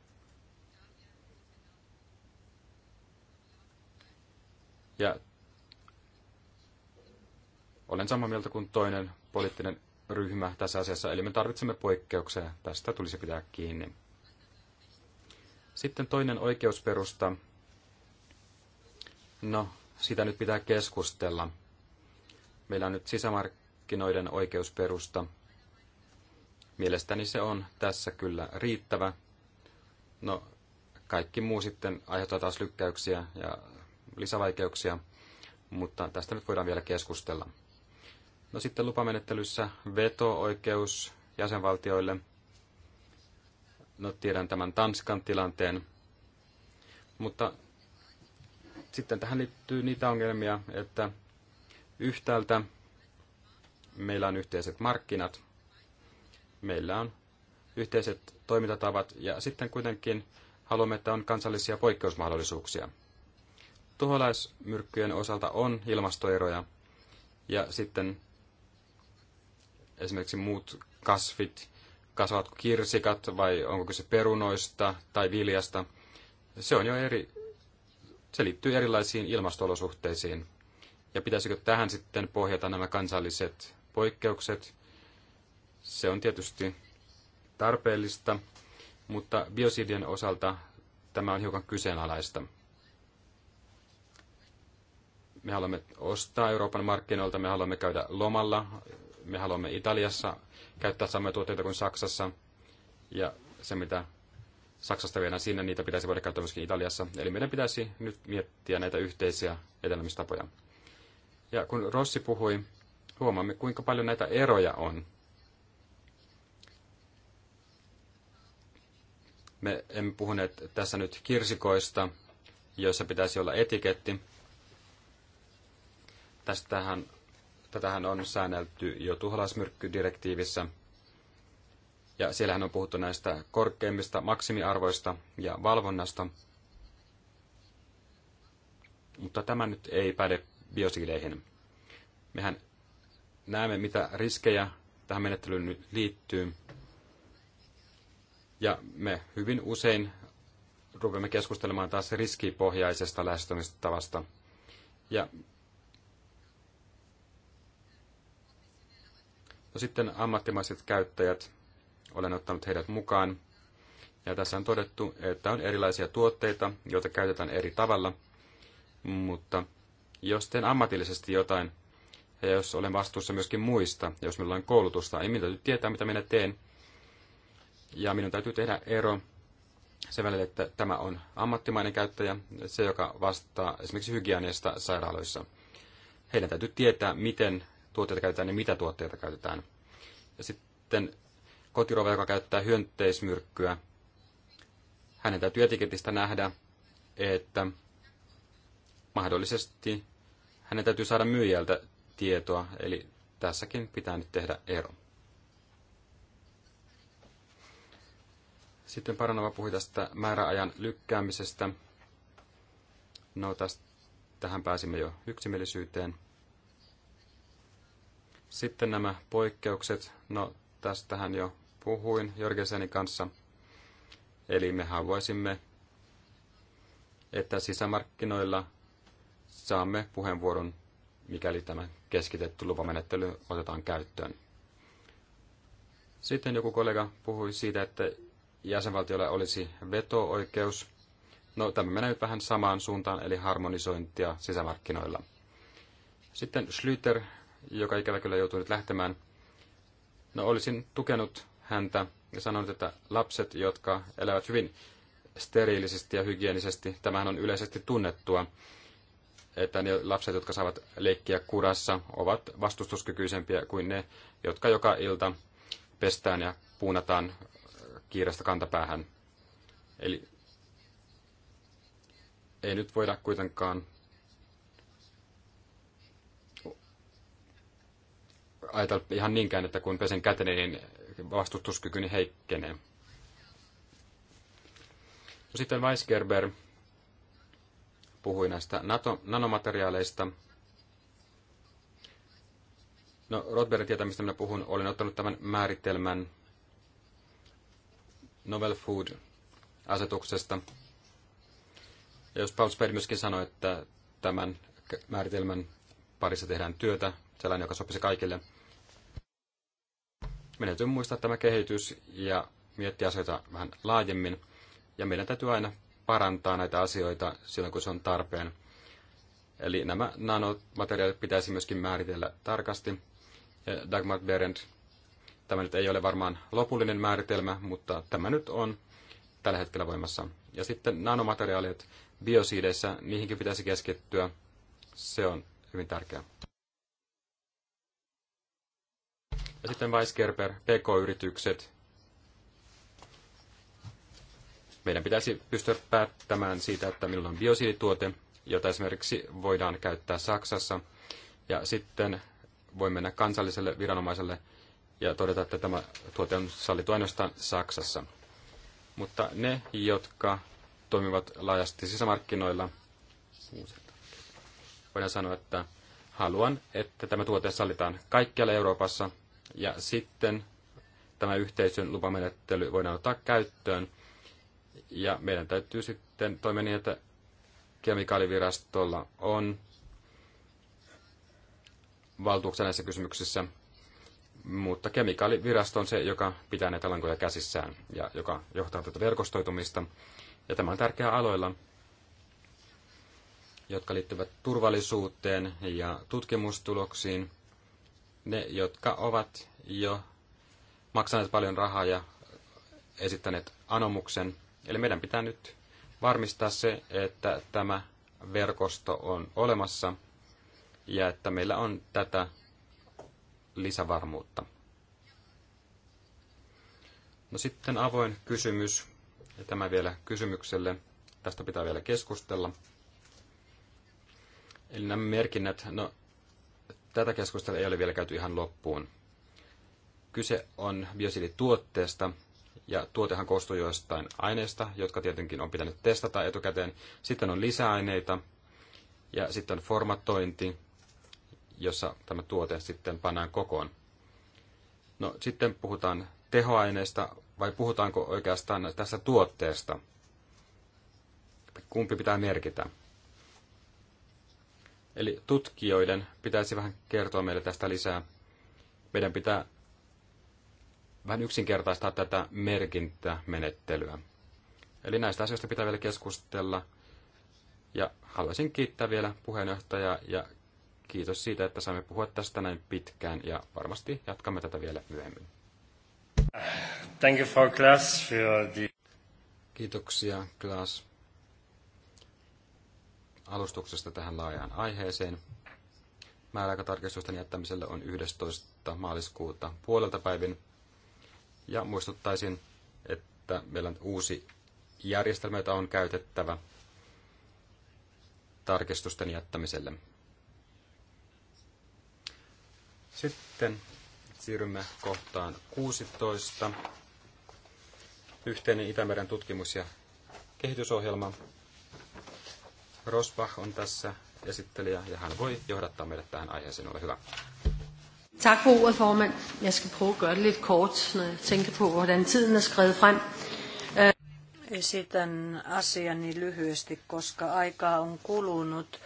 Ja olen samaa mieltä kuin toinen poliittinen ryhmä tässä asiassa, eli me tarvitsemme poikkeuksia. Tästä tulisi pitää kiinni. Sitten toinen oikeusperusta. No, sitä nyt pitää keskustella. Meillä on nyt sisämarkkinoiden oikeusperusta. Mielestäni se on tässä kyllä riittävä. No, kaikki muu sitten aiheuttaa taas lykkäyksiä ja lisävaikeuksia, mutta tästä nyt voidaan vielä keskustella. No sitten lupamenettelyssä veto-oikeus jäsenvaltioille. No tiedän tämän Tanskan tilanteen, mutta sitten tähän liittyy niitä ongelmia, että yhtäältä meillä on yhteiset markkinat, meillä on yhteiset toimintatavat ja sitten kuitenkin haluamme, että on kansallisia poikkeusmahdollisuuksia tuholaismyrkkyjen osalta on ilmastoeroja. Ja sitten esimerkiksi muut kasvit, kasvavatko kirsikat vai onko kyse perunoista tai viljasta, se on jo eri, se liittyy erilaisiin ilmastolosuhteisiin. Ja pitäisikö tähän sitten pohjata nämä kansalliset poikkeukset? Se on tietysti tarpeellista, mutta biosidien osalta tämä on hiukan kyseenalaista. Me haluamme ostaa Euroopan markkinoilta, me haluamme käydä lomalla, me haluamme Italiassa käyttää samoja tuotteita kuin Saksassa. Ja se, mitä Saksasta viedään sinne, niitä pitäisi voida käyttää myöskin Italiassa. Eli meidän pitäisi nyt miettiä näitä yhteisiä etenemistapoja. Ja kun Rossi puhui, huomaamme, kuinka paljon näitä eroja on. Me emme puhuneet tässä nyt kirsikoista, joissa pitäisi olla etiketti. Tästähän, tätähän on säännelty jo tuholaismyrkkydirektiivissä. Ja siellähän on puhuttu näistä korkeimmista maksimiarvoista ja valvonnasta. Mutta tämä nyt ei päde biosigileihin. Mehän näemme, mitä riskejä tähän menettelyyn nyt liittyy. Ja me hyvin usein rupeamme keskustelemaan taas riskipohjaisesta lähestymistavasta. Ja No sitten ammattimaiset käyttäjät, olen ottanut heidät mukaan. Ja tässä on todettu, että on erilaisia tuotteita, joita käytetään eri tavalla, mutta jos teen ammatillisesti jotain, ja jos olen vastuussa myöskin muista, jos minulla on koulutusta, ei minun täytyy tietää, mitä minä teen, ja minun täytyy tehdä ero sen välillä, että tämä on ammattimainen käyttäjä, se joka vastaa esimerkiksi hygieniasta sairaaloissa. Heidän täytyy tietää, miten tuotteita käytetään, niin mitä tuotteita käytetään. Ja sitten kotirova, joka käyttää hyönteismyrkkyä, hänen täytyy etiketistä nähdä, että mahdollisesti hänen täytyy saada myyjältä tietoa, eli tässäkin pitää nyt tehdä ero. Sitten Paranova puhui tästä määräajan lykkäämisestä. No, tästä, tähän pääsimme jo yksimielisyyteen. Sitten nämä poikkeukset, no tästähän jo puhuin Jorgesenin kanssa. Eli me haluaisimme, että sisämarkkinoilla saamme puheenvuoron, mikäli tämä keskitetty lupamenettely otetaan käyttöön. Sitten joku kollega puhui siitä, että jäsenvaltiolla olisi veto-oikeus. No, tämä menee nyt vähän samaan suuntaan, eli harmonisointia sisämarkkinoilla. Sitten Schlüter joka ikävä kyllä joutui nyt lähtemään. No olisin tukenut häntä ja sanonut, että lapset, jotka elävät hyvin steriilisesti ja hygienisesti, tämähän on yleisesti tunnettua, että ne lapset, jotka saavat leikkiä kurassa, ovat vastustuskykyisempiä kuin ne, jotka joka ilta pestään ja puunataan kiireestä kantapäähän. Eli ei nyt voida kuitenkaan ajatella ihan niinkään, että kun pesen käteni, niin vastustuskykyni heikkenee. No sitten Weisgerber puhui näistä NATO, nanomateriaaleista. No, Rodberg tietää, mistä minä puhun. Olen ottanut tämän määritelmän Novel Food-asetuksesta. Ja jos Paul Spade myöskin sanoi, että tämän määritelmän parissa tehdään työtä, sellainen, joka sopisi kaikille, meidän täytyy muistaa tämä kehitys ja miettiä asioita vähän laajemmin. Ja meidän täytyy aina parantaa näitä asioita silloin, kun se on tarpeen. Eli nämä nanomateriaalit pitäisi myöskin määritellä tarkasti. Dagmar Berend, tämä nyt ei ole varmaan lopullinen määritelmä, mutta tämä nyt on tällä hetkellä voimassa. Ja sitten nanomateriaalit biosiideissä, niihinkin pitäisi keskittyä. Se on hyvin tärkeää. Ja sitten Weisgerber, PK-yritykset. Meidän pitäisi pystyä päättämään siitä, että milloin on biosiilituote, jota esimerkiksi voidaan käyttää Saksassa. Ja sitten voi mennä kansalliselle viranomaiselle ja todeta, että tämä tuote on sallittu ainoastaan Saksassa. Mutta ne, jotka toimivat laajasti sisämarkkinoilla, voidaan sanoa, että haluan, että tämä tuote sallitaan kaikkialla Euroopassa, ja sitten tämä yhteisön lupamenettely voidaan ottaa käyttöön. Ja meidän täytyy sitten toimia niin, että kemikaalivirastolla on valtuuksia näissä kysymyksissä, mutta kemikaalivirasto on se, joka pitää näitä lankoja käsissään ja joka johtaa tätä verkostoitumista. Ja tämä on tärkeä aloilla, jotka liittyvät turvallisuuteen ja tutkimustuloksiin ne, jotka ovat jo maksaneet paljon rahaa ja esittäneet anomuksen. Eli meidän pitää nyt varmistaa se, että tämä verkosto on olemassa ja että meillä on tätä lisävarmuutta. No sitten avoin kysymys, ja tämä vielä kysymykselle. Tästä pitää vielä keskustella. Eli nämä merkinnät, no tätä keskustelua ei ole vielä käyty ihan loppuun. Kyse on biosidituotteesta, ja tuotehan koostuu joistain aineista, jotka tietenkin on pitänyt testata etukäteen. Sitten on lisäaineita, ja sitten on formatointi, jossa tämä tuote sitten pannaan kokoon. No sitten puhutaan tehoaineista, vai puhutaanko oikeastaan tässä tuotteesta? Kumpi pitää merkitä? Eli tutkijoiden pitäisi vähän kertoa meille tästä lisää. Meidän pitää vähän yksinkertaistaa tätä merkintämenettelyä. Eli näistä asioista pitää vielä keskustella. Ja haluaisin kiittää vielä puheenjohtajaa ja kiitos siitä, että saimme puhua tästä näin pitkään ja varmasti jatkamme tätä vielä myöhemmin. Thank you for class for the... Kiitoksia, Klaas alustuksesta tähän laajaan aiheeseen. Määräaikatarkistusten jättämiselle on 11. maaliskuuta puolelta päivin. Ja muistuttaisin, että meillä on uusi järjestelmä, jota on käytettävä tarkistusten jättämiselle. Sitten siirrymme kohtaan 16. Yhteinen Itämeren tutkimus- ja kehitysohjelma Rosbach on tässä esittelijä ja hän voi johdattaa meidät tähän aiheeseen. Ole hyvä. Tak for ordet, formand. Jeg skal prøve at gøre det lidt kort, når jeg tænker på, hvordan tiden er skrevet frem. Esitän asiani lyhyesti, koska aikaa on kulunut.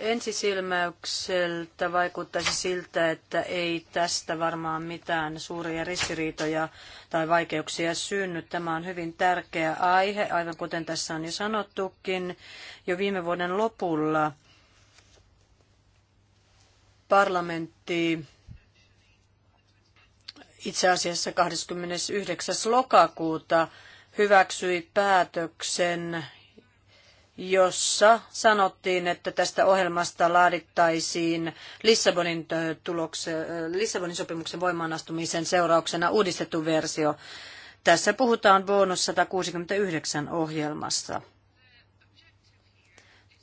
Ensisilmäykseltä vaikuttaisi siltä, että ei tästä varmaan mitään suuria ristiriitoja tai vaikeuksia synny. Tämä on hyvin tärkeä aihe, aivan kuten tässä on jo sanottukin jo viime vuoden lopulla. Parlamentti itse asiassa 29. lokakuuta hyväksyi päätöksen, jossa sanottiin, että tästä ohjelmasta laadittaisiin Lissabonin, tulokse, Lissabonin sopimuksen voimaanastumisen seurauksena uudistettu versio. Tässä puhutaan bonus 169 ohjelmasta.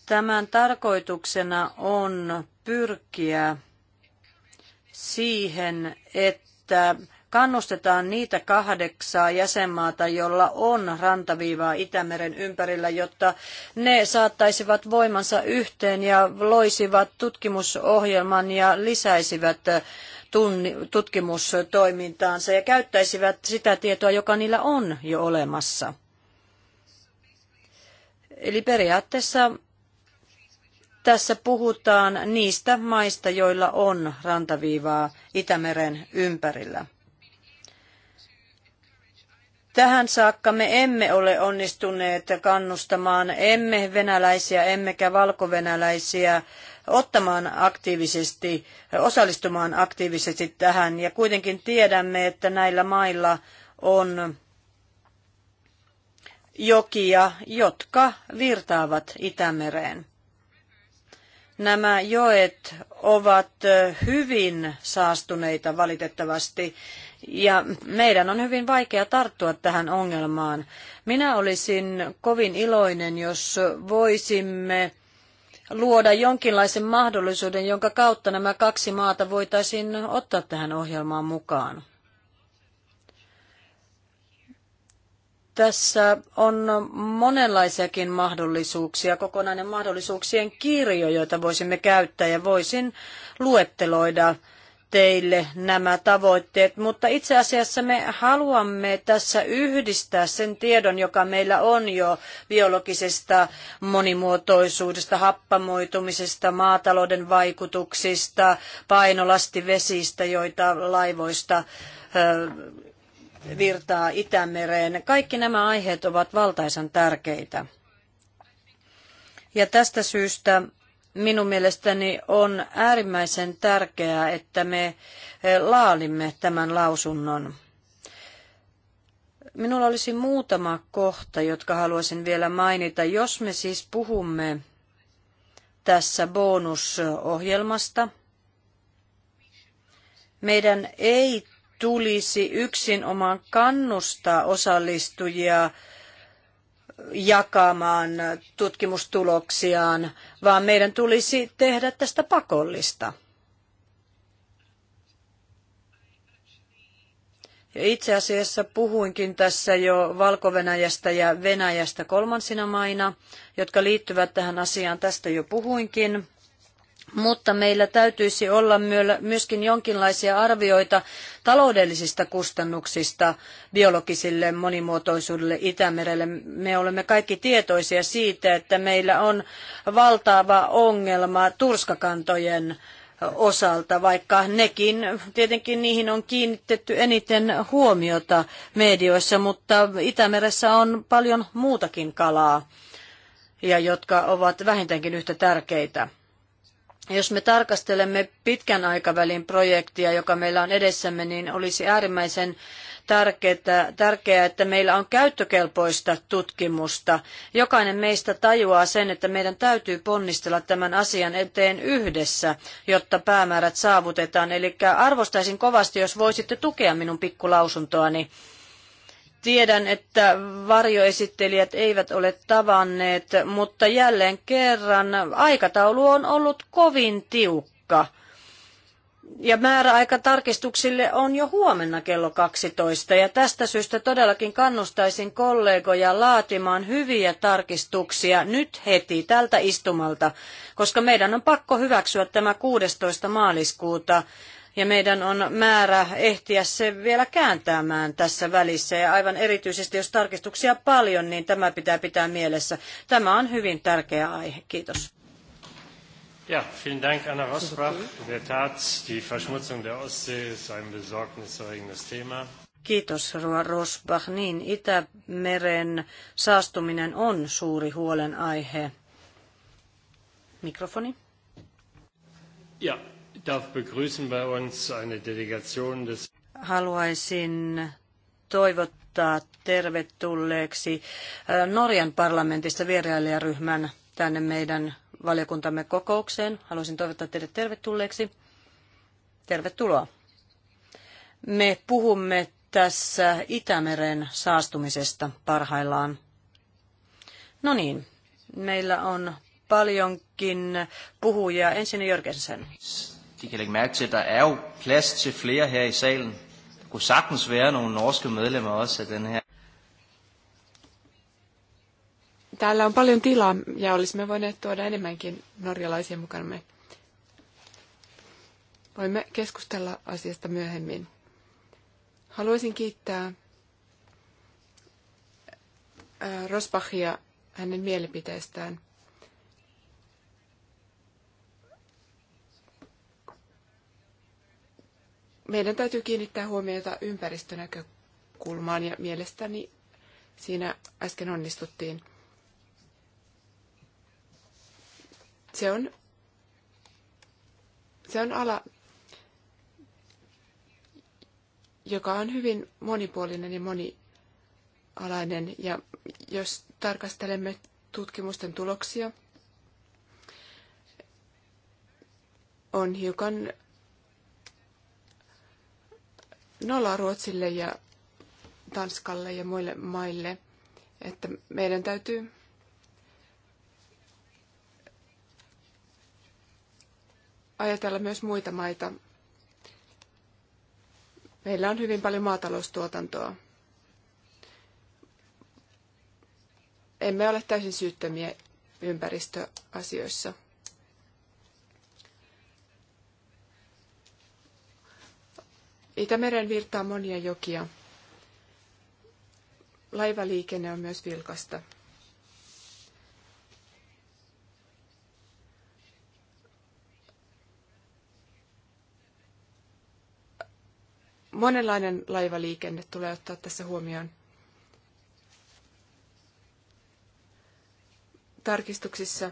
Tämän tarkoituksena on pyrkiä siihen, että kannustetaan niitä kahdeksaa jäsenmaata, jolla on rantaviivaa Itämeren ympärillä, jotta ne saattaisivat voimansa yhteen ja loisivat tutkimusohjelman ja lisäisivät tutkimustoimintaansa ja käyttäisivät sitä tietoa, joka niillä on jo olemassa. Eli periaatteessa tässä puhutaan niistä maista, joilla on rantaviivaa Itämeren ympärillä. Tähän saakka me emme ole onnistuneet kannustamaan emme venäläisiä emmekä valkovenäläisiä ottamaan aktiivisesti, osallistumaan aktiivisesti tähän. Ja kuitenkin tiedämme, että näillä mailla on jokia, jotka virtaavat Itämereen. Nämä joet ovat hyvin saastuneita valitettavasti ja meidän on hyvin vaikea tarttua tähän ongelmaan. Minä olisin kovin iloinen, jos voisimme luoda jonkinlaisen mahdollisuuden, jonka kautta nämä kaksi maata voitaisiin ottaa tähän ohjelmaan mukaan. Tässä on monenlaisiakin mahdollisuuksia, kokonainen mahdollisuuksien kirjo, joita voisimme käyttää ja voisin luetteloida teille nämä tavoitteet, mutta itse asiassa me haluamme tässä yhdistää sen tiedon, joka meillä on jo biologisesta monimuotoisuudesta, happamoitumisesta, maatalouden vaikutuksista, painolastivesistä, joita laivoista virtaa Itämereen. Kaikki nämä aiheet ovat valtaisan tärkeitä. Ja tästä syystä Minun mielestäni on äärimmäisen tärkeää, että me eh, laalimme tämän lausunnon. Minulla olisi muutama kohta, jotka haluaisin vielä mainita. Jos me siis puhumme tässä bonusohjelmasta, meidän ei tulisi yksinomaan kannustaa osallistujia jakamaan tutkimustuloksiaan, vaan meidän tulisi tehdä tästä pakollista. Itse asiassa puhuinkin tässä jo valko ja Venäjästä kolmansina maina, jotka liittyvät tähän asiaan. Tästä jo puhuinkin mutta meillä täytyisi olla myöskin jonkinlaisia arvioita taloudellisista kustannuksista biologiselle monimuotoisuudelle Itämerelle. Me olemme kaikki tietoisia siitä, että meillä on valtava ongelma turskakantojen osalta, vaikka nekin, tietenkin niihin on kiinnitetty eniten huomiota medioissa, mutta Itämeressä on paljon muutakin kalaa, ja jotka ovat vähintäänkin yhtä tärkeitä. Jos me tarkastelemme pitkän aikavälin projektia, joka meillä on edessämme, niin olisi äärimmäisen tärkeää, että meillä on käyttökelpoista tutkimusta. Jokainen meistä tajuaa sen, että meidän täytyy ponnistella tämän asian eteen yhdessä, jotta päämäärät saavutetaan. Eli arvostaisin kovasti, jos voisitte tukea minun pikkulausuntoani. Tiedän, että varjoesittelijät eivät ole tavanneet, mutta jälleen kerran aikataulu on ollut kovin tiukka. Ja määräaika tarkistuksille on jo huomenna kello 12. Ja tästä syystä todellakin kannustaisin kollegoja laatimaan hyviä tarkistuksia nyt heti tältä istumalta, koska meidän on pakko hyväksyä tämä 16. maaliskuuta ja meidän on määrä ehtiä se vielä kääntämään tässä välissä. Ja aivan erityisesti, jos tarkistuksia paljon, niin tämä pitää pitää mielessä. Tämä on hyvin tärkeä aihe. Kiitos. Ja, vielen Dank, Anna Rosbach. der Tat, die Verschmutzung der Ostsee ist ein besorgniserregendes Thema. Kiitos, Roa Rosbach. Niin, Itämeren saastuminen on suuri huolenaihe. Mikrofoni. Ja, Haluaisin toivottaa tervetulleeksi äh, Norjan parlamentista vierailijaryhmän tänne meidän valiokuntamme kokoukseen. Haluaisin toivottaa teidät tervetulleeksi. Tervetuloa. Me puhumme tässä Itämeren saastumisesta parhaillaan. No niin, meillä on paljonkin puhujia. Ensin Jörgensen. De kan lægge mærke til, at der er jo plads til flere her i salen. Der kunne sagtens være nogle norske medlemmer også af den her. Täällä on paljon tilaa ja olisimme voineet tuoda enemmänkin norjalaisia mukanamme. Voimme keskustella asiasta myöhemmin. Haluaisin kiittää Rosbachia hänen mielipiteestään. meidän täytyy kiinnittää huomiota ympäristönäkökulmaan ja mielestäni siinä äsken onnistuttiin. Se on, se on ala, joka on hyvin monipuolinen ja monialainen. Ja jos tarkastelemme tutkimusten tuloksia, on hiukan nolla Ruotsille ja Tanskalle ja muille maille, että meidän täytyy ajatella myös muita maita. Meillä on hyvin paljon maataloustuotantoa. Emme ole täysin syyttömiä ympäristöasioissa. Itämeren virtaa monia jokia. Laivaliikenne on myös vilkasta. monenlainen laivaliikenne tulee ottaa tässä huomioon. Tarkistuksissa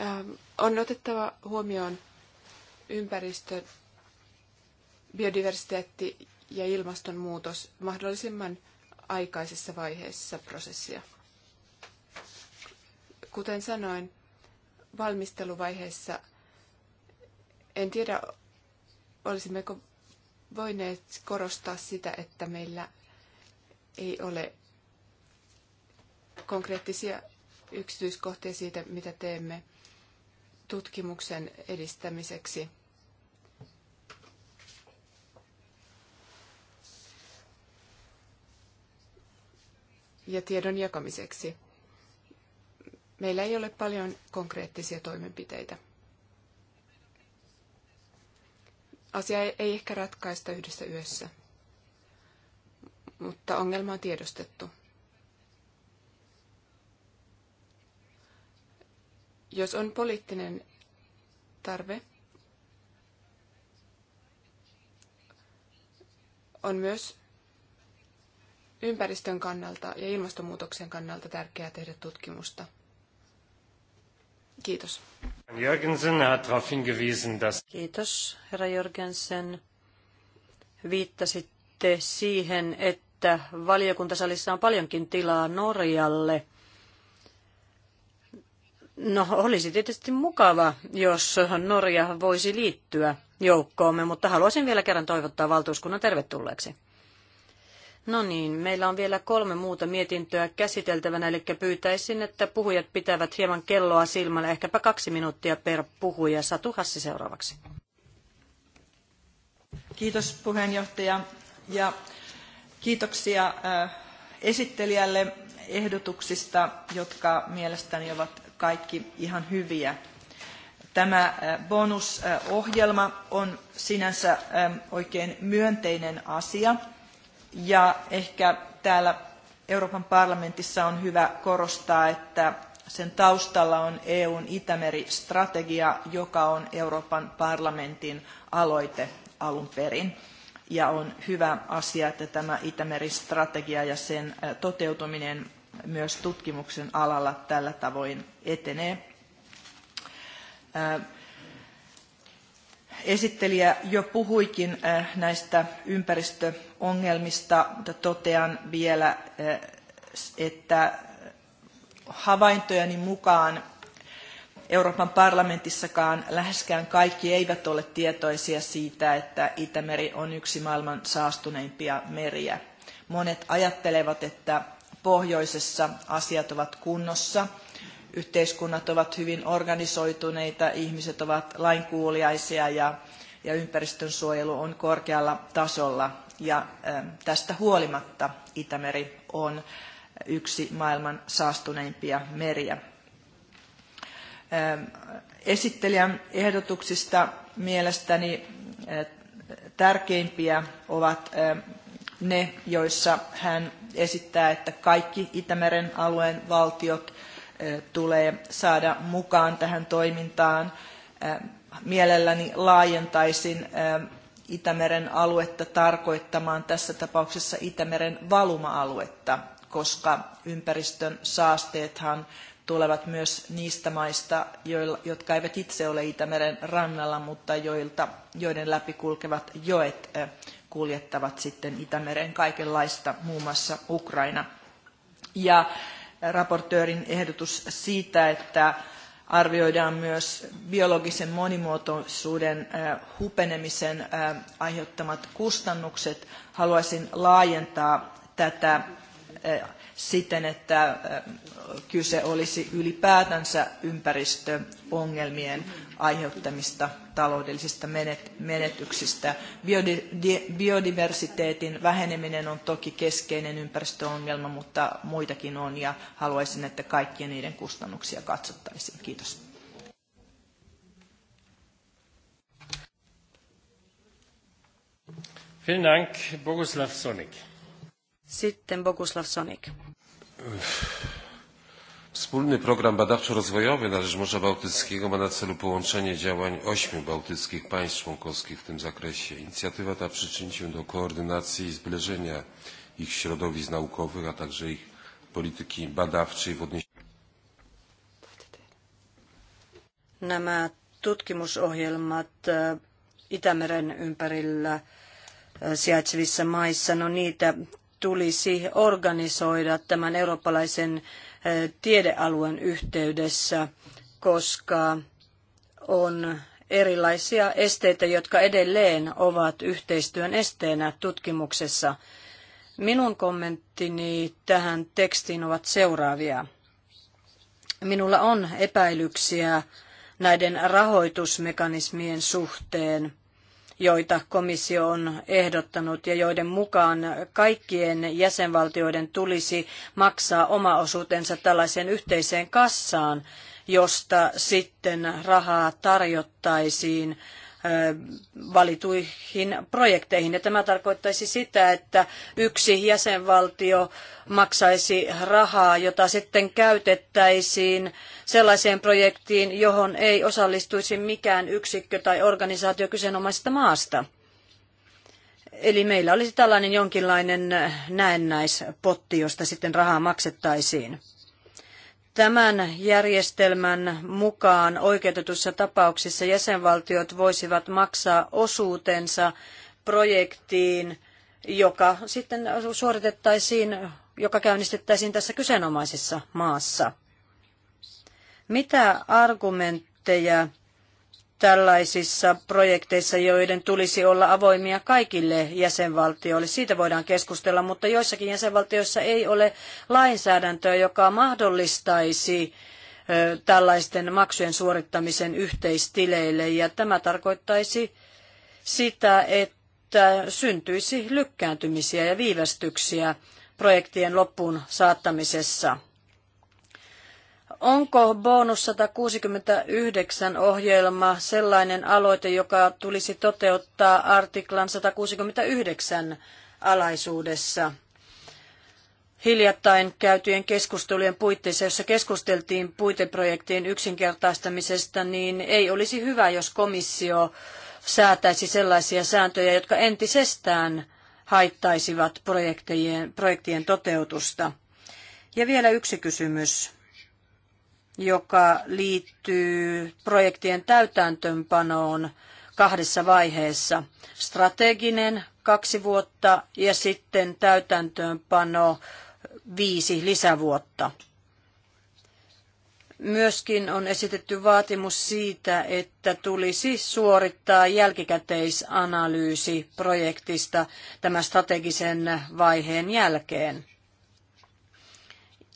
Ähm, on otettava huomioon ympäristö, biodiversiteetti ja ilmastonmuutos mahdollisimman aikaisessa vaiheessa prosessia. Kuten sanoin, valmisteluvaiheessa en tiedä, olisimmeko voineet korostaa sitä, että meillä ei ole konkreettisia yksityiskohtia siitä, mitä teemme tutkimuksen edistämiseksi. ja tiedon jakamiseksi. Meillä ei ole paljon konkreettisia toimenpiteitä. Asia ei ehkä ratkaista yhdessä yössä, mutta ongelma on tiedostettu. Jos on poliittinen tarve, on myös ympäristön kannalta ja ilmastonmuutoksen kannalta tärkeää tehdä tutkimusta. Kiitos. Jörgensen er hat darauf hingewiesen, dass Kiitos, herra Jörgensen. Viittasitte siihen, että valiokuntasalissa on paljonkin tilaa Norjalle – No olisi tietysti mukava, jos Norja voisi liittyä joukkoomme, mutta haluaisin vielä kerran toivottaa valtuuskunnan tervetulleeksi. No niin, meillä on vielä kolme muuta mietintöä käsiteltävänä, eli pyytäisin, että puhujat pitävät hieman kelloa silmällä, ehkäpä kaksi minuuttia per puhuja. Satu Hassi seuraavaksi. Kiitos puheenjohtaja ja kiitoksia äh, esittelijälle ehdotuksista, jotka mielestäni ovat kaikki ihan hyviä. Tämä äh, bonusohjelma on sinänsä ähm, oikein myönteinen asia ja ehkä täällä Euroopan parlamentissa on hyvä korostaa, että sen taustalla on EUn Itämeri-strategia, joka on Euroopan parlamentin aloite alun perin. Ja on hyvä asia, että tämä Itämeri-strategia ja sen äh, toteutuminen myös tutkimuksen alalla tällä tavoin etenee. Esittelijä jo puhuikin näistä ympäristöongelmista, mutta totean vielä, että havaintojani mukaan Euroopan parlamentissakaan läheskään kaikki eivät ole tietoisia siitä, että Itämeri on yksi maailman saastuneimpia meriä. Monet ajattelevat, että pohjoisessa asiat ovat kunnossa. Yhteiskunnat ovat hyvin organisoituneita, ihmiset ovat lainkuuliaisia ja, ja ympäristönsuojelu on korkealla tasolla. Ja ähm, tästä huolimatta Itämeri on yksi maailman saastuneimpia meriä. Ähm, esittelijän ehdotuksista mielestäni äh, tärkeimpiä ovat ähm, ne, joissa hän esittää, että kaikki Itämeren alueen valtiot tulee saada mukaan tähän toimintaan. Mielelläni laajentaisin Itämeren aluetta tarkoittamaan tässä tapauksessa Itämeren valuma-aluetta, koska ympäristön saasteethan tulevat myös niistä maista, jotka eivät itse ole Itämeren rannalla, mutta joilta, joiden läpi kulkevat joet kuljettavat sitten Itämeren kaikenlaista, muun muassa Ukraina. Ja raportöörin ehdotus siitä, että arvioidaan myös biologisen monimuotoisuuden äh, hupenemisen äh, aiheuttamat kustannukset. Haluaisin laajentaa tätä äh, siten, että kyse olisi ylipäätänsä ympäristöongelmien aiheuttamista taloudellisista menetyksistä. Biodiversiteetin väheneminen on toki keskeinen ympäristöongelma, mutta muitakin on ja haluaisin, että kaikkien niiden kustannuksia katsottaisiin. Kiitos. Boguslav Sonik. Sitten Boguslav Sonik. Wspólny program badawczo-rozwojowy na rzecz Morza Bałtyckiego ma na celu połączenie działań ośmiu bałtyckich państw członkowskich w tym zakresie. Inicjatywa ta przyczyni się do koordynacji i zbliżenia ich środowisk naukowych, a także ich polityki badawczej w odniesieniu Nämä tutkimusohjelmat e, Itämeren ympärillä e, sijaitsevissa maissa, no niitä tulisi organisoida tämän eurooppalaisen tiedealueen yhteydessä, koska on erilaisia esteitä, jotka edelleen ovat yhteistyön esteenä tutkimuksessa. Minun kommenttini tähän tekstiin ovat seuraavia. Minulla on epäilyksiä näiden rahoitusmekanismien suhteen joita komissio on ehdottanut ja joiden mukaan kaikkien jäsenvaltioiden tulisi maksaa oma osuutensa tällaiseen yhteiseen kassaan, josta sitten rahaa tarjottaisiin valituihin projekteihin. Ja tämä tarkoittaisi sitä, että yksi jäsenvaltio maksaisi rahaa, jota sitten käytettäisiin sellaiseen projektiin, johon ei osallistuisi mikään yksikkö tai organisaatio kyseenomaisesta maasta. Eli meillä olisi tällainen jonkinlainen näennäispotti, josta sitten rahaa maksettaisiin. Tämän järjestelmän mukaan oikeutetussa tapauksissa jäsenvaltiot voisivat maksaa osuutensa projektiin, joka sitten suoritettaisiin, joka käynnistettäisiin tässä kyseenomaisessa maassa. Mitä argumentteja tällaisissa projekteissa, joiden tulisi olla avoimia kaikille jäsenvaltioille. Siitä voidaan keskustella, mutta joissakin jäsenvaltioissa ei ole lainsäädäntöä, joka mahdollistaisi tällaisten maksujen suorittamisen yhteistileille. Ja tämä tarkoittaisi sitä, että syntyisi lykkääntymisiä ja viivästyksiä projektien loppuun saattamisessa. Onko bonus 169 ohjelma sellainen aloite, joka tulisi toteuttaa artiklan 169 alaisuudessa? Hiljattain käytyjen keskustelujen puitteissa, jossa keskusteltiin puiteprojektien yksinkertaistamisesta, niin ei olisi hyvä, jos komissio säätäisi sellaisia sääntöjä, jotka entisestään haittaisivat projektien, projektien toteutusta. Ja vielä yksi kysymys joka liittyy projektien täytäntöönpanoon kahdessa vaiheessa. Strateginen kaksi vuotta ja sitten täytäntöönpano viisi lisävuotta. Myöskin on esitetty vaatimus siitä, että tulisi suorittaa jälkikäteisanalyysi projektista tämän strategisen vaiheen jälkeen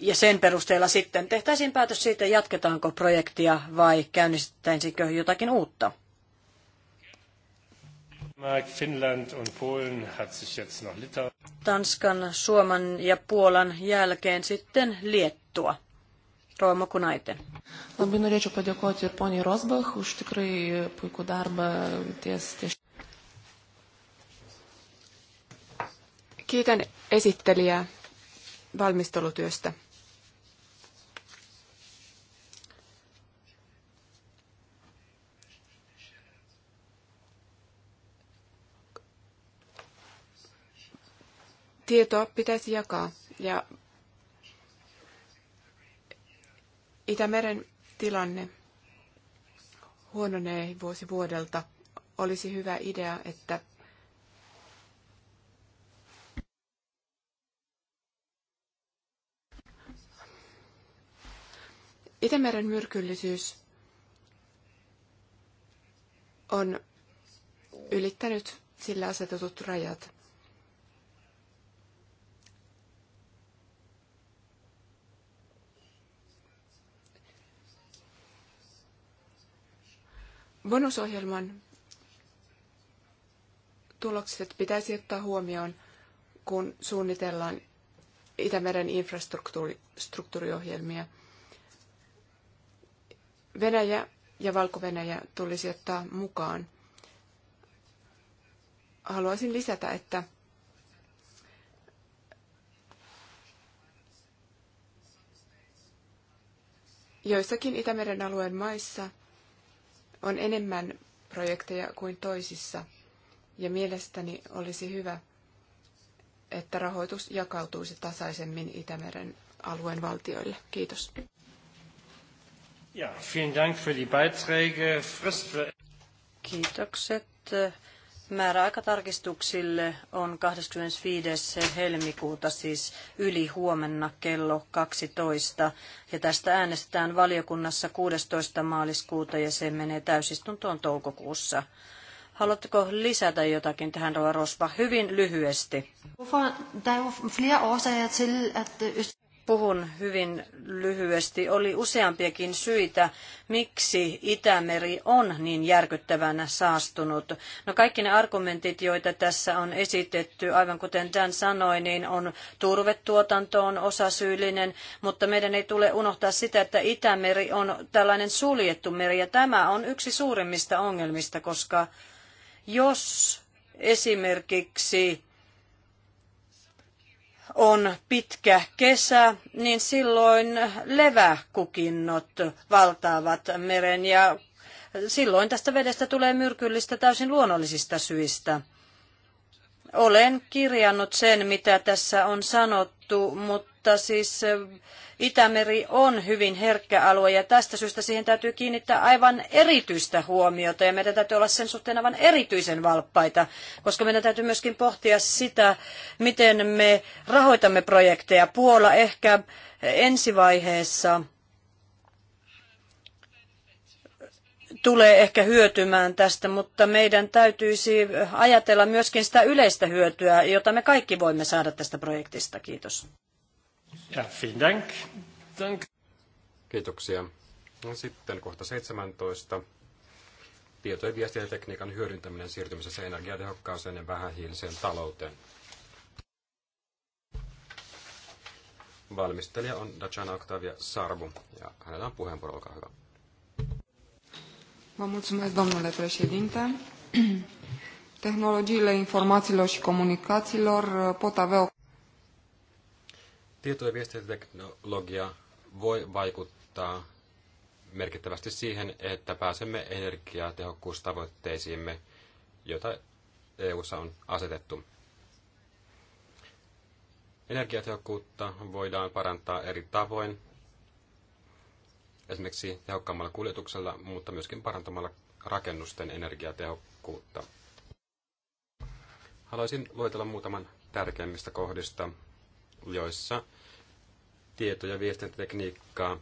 ja sen perusteella sitten tehtäisiin päätös siitä, jatketaanko projektia vai käynnistäisikö jotakin uutta. Tanskan, Suomen ja Puolan jälkeen sitten Liettua. Rooma Kunaiten. Labai norėčiau padėkoti ir poniai Rosbach už tikrai puikų darbą ties. ties. Kiitän esittelijää valmistelutyöstä. tietoa pitäisi jakaa. Ja Itämeren tilanne huononee vuosi vuodelta. Olisi hyvä idea, että Itämeren myrkyllisyys on ylittänyt sillä asetetut rajat. Bonusohjelman tulokset pitäisi ottaa huomioon, kun suunnitellaan Itämeren infrastruktuuriohjelmia. Venäjä ja Valko-Venäjä tulisi ottaa mukaan. Haluaisin lisätä, että joissakin Itämeren alueen maissa – on enemmän projekteja kuin toisissa, ja mielestäni olisi hyvä, että rahoitus jakautuisi tasaisemmin Itämeren alueen valtioille. Kiitos. Ja, vielen Dank für die Beiträge. Frist... Kiitokset Määräaikatarkistuksille on 25. helmikuuta, siis yli huomenna kello 12. Ja tästä äänestetään valiokunnassa 16. maaliskuuta ja se menee täysistuntoon toukokuussa. Haluatteko lisätä jotakin tähän, Rova Rosva? Hyvin lyhyesti. Er puhun hyvin lyhyesti. Oli useampiakin syitä, miksi Itämeri on niin järkyttävänä saastunut. No kaikki ne argumentit, joita tässä on esitetty, aivan kuten Dan sanoi, niin on turvetuotanto on osasyyllinen, mutta meidän ei tule unohtaa sitä, että Itämeri on tällainen suljettu meri ja tämä on yksi suurimmista ongelmista, koska jos esimerkiksi on pitkä kesä, niin silloin leväkukinnot valtaavat meren ja silloin tästä vedestä tulee myrkyllistä täysin luonnollisista syistä. Olen kirjannut sen, mitä tässä on sanottu, mutta mutta siis Itämeri on hyvin herkkä alue ja tästä syystä siihen täytyy kiinnittää aivan erityistä huomiota ja meidän täytyy olla sen suhteen aivan erityisen valppaita, koska meidän täytyy myöskin pohtia sitä, miten me rahoitamme projekteja. Puola ehkä ensivaiheessa tulee ehkä hyötymään tästä, mutta meidän täytyisi ajatella myöskin sitä yleistä hyötyä, jota me kaikki voimme saada tästä projektista. Kiitos. Ja, vielen dank. dank. Kiitoksia. No sitten kohta 17. Tieto- ja viestintätekniikan hyödyntäminen siirtymisessä energiatehokkaaseen ja vähähiiliseen talouteen. Valmistelija on Dajana Octavia Sarbu ja hänellä on puheenvuoro, olkaa hyvä. Vă mulțumesc, domnule președinte. *clears throat* Tehnologiile informațiilor și comunicațiilor uh, pot avea o Tieto- ja viestintäteknologia voi vaikuttaa merkittävästi siihen, että pääsemme energiatehokkuustavoitteisiimme, joita EU:ssa on asetettu. Energiatehokkuutta voidaan parantaa eri tavoin, esimerkiksi tehokkaammalla kuljetuksella, mutta myöskin parantamalla rakennusten energiatehokkuutta. Haluaisin luetella muutaman tärkeimmistä kohdista, joissa tieto- ja viestintätekniikkaa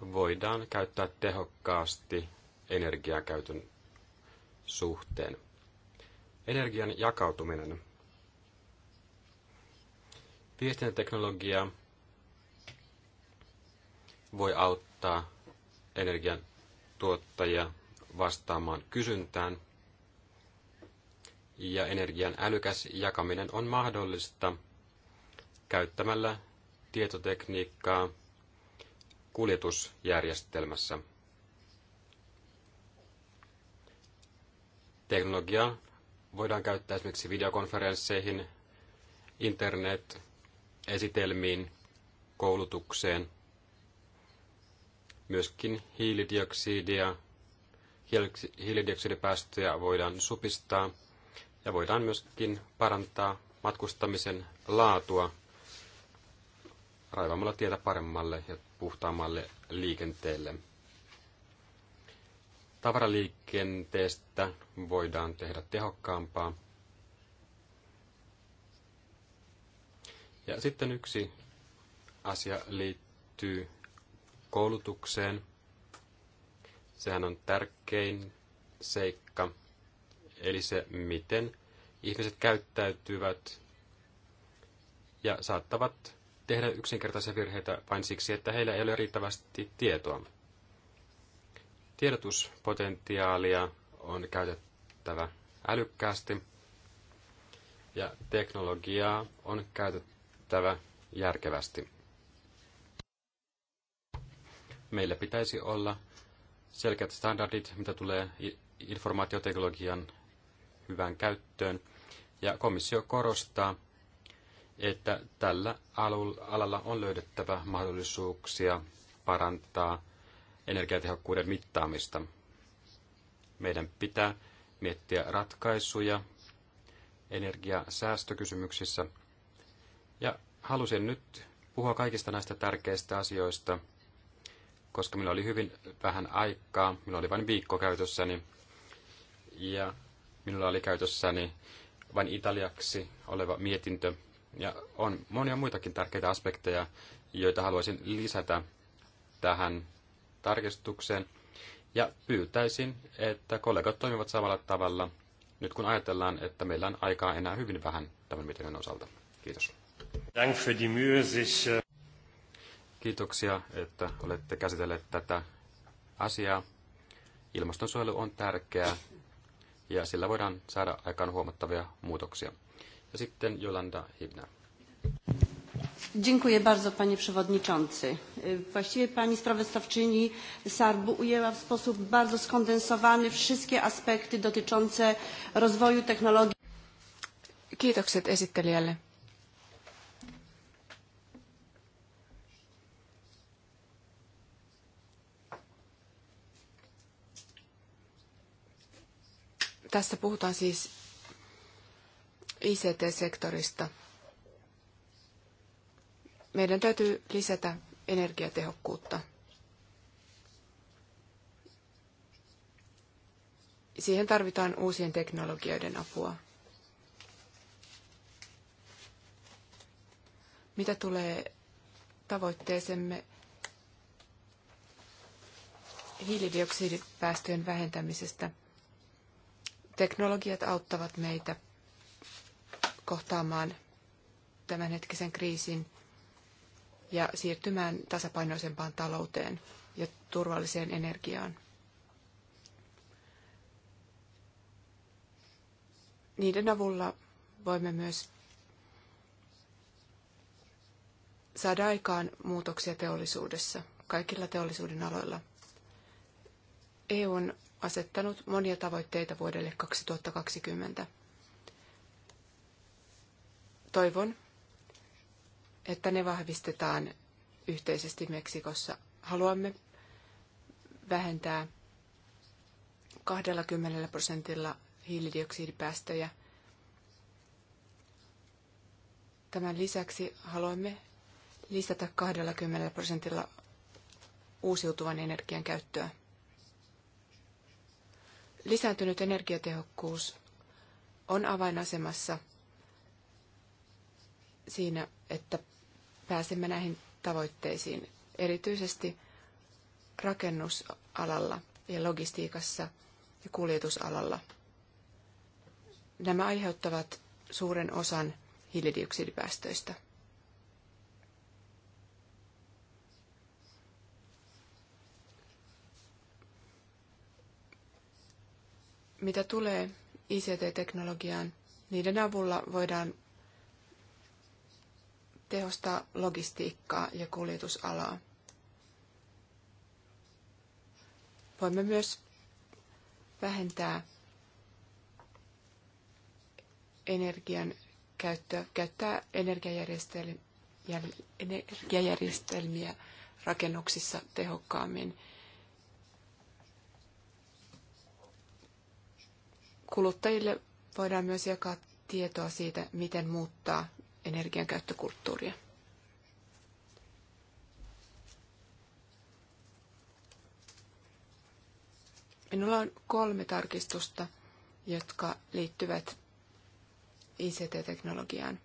voidaan käyttää tehokkaasti energiakäytön suhteen. Energian jakautuminen. Viestintäteknologia voi auttaa energian tuottajia vastaamaan kysyntään, ja energian älykäs jakaminen on mahdollista – käyttämällä tietotekniikkaa kuljetusjärjestelmässä. Teknologiaa voidaan käyttää esimerkiksi videokonferensseihin, internet-esitelmiin, koulutukseen, myöskin hiilidioksidia, hiilidioksidipäästöjä voidaan supistaa ja voidaan myöskin parantaa matkustamisen laatua raivaamalla tietä paremmalle ja puhtaammalle liikenteelle. Tavaraliikenteestä voidaan tehdä tehokkaampaa. Ja sitten yksi asia liittyy koulutukseen. Sehän on tärkein seikka, eli se, miten ihmiset käyttäytyvät ja saattavat tehdä yksinkertaisia virheitä vain siksi, että heillä ei ole riittävästi tietoa. Tiedotuspotentiaalia on käytettävä älykkäästi ja teknologiaa on käytettävä järkevästi. Meillä pitäisi olla selkeät standardit, mitä tulee informaatioteknologian hyvään käyttöön, ja komissio korostaa, että tällä alalla on löydettävä mahdollisuuksia parantaa energiatehokkuuden mittaamista. Meidän pitää miettiä ratkaisuja energiasäästökysymyksissä. Ja halusin nyt puhua kaikista näistä tärkeistä asioista, koska minulla oli hyvin vähän aikaa, minulla oli vain viikko käytössäni ja minulla oli käytössäni vain italiaksi oleva mietintö, ja on monia muitakin tärkeitä aspekteja, joita haluaisin lisätä tähän tarkistukseen. Ja pyytäisin, että kollegat toimivat samalla tavalla, nyt kun ajatellaan, että meillä on aikaa enää hyvin vähän tämän mietinnön osalta. Kiitos. Äh, Kiitoksia, että olette käsitelleet tätä asiaa. Ilmastonsuojelu on tärkeää ja sillä voidaan saada aikaan huomattavia muutoksia. Ja sitten Jolanda Hibner. Dziękuję bardzo, panie przewodniczący. Właściwie pani sprawozdawczyni SARB ujęła w sposób bardzo skondensowany wszystkie aspekty dotyczące rozwoju technologii. Kiitokset esittelijälle. Tässä puhutaan siis ICT-sektorista. Meidän täytyy lisätä energiatehokkuutta. Siihen tarvitaan uusien teknologioiden apua. Mitä tulee tavoitteeseemme hiilidioksidipäästöjen vähentämisestä, teknologiat auttavat meitä kohtaamaan tämänhetkisen kriisin ja siirtymään tasapainoisempaan talouteen ja turvalliseen energiaan. Niiden avulla voimme myös saada aikaan muutoksia teollisuudessa, kaikilla teollisuuden aloilla. EU on asettanut monia tavoitteita vuodelle 2020. Toivon, että ne vahvistetaan yhteisesti Meksikossa. Haluamme vähentää 20 prosentilla hiilidioksidipäästöjä. Tämän lisäksi haluamme lisätä 20 prosentilla uusiutuvan energian käyttöä. Lisääntynyt energiatehokkuus on avainasemassa – siinä, että pääsemme näihin tavoitteisiin, erityisesti rakennusalalla ja logistiikassa ja kuljetusalalla. Nämä aiheuttavat suuren osan hiilidioksidipäästöistä. Mitä tulee ICT-teknologiaan, niiden avulla voidaan tehostaa logistiikkaa ja kuljetusalaa. Voimme myös vähentää energian käyttöä, käyttää energiajärjestelmiä, energiajärjestelmiä rakennuksissa tehokkaammin. Kuluttajille voidaan myös jakaa tietoa siitä, miten muuttaa energiankäyttökulttuuria. Minulla on kolme tarkistusta, jotka liittyvät ICT-teknologiaan.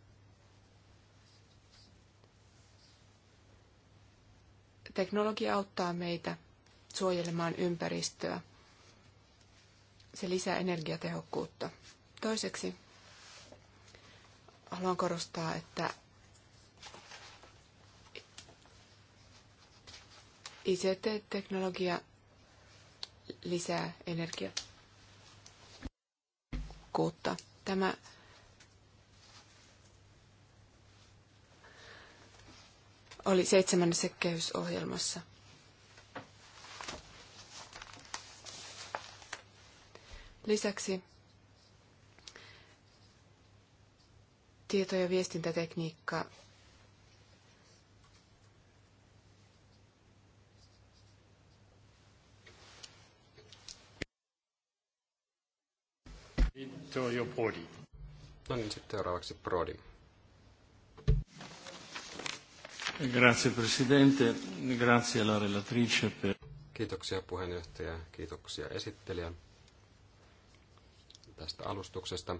Teknologia auttaa meitä suojelemaan ympäristöä. Se lisää energiatehokkuutta. Toiseksi haluan korostaa, että ICT-teknologia lisää energiakkuutta. Tämä oli seitsemännessä kehysohjelmassa. Lisäksi tieto- ja viestintätekniikka Vittorio Prodi. No niin, sitten seuraavaksi Prodi. Grazie Presidente, grazie la relatrice per... Kiitoksia puheenjohtaja, kiitoksia esittelijä tästä alustuksesta.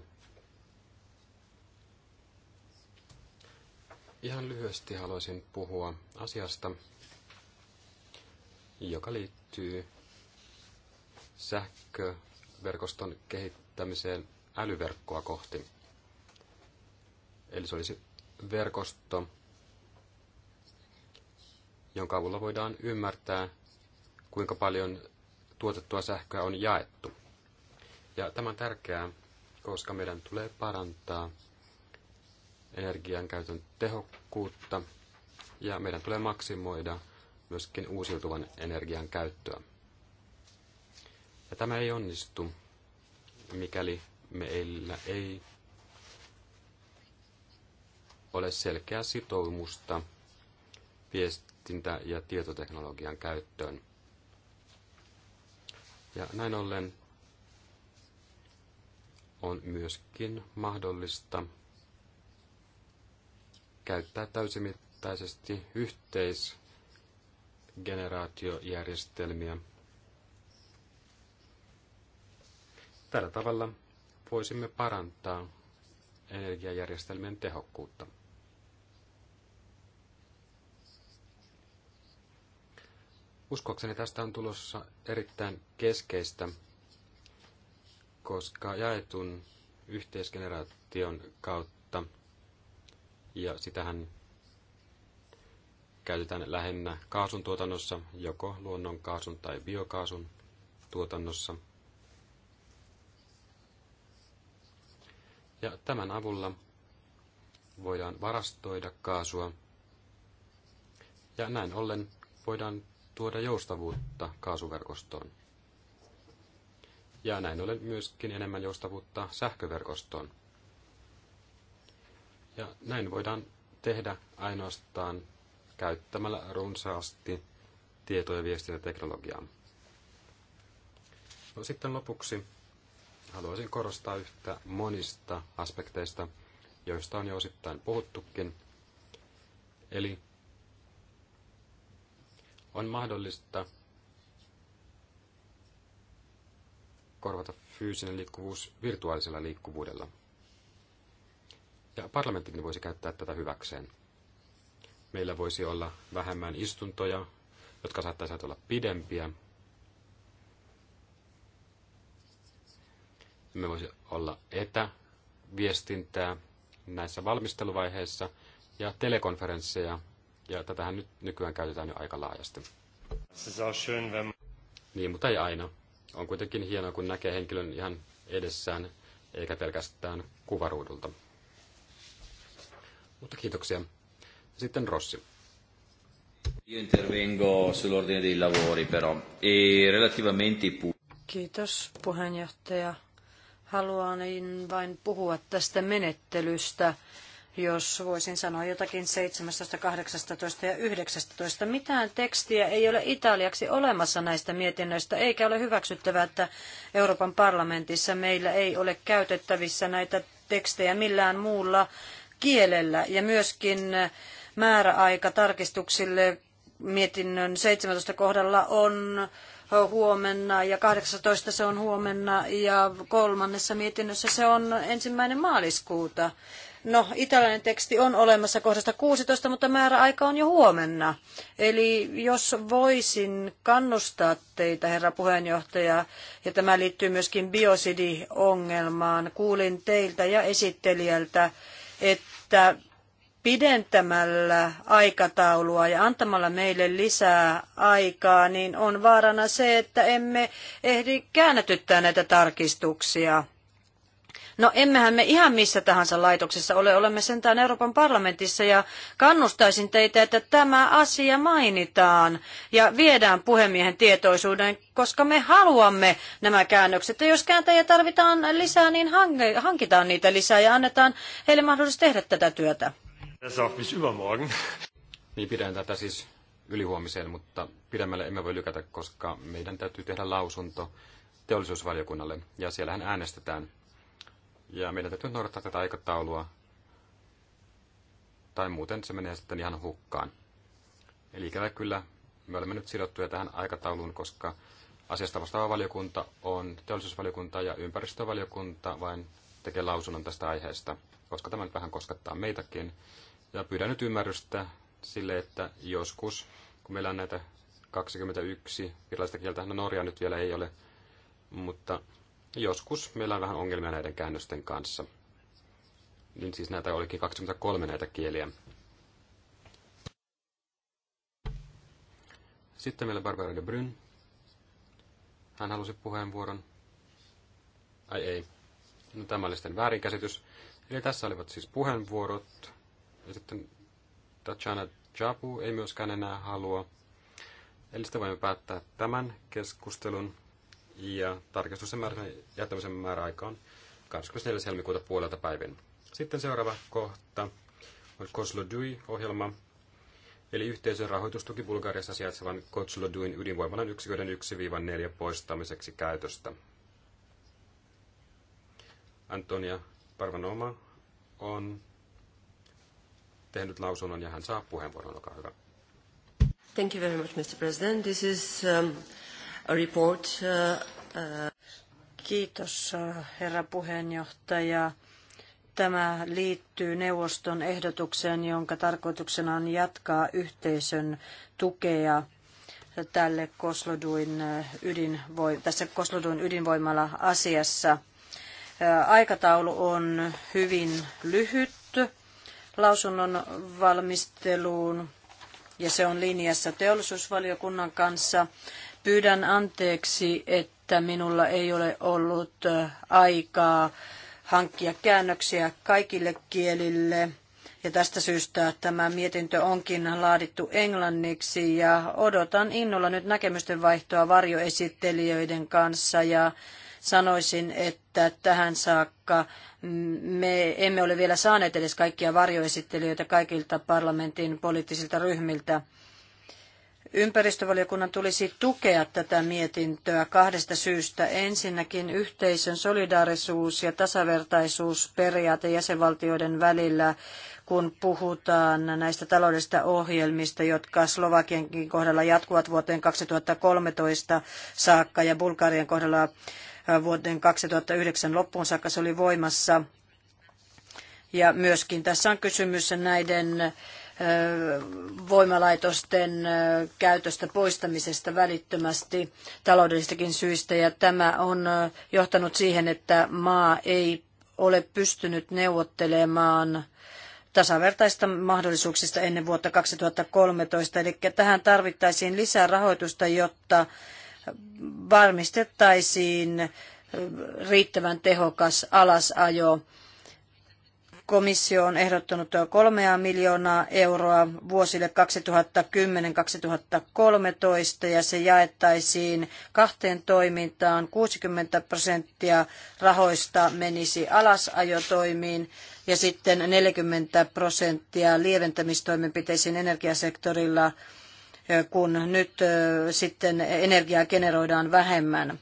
Ihan lyhyesti haluaisin puhua asiasta, joka liittyy sähköverkoston kehittämiseen älyverkkoa kohti. Eli se olisi verkosto, jonka avulla voidaan ymmärtää, kuinka paljon tuotettua sähköä on jaettu. Ja tämä on tärkeää, koska meidän tulee parantaa energian käytön tehokkuutta ja meidän tulee maksimoida myöskin uusiutuvan energian käyttöä. Ja tämä ei onnistu, mikäli meillä ei ole selkeää sitoumusta viestintä- ja tietoteknologian käyttöön. Ja näin ollen on myöskin mahdollista käyttää täysimittaisesti yhteisgeneraatiojärjestelmiä. Tällä tavalla voisimme parantaa energiajärjestelmien tehokkuutta. Uskokseni tästä on tulossa erittäin keskeistä, koska jaetun yhteisgeneraation kautta ja sitähän käytetään lähinnä kaasun tuotannossa, joko luonnonkaasun tai biokaasun tuotannossa. Ja tämän avulla voidaan varastoida kaasua ja näin ollen voidaan tuoda joustavuutta kaasuverkostoon. Ja näin ollen myöskin enemmän joustavuutta sähköverkostoon. Ja näin voidaan tehdä ainoastaan käyttämällä runsaasti tieto- ja viestintäteknologiaa. No, sitten lopuksi haluaisin korostaa yhtä monista aspekteista, joista on jo osittain puhuttukin. Eli on mahdollista korvata fyysinen liikkuvuus virtuaalisella liikkuvuudella – ja parlamenttikin voisi käyttää tätä hyväkseen. Meillä voisi olla vähemmän istuntoja, jotka saattaisivat olla pidempiä. Me voisi olla etäviestintää näissä valmisteluvaiheissa ja telekonferensseja, ja tätähän nyt nykyään käytetään jo aika laajasti. Niin, mutta ei aina. On kuitenkin hienoa, kun näkee henkilön ihan edessään, eikä pelkästään kuvaruudulta. Mutta kiitoksia. Sitten Rossi. Io intervengo sull'ordine dei lavori però e relativamente Kiitos puheenjohtaja. Haluan vain puhua tästä menettelystä, jos voisin sanoa jotakin 17, 18 ja 19. Mitään tekstiä ei ole italiaksi olemassa näistä mietinnöistä, eikä ole hyväksyttävää, että Euroopan parlamentissa meillä ei ole käytettävissä näitä tekstejä millään muulla kielellä ja myöskin määräaika tarkistuksille mietinnön 17 kohdalla on huomenna ja 18 se on huomenna ja kolmannessa mietinnössä se on ensimmäinen maaliskuuta. No, italialainen teksti on olemassa kohdasta 16, mutta määräaika on jo huomenna. Eli jos voisin kannustaa teitä, herra puheenjohtaja, ja tämä liittyy myöskin biosidiongelmaan, kuulin teiltä ja esittelijältä, että että pidentämällä aikataulua ja antamalla meille lisää aikaa, niin on vaarana se, että emme ehdi käännetyttää näitä tarkistuksia. No emmehän me ihan missä tahansa laitoksessa ole, olemme sentään Euroopan parlamentissa ja kannustaisin teitä, että tämä asia mainitaan ja viedään puhemiehen tietoisuuden, koska me haluamme nämä käännökset. Ja jos kääntäjiä tarvitaan lisää, niin hankitaan niitä lisää ja annetaan heille mahdollisuus tehdä tätä työtä. Siis niin pidän tätä siis ylihuomiseen, mutta pidemmälle emme voi lykätä, koska meidän täytyy tehdä lausunto teollisuusvaliokunnalle, ja siellähän äänestetään ja meidän täytyy noudattaa tätä aikataulua, tai muuten se menee sitten ihan hukkaan. Eli ikävä kyllä me olemme nyt sidottuja tähän aikatauluun, koska asiasta vastaava valiokunta on teollisuusvaliokunta ja ympäristövaliokunta vain tekee lausunnon tästä aiheesta, koska tämä nyt vähän koskettaa meitäkin. Ja pyydän nyt ymmärrystä sille, että joskus, kun meillä on näitä 21 virallista kieltä, no Norja nyt vielä ei ole, mutta Joskus meillä on vähän ongelmia näiden käännösten kanssa. Niin siis näitä olikin 23 näitä kieliä. Sitten meillä Barbara de Brun. Hän halusi puheenvuoron. Ai ei. No, tämä oli sitten väärinkäsitys. Eli tässä olivat siis puheenvuorot. Ja sitten Tatjana Jabu ei myöskään enää halua. Eli sitten voimme päättää tämän keskustelun ja tarkistusten määrä, jättämisen määräaika on 24. helmikuuta puolelta päivin. Sitten seuraava kohta on Koslodui-ohjelma, eli yhteisön rahoitustuki Bulgariassa sijaitsevan Kotsloduin ydinvoimalan yksiköiden 1-4 poistamiseksi käytöstä. Antonia Parvanoma on tehnyt lausunnon ja hän saa puheenvuoron. Olkaa hyvä. Thank you very much, Mr. President. This is um, report. Uh, uh, kiitos, uh, herra puheenjohtaja. Tämä liittyy neuvoston ehdotukseen, jonka tarkoituksena on jatkaa yhteisön tukea tälle Kosloduin, ydinvoim- tässä Kosloduin ydinvoimala-asiassa. Aikataulu on hyvin lyhyt lausunnon valmisteluun ja se on linjassa teollisuusvaliokunnan kanssa. Pyydän anteeksi, että minulla ei ole ollut aikaa hankkia käännöksiä kaikille kielille. Ja tästä syystä tämä mietintö onkin laadittu englanniksi ja odotan innolla nyt näkemysten vaihtoa varjoesittelijöiden kanssa ja sanoisin, että tähän saakka me emme ole vielä saaneet edes kaikkia varjoesittelijöitä kaikilta parlamentin poliittisilta ryhmiltä. Ympäristövaliokunnan tulisi tukea tätä mietintöä kahdesta syystä. Ensinnäkin yhteisön solidaarisuus ja tasavertaisuusperiaate jäsenvaltioiden välillä, kun puhutaan näistä taloudellisista ohjelmista, jotka Slovakiankin kohdalla jatkuvat vuoteen 2013 saakka ja Bulgarian kohdalla vuoteen 2009 loppuun saakka se oli voimassa. Ja myöskin tässä on kysymys näiden voimalaitosten käytöstä poistamisesta välittömästi taloudellistakin syistä. Ja tämä on johtanut siihen, että maa ei ole pystynyt neuvottelemaan tasavertaista mahdollisuuksista ennen vuotta 2013. Eli tähän tarvittaisiin lisää rahoitusta, jotta varmistettaisiin riittävän tehokas alasajo Komissio on ehdottanut kolmea miljoonaa euroa vuosille 2010-2013 ja se jaettaisiin kahteen toimintaan. 60 prosenttia rahoista menisi alasajotoimiin ja sitten 40 prosenttia lieventämistoimenpiteisiin energiasektorilla, kun nyt sitten energiaa generoidaan vähemmän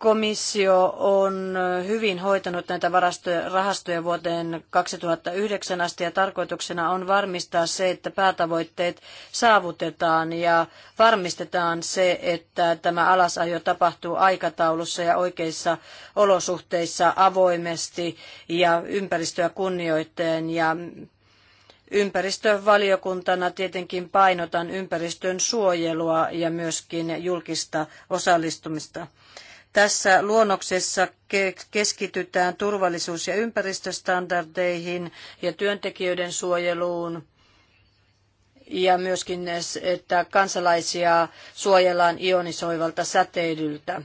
komissio on hyvin hoitanut näitä varastoja, rahastoja vuoteen 2009 asti ja tarkoituksena on varmistaa se, että päätavoitteet saavutetaan ja varmistetaan se, että tämä alasajo tapahtuu aikataulussa ja oikeissa olosuhteissa avoimesti ja ympäristöä kunnioittaen ja Ympäristövaliokuntana tietenkin painotan ympäristön suojelua ja myöskin julkista osallistumista. Tässä luonnoksessa keskitytään turvallisuus- ja ympäristöstandardeihin ja työntekijöiden suojeluun ja myöskin, että kansalaisia suojellaan ionisoivalta säteilyltä.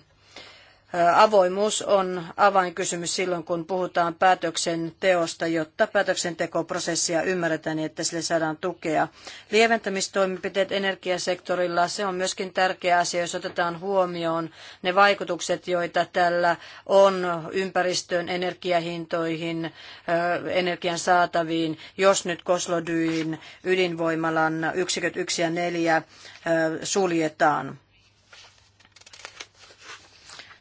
Avoimuus on avainkysymys silloin, kun puhutaan päätöksenteosta, jotta päätöksentekoprosessia ymmärretään niin, että sille saadaan tukea. Lieventämistoimenpiteet energiasektorilla, se on myöskin tärkeä asia, jos otetaan huomioon ne vaikutukset, joita tällä on ympäristöön, energiahintoihin, energian saataviin, jos nyt Koslodyin ydinvoimalan yksiköt 1 ja 4 suljetaan.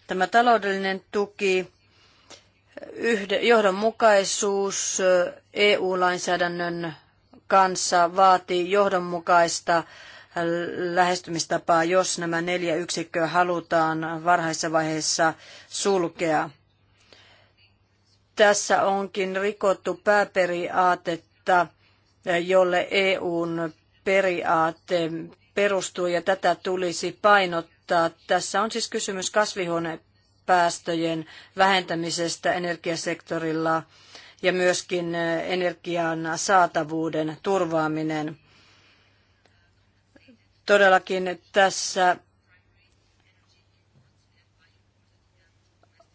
Tämä taloudellinen tuki, johdonmukaisuus EU-lainsäädännön kanssa vaatii johdonmukaista lähestymistapaa, jos nämä neljä yksikköä halutaan varhaisessa vaiheessa sulkea. Tässä onkin rikottu pääperiaatetta, jolle EUn periaate perustuu ja tätä tulisi painottaa muistaa. Tässä on siis kysymys kasvihuonepäästöjen vähentämisestä energiasektorilla ja myöskin energian saatavuuden turvaaminen. Todellakin tässä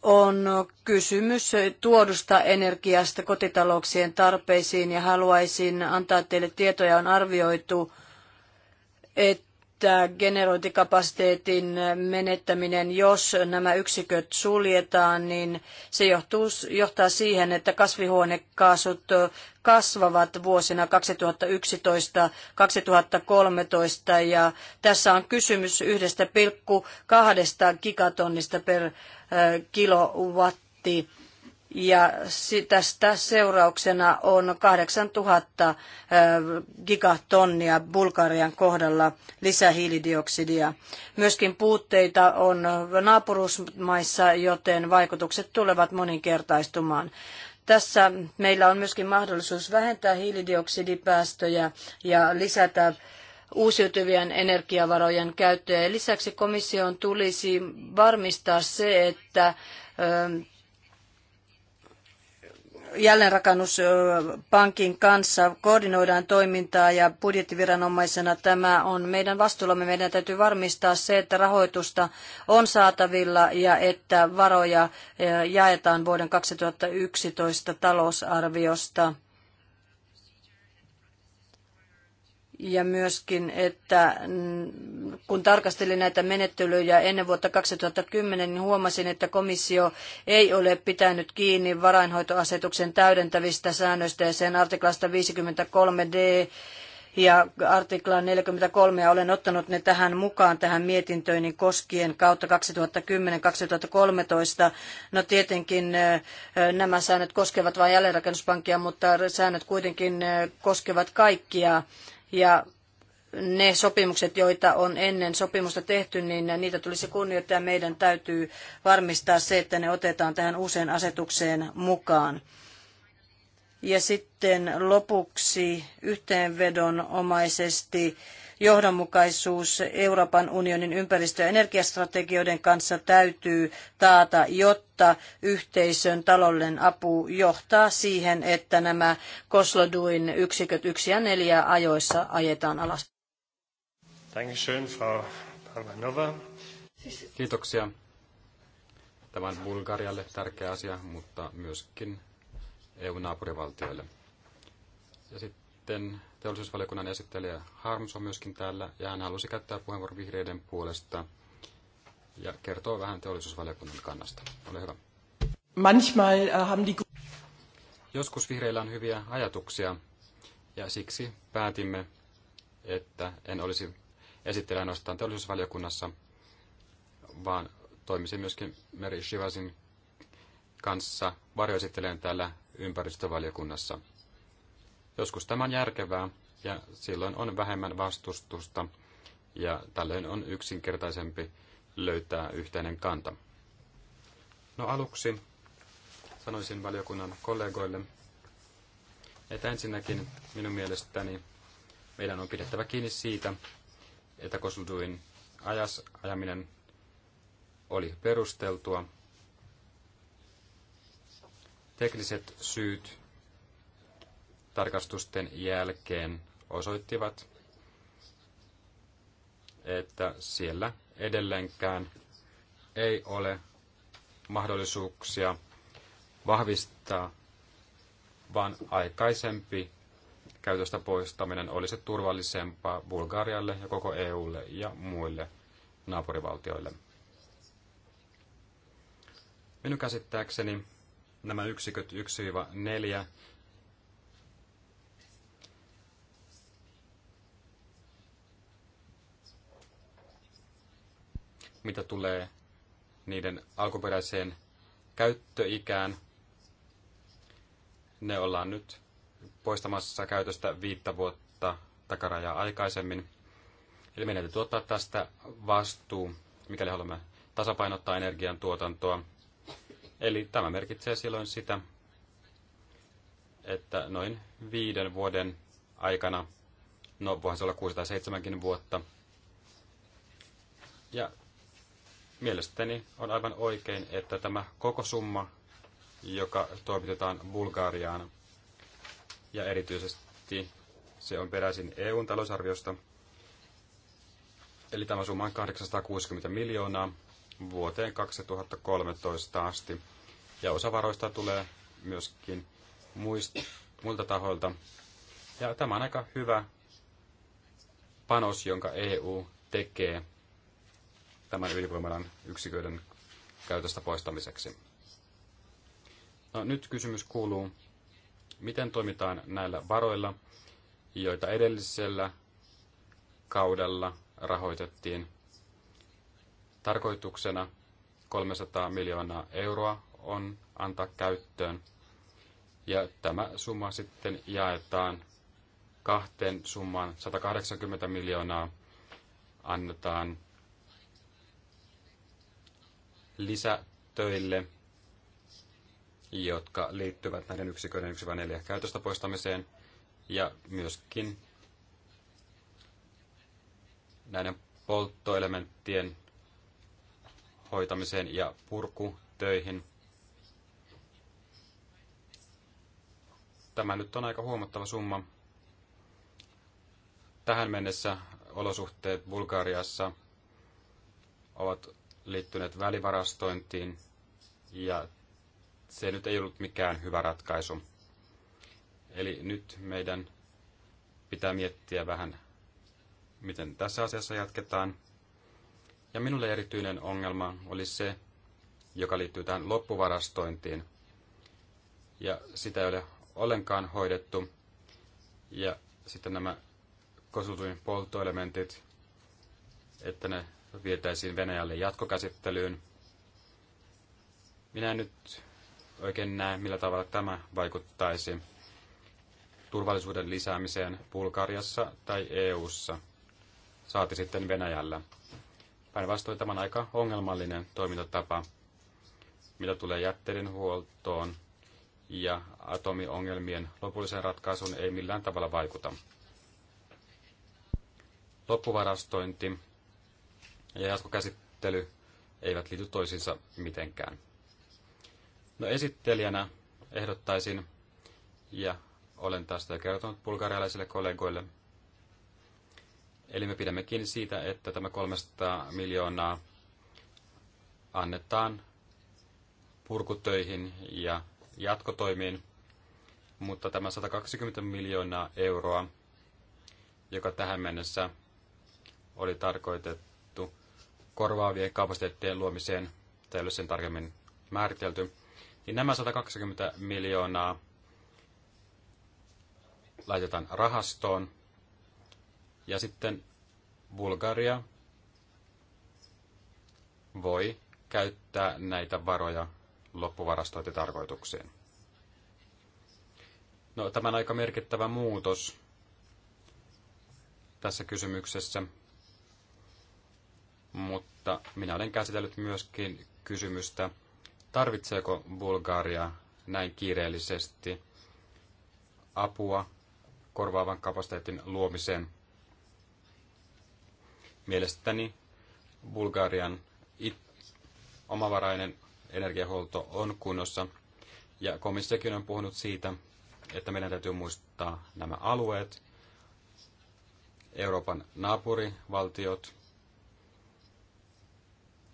on kysymys tuodusta energiasta kotitalouksien tarpeisiin ja haluaisin antaa teille tietoja. On arvioitu, että tämä generointikapasiteetin menettäminen, jos nämä yksiköt suljetaan, niin se johtuu, johtaa siihen, että kasvihuonekaasut kasvavat vuosina 2011-2013 ja tässä on kysymys 1,2 gigatonnista per äh, kilowatti ja tästä seurauksena on 8000 gigatonnia Bulgarian kohdalla lisähiilidioksidia. Myöskin puutteita on naapurusmaissa, joten vaikutukset tulevat moninkertaistumaan. Tässä meillä on myöskin mahdollisuus vähentää hiilidioksidipäästöjä ja lisätä uusiutuvien energiavarojen käyttöä. Lisäksi komission tulisi varmistaa se, että jälleenrakennuspankin kanssa koordinoidaan toimintaa ja budjettiviranomaisena tämä on meidän vastuullamme. Meidän täytyy varmistaa se, että rahoitusta on saatavilla ja että varoja eh, jaetaan vuoden 2011 talousarviosta ja myöskin, että kun tarkastelin näitä menettelyjä ennen vuotta 2010, niin huomasin, että komissio ei ole pitänyt kiinni varainhoitoasetuksen täydentävistä säännöistä ja sen artiklasta 53d ja artikla 43 ja olen ottanut ne tähän mukaan tähän niin koskien kautta 2010-2013. No tietenkin nämä säännöt koskevat vain jälleenrakennuspankkia, mutta säännöt kuitenkin koskevat kaikkia ja ne sopimukset, joita on ennen sopimusta tehty, niin niitä tulisi kunnioittaa ja meidän täytyy varmistaa se, että ne otetaan tähän uuseen asetukseen mukaan. Ja sitten lopuksi yhteenvedonomaisesti omaisesti johdonmukaisuus Euroopan unionin ympäristö- ja energiastrategioiden kanssa täytyy taata, jotta yhteisön taloudellinen apu johtaa siihen, että nämä Kosloduin yksiköt 1 ja 4 ajoissa ajetaan alas. Dankeschön, Frau Parvanova. Kiitoksia. Tämä on Bulgarialle tärkeä asia, mutta myöskin EU-naapurivaltioille. Ja sitten Teollisuusvaliokunnan esittelijä Harms on myöskin täällä ja hän halusi käyttää puheenvuoron vihreiden puolesta ja kertoo vähän teollisuusvaliokunnan kannasta. Ole hyvä. Manchmal äh, haben die... Joskus vihreillä on hyviä ajatuksia ja siksi päätimme, että en olisi esittelijä ainoastaan teollisuusvaliokunnassa, vaan toimisin myöskin Meri Shivasin kanssa varjoesittelijän täällä ympäristövaliokunnassa. Joskus tämä on järkevää ja silloin on vähemmän vastustusta ja tällöin on yksinkertaisempi löytää yhteinen kanta. No aluksi sanoisin valiokunnan kollegoille, että ensinnäkin minun mielestäni meidän on pidettävä kiinni siitä, että Kosuduin ajas ajaminen oli perusteltua. Tekniset syyt tarkastusten jälkeen osoittivat, että siellä edelleenkään ei ole mahdollisuuksia vahvistaa, vaan aikaisempi käytöstä poistaminen olisi turvallisempaa Bulgarialle ja koko EUlle ja muille naapurivaltioille. Minun käsittääkseni nämä yksiköt 1-4 mitä tulee niiden alkuperäiseen käyttöikään. Ne ollaan nyt poistamassa käytöstä viittä vuotta takarajaa aikaisemmin. Eli meidän täytyy ottaa tästä vastuu, mikäli haluamme tasapainottaa energiantuotantoa. Eli tämä merkitsee silloin sitä, että noin viiden vuoden aikana, no voihan se olla 607 vuotta, ja Mielestäni on aivan oikein, että tämä koko summa, joka toimitetaan Bulgariaan, ja erityisesti se on peräisin EUn talousarviosta, eli tämä summa on 860 miljoonaa vuoteen 2013 asti. Ja osa varoista tulee myöskin muist, muilta tahoilta. Ja tämä on aika hyvä panos, jonka EU tekee tämän ydinvoimalan yksiköiden käytöstä poistamiseksi. No, nyt kysymys kuuluu, miten toimitaan näillä varoilla, joita edellisellä kaudella rahoitettiin. Tarkoituksena 300 miljoonaa euroa on antaa käyttöön. Ja tämä summa sitten jaetaan kahteen summaan. 180 miljoonaa annetaan lisätöille, jotka liittyvät näiden yksiköiden 1 4 käytöstä poistamiseen ja myöskin näiden polttoelementtien hoitamiseen ja purkutöihin. Tämä nyt on aika huomattava summa. Tähän mennessä olosuhteet Bulgariassa ovat liittyneet välivarastointiin, ja se nyt ei ollut mikään hyvä ratkaisu. Eli nyt meidän pitää miettiä vähän, miten tässä asiassa jatketaan. Ja minulle erityinen ongelma oli se, joka liittyy tähän loppuvarastointiin. Ja sitä ei ole ollenkaan hoidettu. Ja sitten nämä kosutuin polttoelementit, että ne vietäisiin Venäjälle jatkokäsittelyyn. Minä en nyt oikein näe, millä tavalla tämä vaikuttaisi turvallisuuden lisäämiseen Bulgariassa tai EU:ssa, saati sitten Venäjällä. Päinvastoin tämä on aika ongelmallinen toimintatapa, mitä tulee jätteiden huoltoon ja atomiongelmien lopulliseen ratkaisuun ei millään tavalla vaikuta. Loppuvarastointi ja jatkokäsittely eivät liity toisiinsa mitenkään. No esittelijänä ehdottaisin, ja olen tästä jo kertonut bulgarialaisille kollegoille, eli me pidämme kiinni siitä, että tämä 300 miljoonaa annetaan purkutöihin ja jatkotoimiin, mutta tämä 120 miljoonaa euroa, joka tähän mennessä oli tarkoitettu, korvaavien kapasiteettien luomiseen, tai ei sen tarkemmin määritelty, niin nämä 120 miljoonaa laitetaan rahastoon, ja sitten Bulgaria voi käyttää näitä varoja loppuvarastointitarkoituksiin. No, tämän aika merkittävä muutos tässä kysymyksessä mutta minä olen käsitellyt myöskin kysymystä, tarvitseeko Bulgaria näin kiireellisesti apua korvaavan kapasiteetin luomiseen. Mielestäni Bulgarian it- omavarainen energiahuolto on kunnossa, ja komissiokin on puhunut siitä, että meidän täytyy muistaa nämä alueet, Euroopan naapurivaltiot –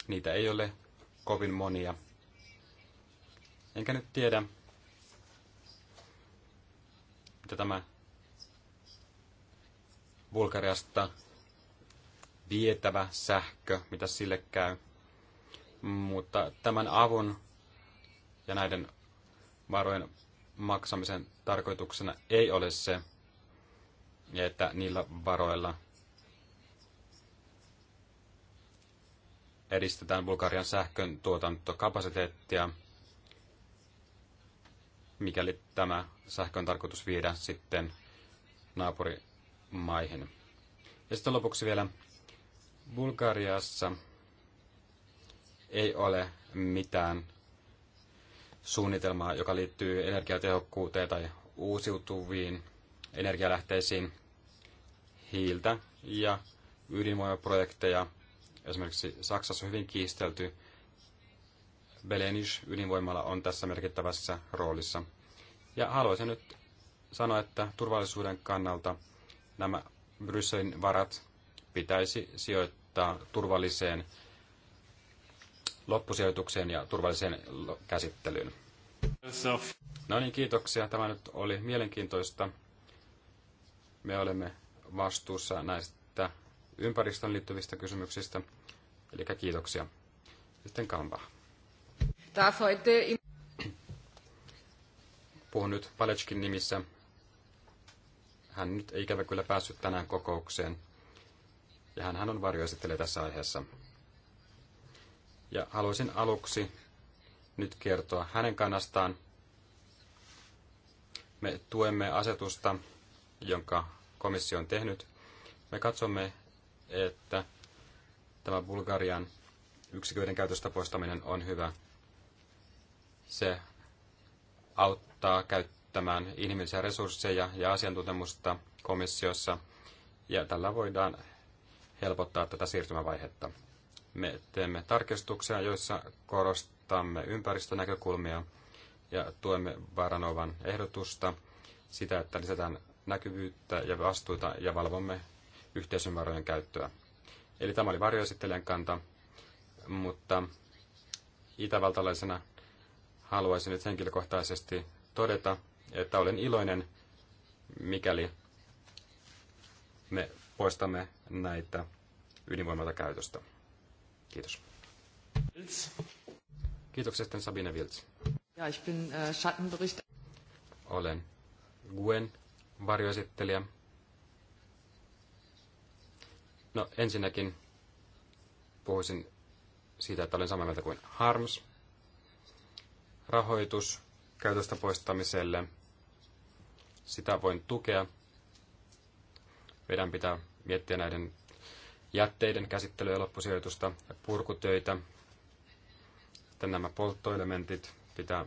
Niitä ei ole kovin monia. Enkä nyt tiedä, mitä tämä Bulgariasta vietävä sähkö, mitä sille käy. Mutta tämän avun ja näiden varojen maksamisen tarkoituksena ei ole se, että niillä varoilla edistetään Bulgarian sähkön tuotantokapasiteettia, mikäli tämä sähkö on tarkoitus viedä sitten naapurimaihin. Ja sitten lopuksi vielä Bulgariassa ei ole mitään suunnitelmaa, joka liittyy energiatehokkuuteen tai uusiutuviin energialähteisiin hiiltä ja ydinvoimaprojekteja Esimerkiksi Saksassa on hyvin kiistelty. Belenish ydinvoimalla on tässä merkittävässä roolissa. Ja haluaisin nyt sanoa, että turvallisuuden kannalta nämä Brysselin varat pitäisi sijoittaa turvalliseen loppusijoitukseen ja turvalliseen käsittelyyn. No niin, kiitoksia. Tämä nyt oli mielenkiintoista. Me olemme vastuussa näistä ympäristön liittyvistä kysymyksistä. Eli kiitoksia. Sitten Kampa. Puhun nyt Palechkin nimissä. Hän nyt ei ikävä kyllä päässyt tänään kokoukseen. Ja hän on varjoesittelijä tässä aiheessa. Ja haluaisin aluksi nyt kertoa hänen kannastaan. Me tuemme asetusta, jonka komissio on tehnyt. Me katsomme, että tämä Bulgarian yksiköiden käytöstä poistaminen on hyvä. Se auttaa käyttämään inhimillisiä resursseja ja asiantuntemusta komissiossa, ja tällä voidaan helpottaa tätä siirtymävaihetta. Me teemme tarkistuksia, joissa korostamme ympäristönäkökulmia ja tuemme Varanovan ehdotusta, sitä, että lisätään näkyvyyttä ja vastuuta ja valvomme yhteisön varojen käyttöä. Eli tämä oli varjoesittelijän kanta, mutta itävaltalaisena haluaisin nyt henkilökohtaisesti todeta, että olen iloinen, mikäli me poistamme näitä ydinvoimalta käytöstä. Kiitos. Kiitoksia sitten Sabine Vilts. Ja, ich bin, äh, Olen Guen varjoesittelijä No ensinnäkin puhuisin siitä, että olen samaa mieltä kuin Harms. Rahoitus käytöstä poistamiselle, sitä voin tukea. Meidän pitää miettiä näiden jätteiden käsittelyä ja loppusijoitusta ja purkutöitä. Sitten nämä polttoelementit pitää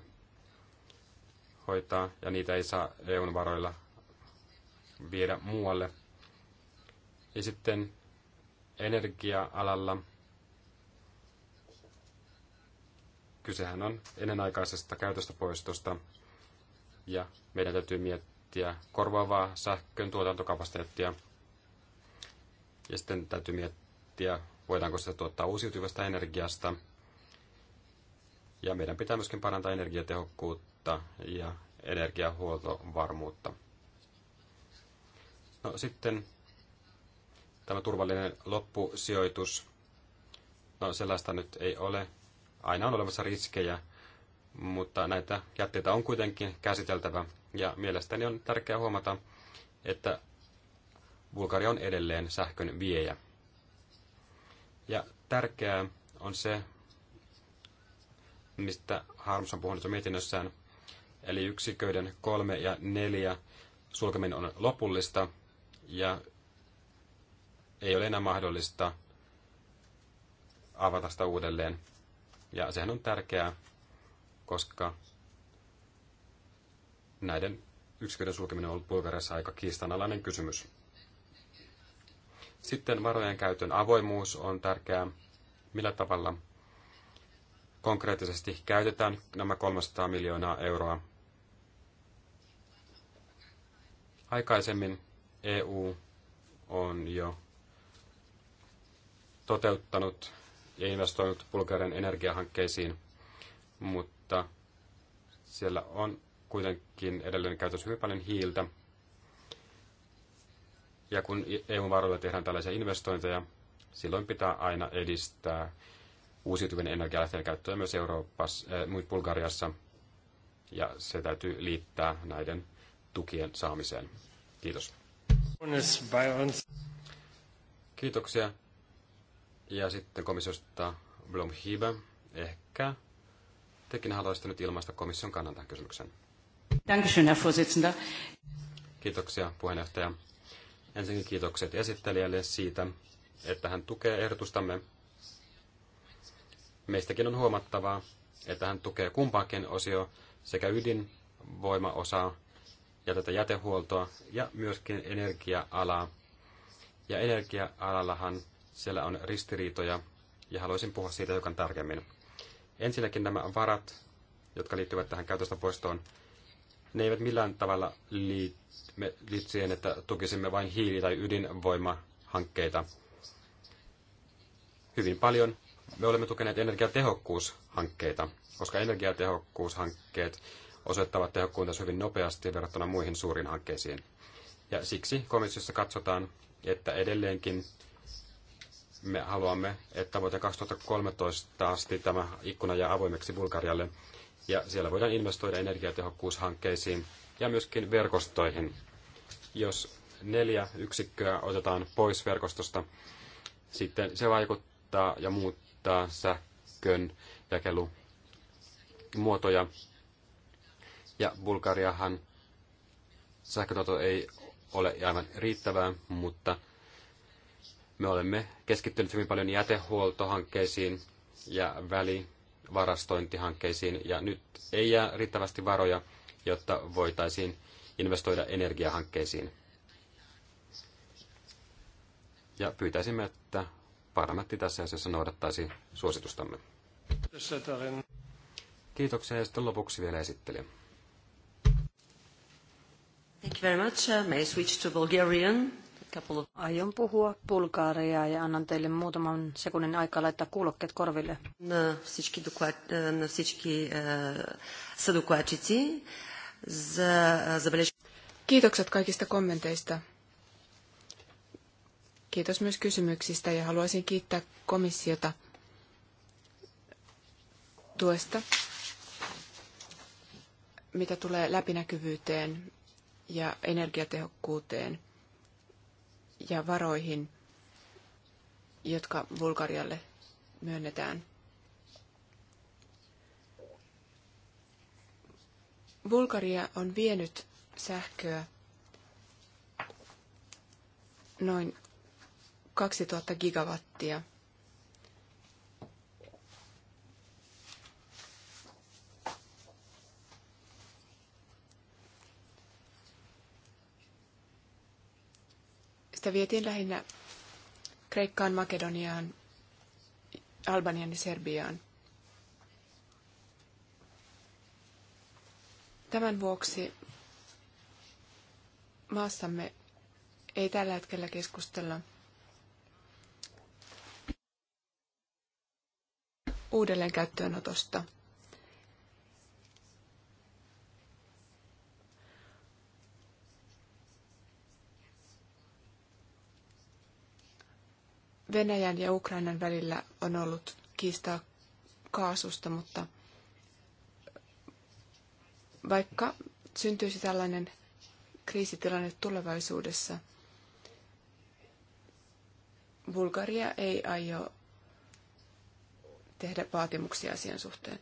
hoitaa ja niitä ei saa EUn varoilla viedä muualle. Ja sitten energia-alalla kysehän on ennenaikaisesta käytöstä poistosta ja meidän täytyy miettiä korvaavaa sähkön tuotantokapasiteettia ja sitten täytyy miettiä, voidaanko sitä tuottaa uusiutuvasta energiasta ja meidän pitää myöskin parantaa energiatehokkuutta ja energiahuoltovarmuutta. No sitten Tämä turvallinen loppusijoitus, no sellaista nyt ei ole. Aina on olemassa riskejä, mutta näitä jätteitä on kuitenkin käsiteltävä. Ja mielestäni on tärkeää huomata, että Bulgaria on edelleen sähkön viejä. Ja tärkeää on se, mistä Harms on puhunut jo mietinnössään, eli yksiköiden kolme ja neljä sulkeminen on lopullista, ja ei ole enää mahdollista avata sitä uudelleen. Ja sehän on tärkeää, koska näiden yksiköiden sulkeminen on ollut Bulgariassa aika kiistanalainen kysymys. Sitten varojen käytön avoimuus on tärkeää. Millä tavalla konkreettisesti käytetään nämä 300 miljoonaa euroa? Aikaisemmin EU on jo toteuttanut ja investoinut Bulgarian energiahankkeisiin, mutta siellä on kuitenkin edelleen käytössä hyvin paljon hiiltä. Ja kun EU-varoilla tehdään tällaisia investointeja, silloin pitää aina edistää uusiutuvien energialähteiden käyttöä myös Euroopassa, äh, Bulgariassa, ja se täytyy liittää näiden tukien saamiseen. Kiitos. Kiitoksia. Ja sitten komissiosta Blom Hibe. Ehkä tekin haluaisitte nyt ilmaista komission kannan tähän kysymykseen. Dankeschön, Herr Vorsitzender. Kiitoksia, puheenjohtaja. Ensinnäkin kiitokset esittelijälle siitä, että hän tukee ehdotustamme. Meistäkin on huomattavaa, että hän tukee kumpaakin osio sekä ydinvoimaosaa ja tätä jätehuoltoa ja myöskin energia-alaa. Ja energia-alallahan siellä on ristiriitoja ja haluaisin puhua siitä hiukan tarkemmin. Ensinnäkin nämä varat, jotka liittyvät tähän käytöstä poistoon, ne eivät millään tavalla liity siihen, että tukisimme vain hiili- tai ydinvoimahankkeita. Hyvin paljon me olemme tukeneet energiatehokkuushankkeita, koska energiatehokkuushankkeet osoittavat tehokkuutta hyvin nopeasti verrattuna muihin suuriin hankkeisiin. Ja siksi komissiossa katsotaan, että edelleenkin me haluamme, että vuoteen 2013 asti tämä ikkuna jää avoimeksi Bulgarialle, ja siellä voidaan investoida energiatehokkuushankkeisiin ja myöskin verkostoihin. Jos neljä yksikköä otetaan pois verkostosta, sitten se vaikuttaa ja muuttaa sähkön jakelumuotoja. Ja Bulgariahan sähkötuotanto ei ole aivan riittävää, mutta me olemme keskittyneet hyvin paljon jätehuoltohankkeisiin ja välivarastointihankkeisiin, ja nyt ei jää riittävästi varoja, jotta voitaisiin investoida energiahankkeisiin. Ja pyytäisimme, että parlamentti tässä asiassa noudattaisi suositustamme. Kiitoksia ja sitten lopuksi vielä esittelijä. Thank you very much. Uh, may I switch to Bulgarian? Aion puhua bulgaariaa ja annan teille muutaman sekunnin aikaa laittaa kuulokkeet korville. На всички, доклад, на всички съдокладчици за Kiitokset kaikista kommenteista. Kiitos myös kysymyksistä ja haluaisin kiittää komissiota tuesta, mitä tulee läpinäkyvyyteen ja energiatehokkuuteen – ja varoihin, jotka Bulgarialle myönnetään. Bulgaria on vienyt sähköä noin 2000 gigawattia – Sitä vietiin lähinnä Kreikkaan, Makedoniaan, Albanian ja Serbiaan. Tämän vuoksi maassamme ei tällä hetkellä keskustella uudelleenkäyttöönotosta – Venäjän ja Ukrainan välillä on ollut kiistaa kaasusta, mutta vaikka syntyisi tällainen kriisitilanne tulevaisuudessa, Bulgaria ei aio tehdä vaatimuksia asian suhteen.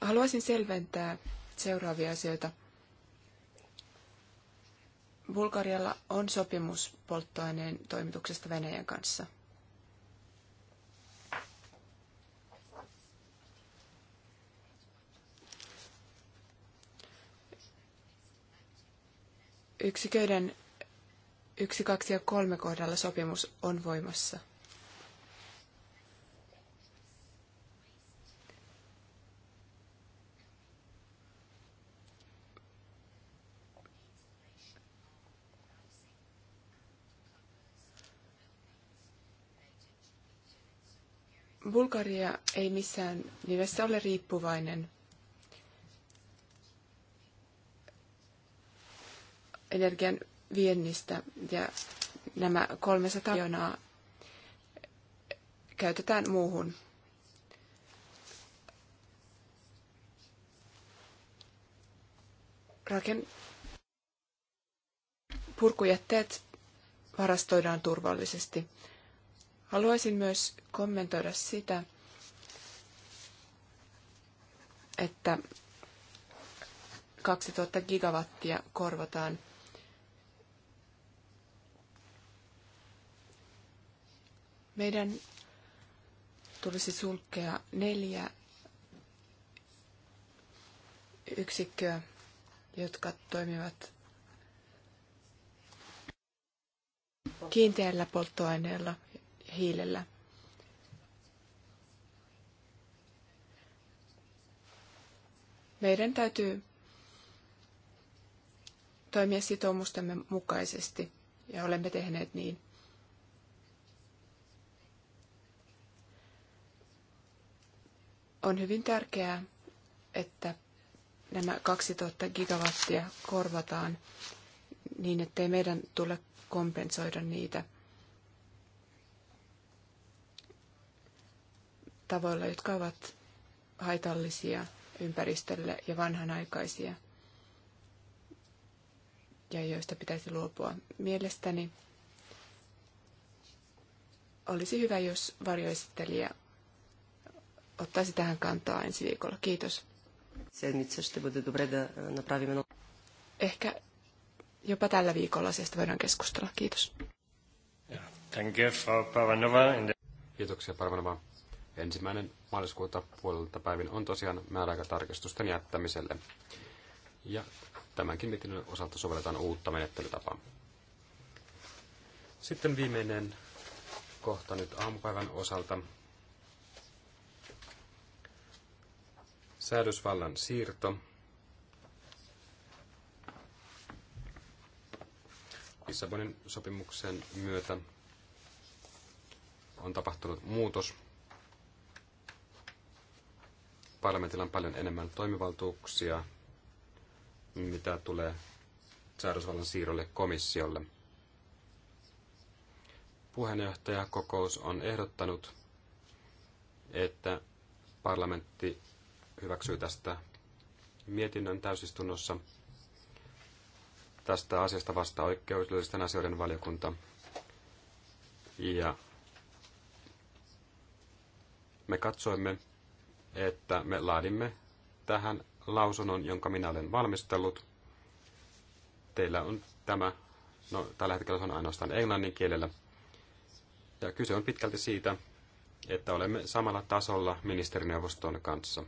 Haluaisin selventää seuraavia asioita. Bulgarialla on sopimus polttoaineen toimituksesta Venäjän kanssa. Yksiköiden 1, 2 ja 3 kohdalla sopimus on voimassa. Bulgaria ei missään nimessä ole riippuvainen energian viennistä ja nämä 300 miljoonaa käytetään muuhun. Raken purkujätteet varastoidaan turvallisesti. Haluaisin myös kommentoida sitä, että 2000 gigawattia korvataan Meidän tulisi sulkea neljä yksikköä, jotka toimivat kiinteällä polttoaineella hiilellä. Meidän täytyy toimia sitoumustamme mukaisesti, ja olemme tehneet niin. On hyvin tärkeää, että nämä 2000 gigawattia korvataan niin, ettei meidän tule kompensoida niitä – tavoilla, jotka ovat haitallisia ympäristölle ja vanhanaikaisia ja joista pitäisi luopua. Mielestäni olisi hyvä, jos varjoesittelijä ottaisi tähän kantaa ensi viikolla. Kiitos. Ehkä jopa tällä viikolla asiasta voidaan keskustella. Kiitos. Kiitoksia, Parvanova. Ensimmäinen maaliskuuta puolelta päivin on tosiaan määräaika tarkistusten jättämiselle. Ja tämänkin mietinnön osalta sovelletaan uutta menettelytapaa. Sitten viimeinen kohta nyt aamupäivän osalta. Säädösvallan siirto. Lissabonin sopimuksen myötä on tapahtunut muutos parlamentilla on paljon enemmän toimivaltuuksia, mitä tulee säädösvallan siirrolle komissiolle. Puheenjohtajakokous on ehdottanut, että parlamentti hyväksyy tästä mietinnön täysistunnossa. Tästä asiasta vastaa oikeudellisten asioiden valiokunta. Ja me katsoimme, että me laadimme tähän lausunnon, jonka minä olen valmistellut. Teillä on tämä, no tällä hetkellä se on ainoastaan englannin kielellä. Ja kyse on pitkälti siitä, että olemme samalla tasolla ministerineuvoston kanssa.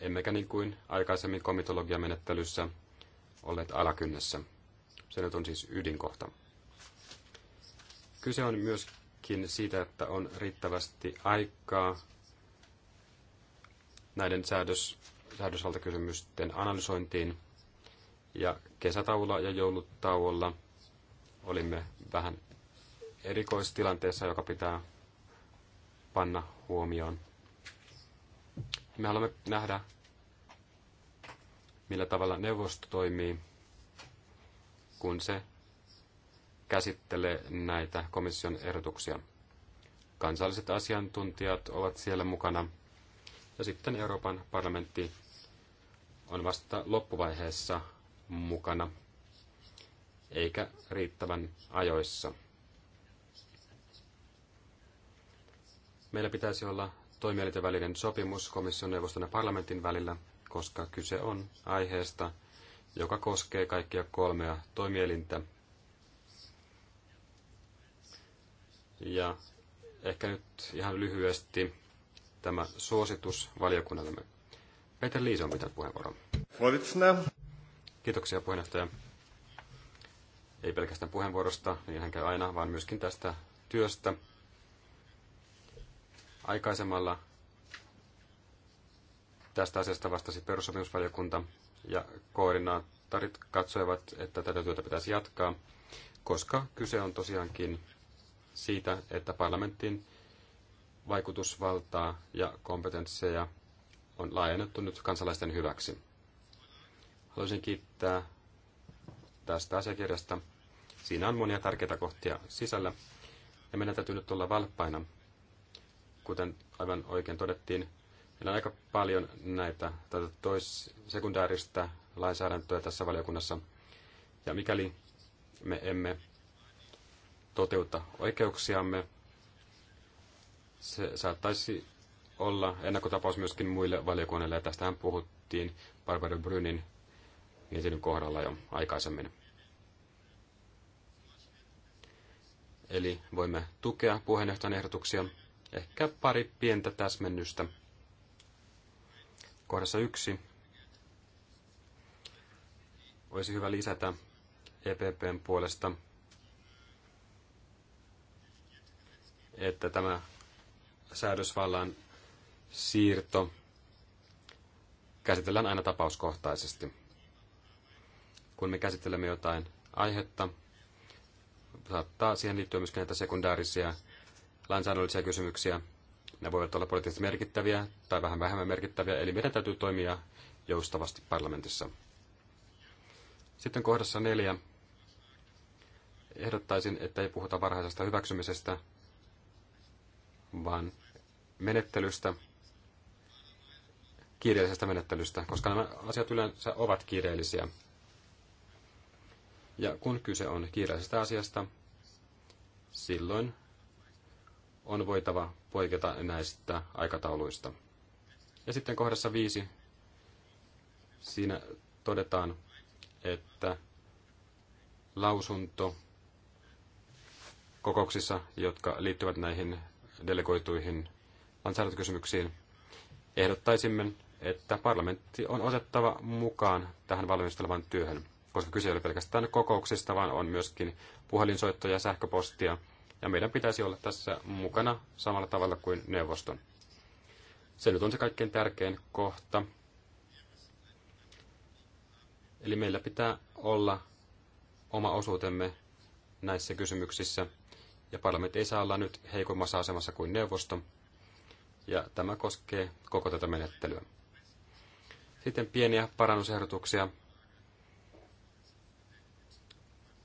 Emmekä niin kuin aikaisemmin komitologiamenettelyssä olleet alakynnessä. Se nyt on siis ydinkohta. Kyse on myös kiinni siitä, että on riittävästi aikaa näiden säädös, säädösvaltakysymysten analysointiin. Ja kesätauolla ja joulutauolla olimme vähän erikoistilanteessa, joka pitää panna huomioon. Me haluamme nähdä, millä tavalla neuvosto toimii, kun se käsittelee näitä komission ehdotuksia. Kansalliset asiantuntijat ovat siellä mukana. Ja sitten Euroopan parlamentti on vasta loppuvaiheessa mukana, eikä riittävän ajoissa. Meillä pitäisi olla toimielinten välinen sopimus komission neuvoston ja parlamentin välillä, koska kyse on aiheesta, joka koskee kaikkia kolmea toimielintä Ja ehkä nyt ihan lyhyesti tämä suositus valiokunnallemme. Peter Liisa on pitänyt puheenvuoron. Kiitoksia puheenjohtaja. Ei pelkästään puheenvuorosta, niin hän käy aina, vaan myöskin tästä työstä. Aikaisemmalla tästä asiasta vastasi perussopimusvaliokunta ja koordinaattorit katsoivat, että tätä työtä pitäisi jatkaa, koska kyse on tosiaankin siitä, että parlamentin vaikutusvaltaa ja kompetensseja on laajennettu nyt kansalaisten hyväksi. Haluaisin kiittää tästä asiakirjasta. Siinä on monia tärkeitä kohtia sisällä, ja meidän täytyy nyt olla valppaina. Kuten aivan oikein todettiin, meillä on aika paljon näitä tätä tois sekundääristä lainsäädäntöä tässä valiokunnassa, ja mikäli me emme toteuta oikeuksiamme. Se saattaisi olla ennakkotapaus myöskin muille valiokunnille, ja tästähän puhuttiin Barbara Brynin mietinnön kohdalla jo aikaisemmin. Eli voimme tukea puheenjohtajan ehdotuksia. Ehkä pari pientä täsmennystä. Kohdassa yksi olisi hyvä lisätä EPPn puolesta että tämä säädösvallan siirto käsitellään aina tapauskohtaisesti. Kun me käsittelemme jotain aihetta, saattaa siihen liittyä myöskin näitä sekundaarisia lainsäädännöllisiä kysymyksiä. Ne voivat olla poliittisesti merkittäviä tai vähän vähemmän merkittäviä, eli meidän täytyy toimia joustavasti parlamentissa. Sitten kohdassa neljä ehdottaisin, että ei puhuta varhaisesta hyväksymisestä – vaan menettelystä, kiireellisestä menettelystä, koska nämä asiat yleensä ovat kiireellisiä. Ja kun kyse on kiireellisestä asiasta, silloin on voitava poiketa näistä aikatauluista. Ja sitten kohdassa viisi, siinä todetaan, että lausunto kokouksissa, jotka liittyvät näihin delegoituihin lainsäädäntökysymyksiin, ehdottaisimme, että parlamentti on otettava mukaan tähän valmistelevan työhön, koska kyse ei ole pelkästään kokouksista, vaan on myöskin puhelinsoittoja, sähköpostia, ja meidän pitäisi olla tässä mukana samalla tavalla kuin neuvoston. Se nyt on se kaikkein tärkein kohta. Eli meillä pitää olla oma osuutemme näissä kysymyksissä – ja parlamentti ei saa olla nyt heikommassa asemassa kuin neuvosto, ja tämä koskee koko tätä menettelyä. Sitten pieniä parannusehdotuksia.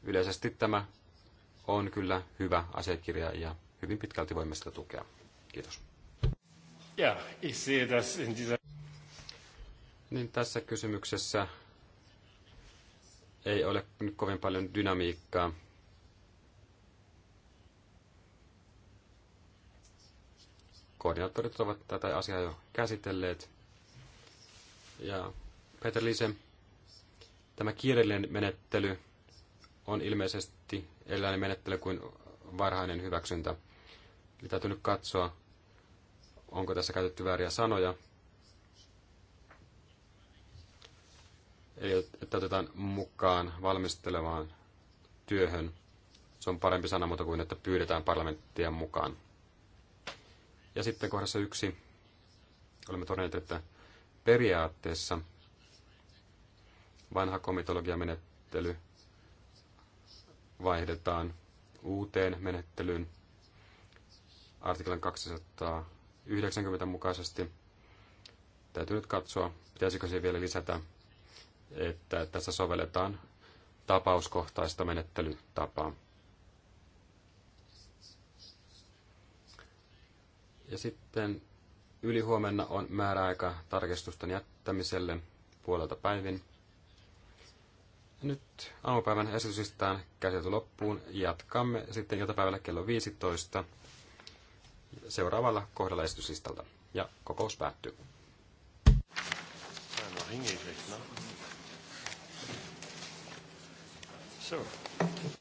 Yleisesti tämä on kyllä hyvä asiakirja ja hyvin pitkälti voimme sitä tukea. Kiitos. Ja, Niin tässä kysymyksessä ei ole nyt kovin paljon dynamiikkaa. Koordinaattorit ovat tätä asiaa jo käsitelleet. Ja Peter Lise, tämä kiireellinen menettely on ilmeisesti erilainen menettely kuin varhainen hyväksyntä. Eli täytyy nyt katsoa, onko tässä käytetty vääriä sanoja. Eli että otetaan mukaan valmistelevaan työhön. Se on parempi sanamuoto kuin, että pyydetään parlamenttia mukaan. Ja sitten kohdassa yksi olemme todenneet, että periaatteessa vanha komitologiamenettely vaihdetaan uuteen menettelyyn artiklan 290 mukaisesti. Täytyy nyt katsoa, pitäisikö siihen vielä lisätä, että tässä sovelletaan tapauskohtaista menettelytapaa. Ja sitten ylihuomenna on määräaika tarkistusten jättämiselle puolelta päivin. Nyt aamupäivän esitysistään käsitelty loppuun. Jatkamme sitten iltapäivällä kello 15 seuraavalla kohdalla esityslistalta. Ja kokous päättyy. So.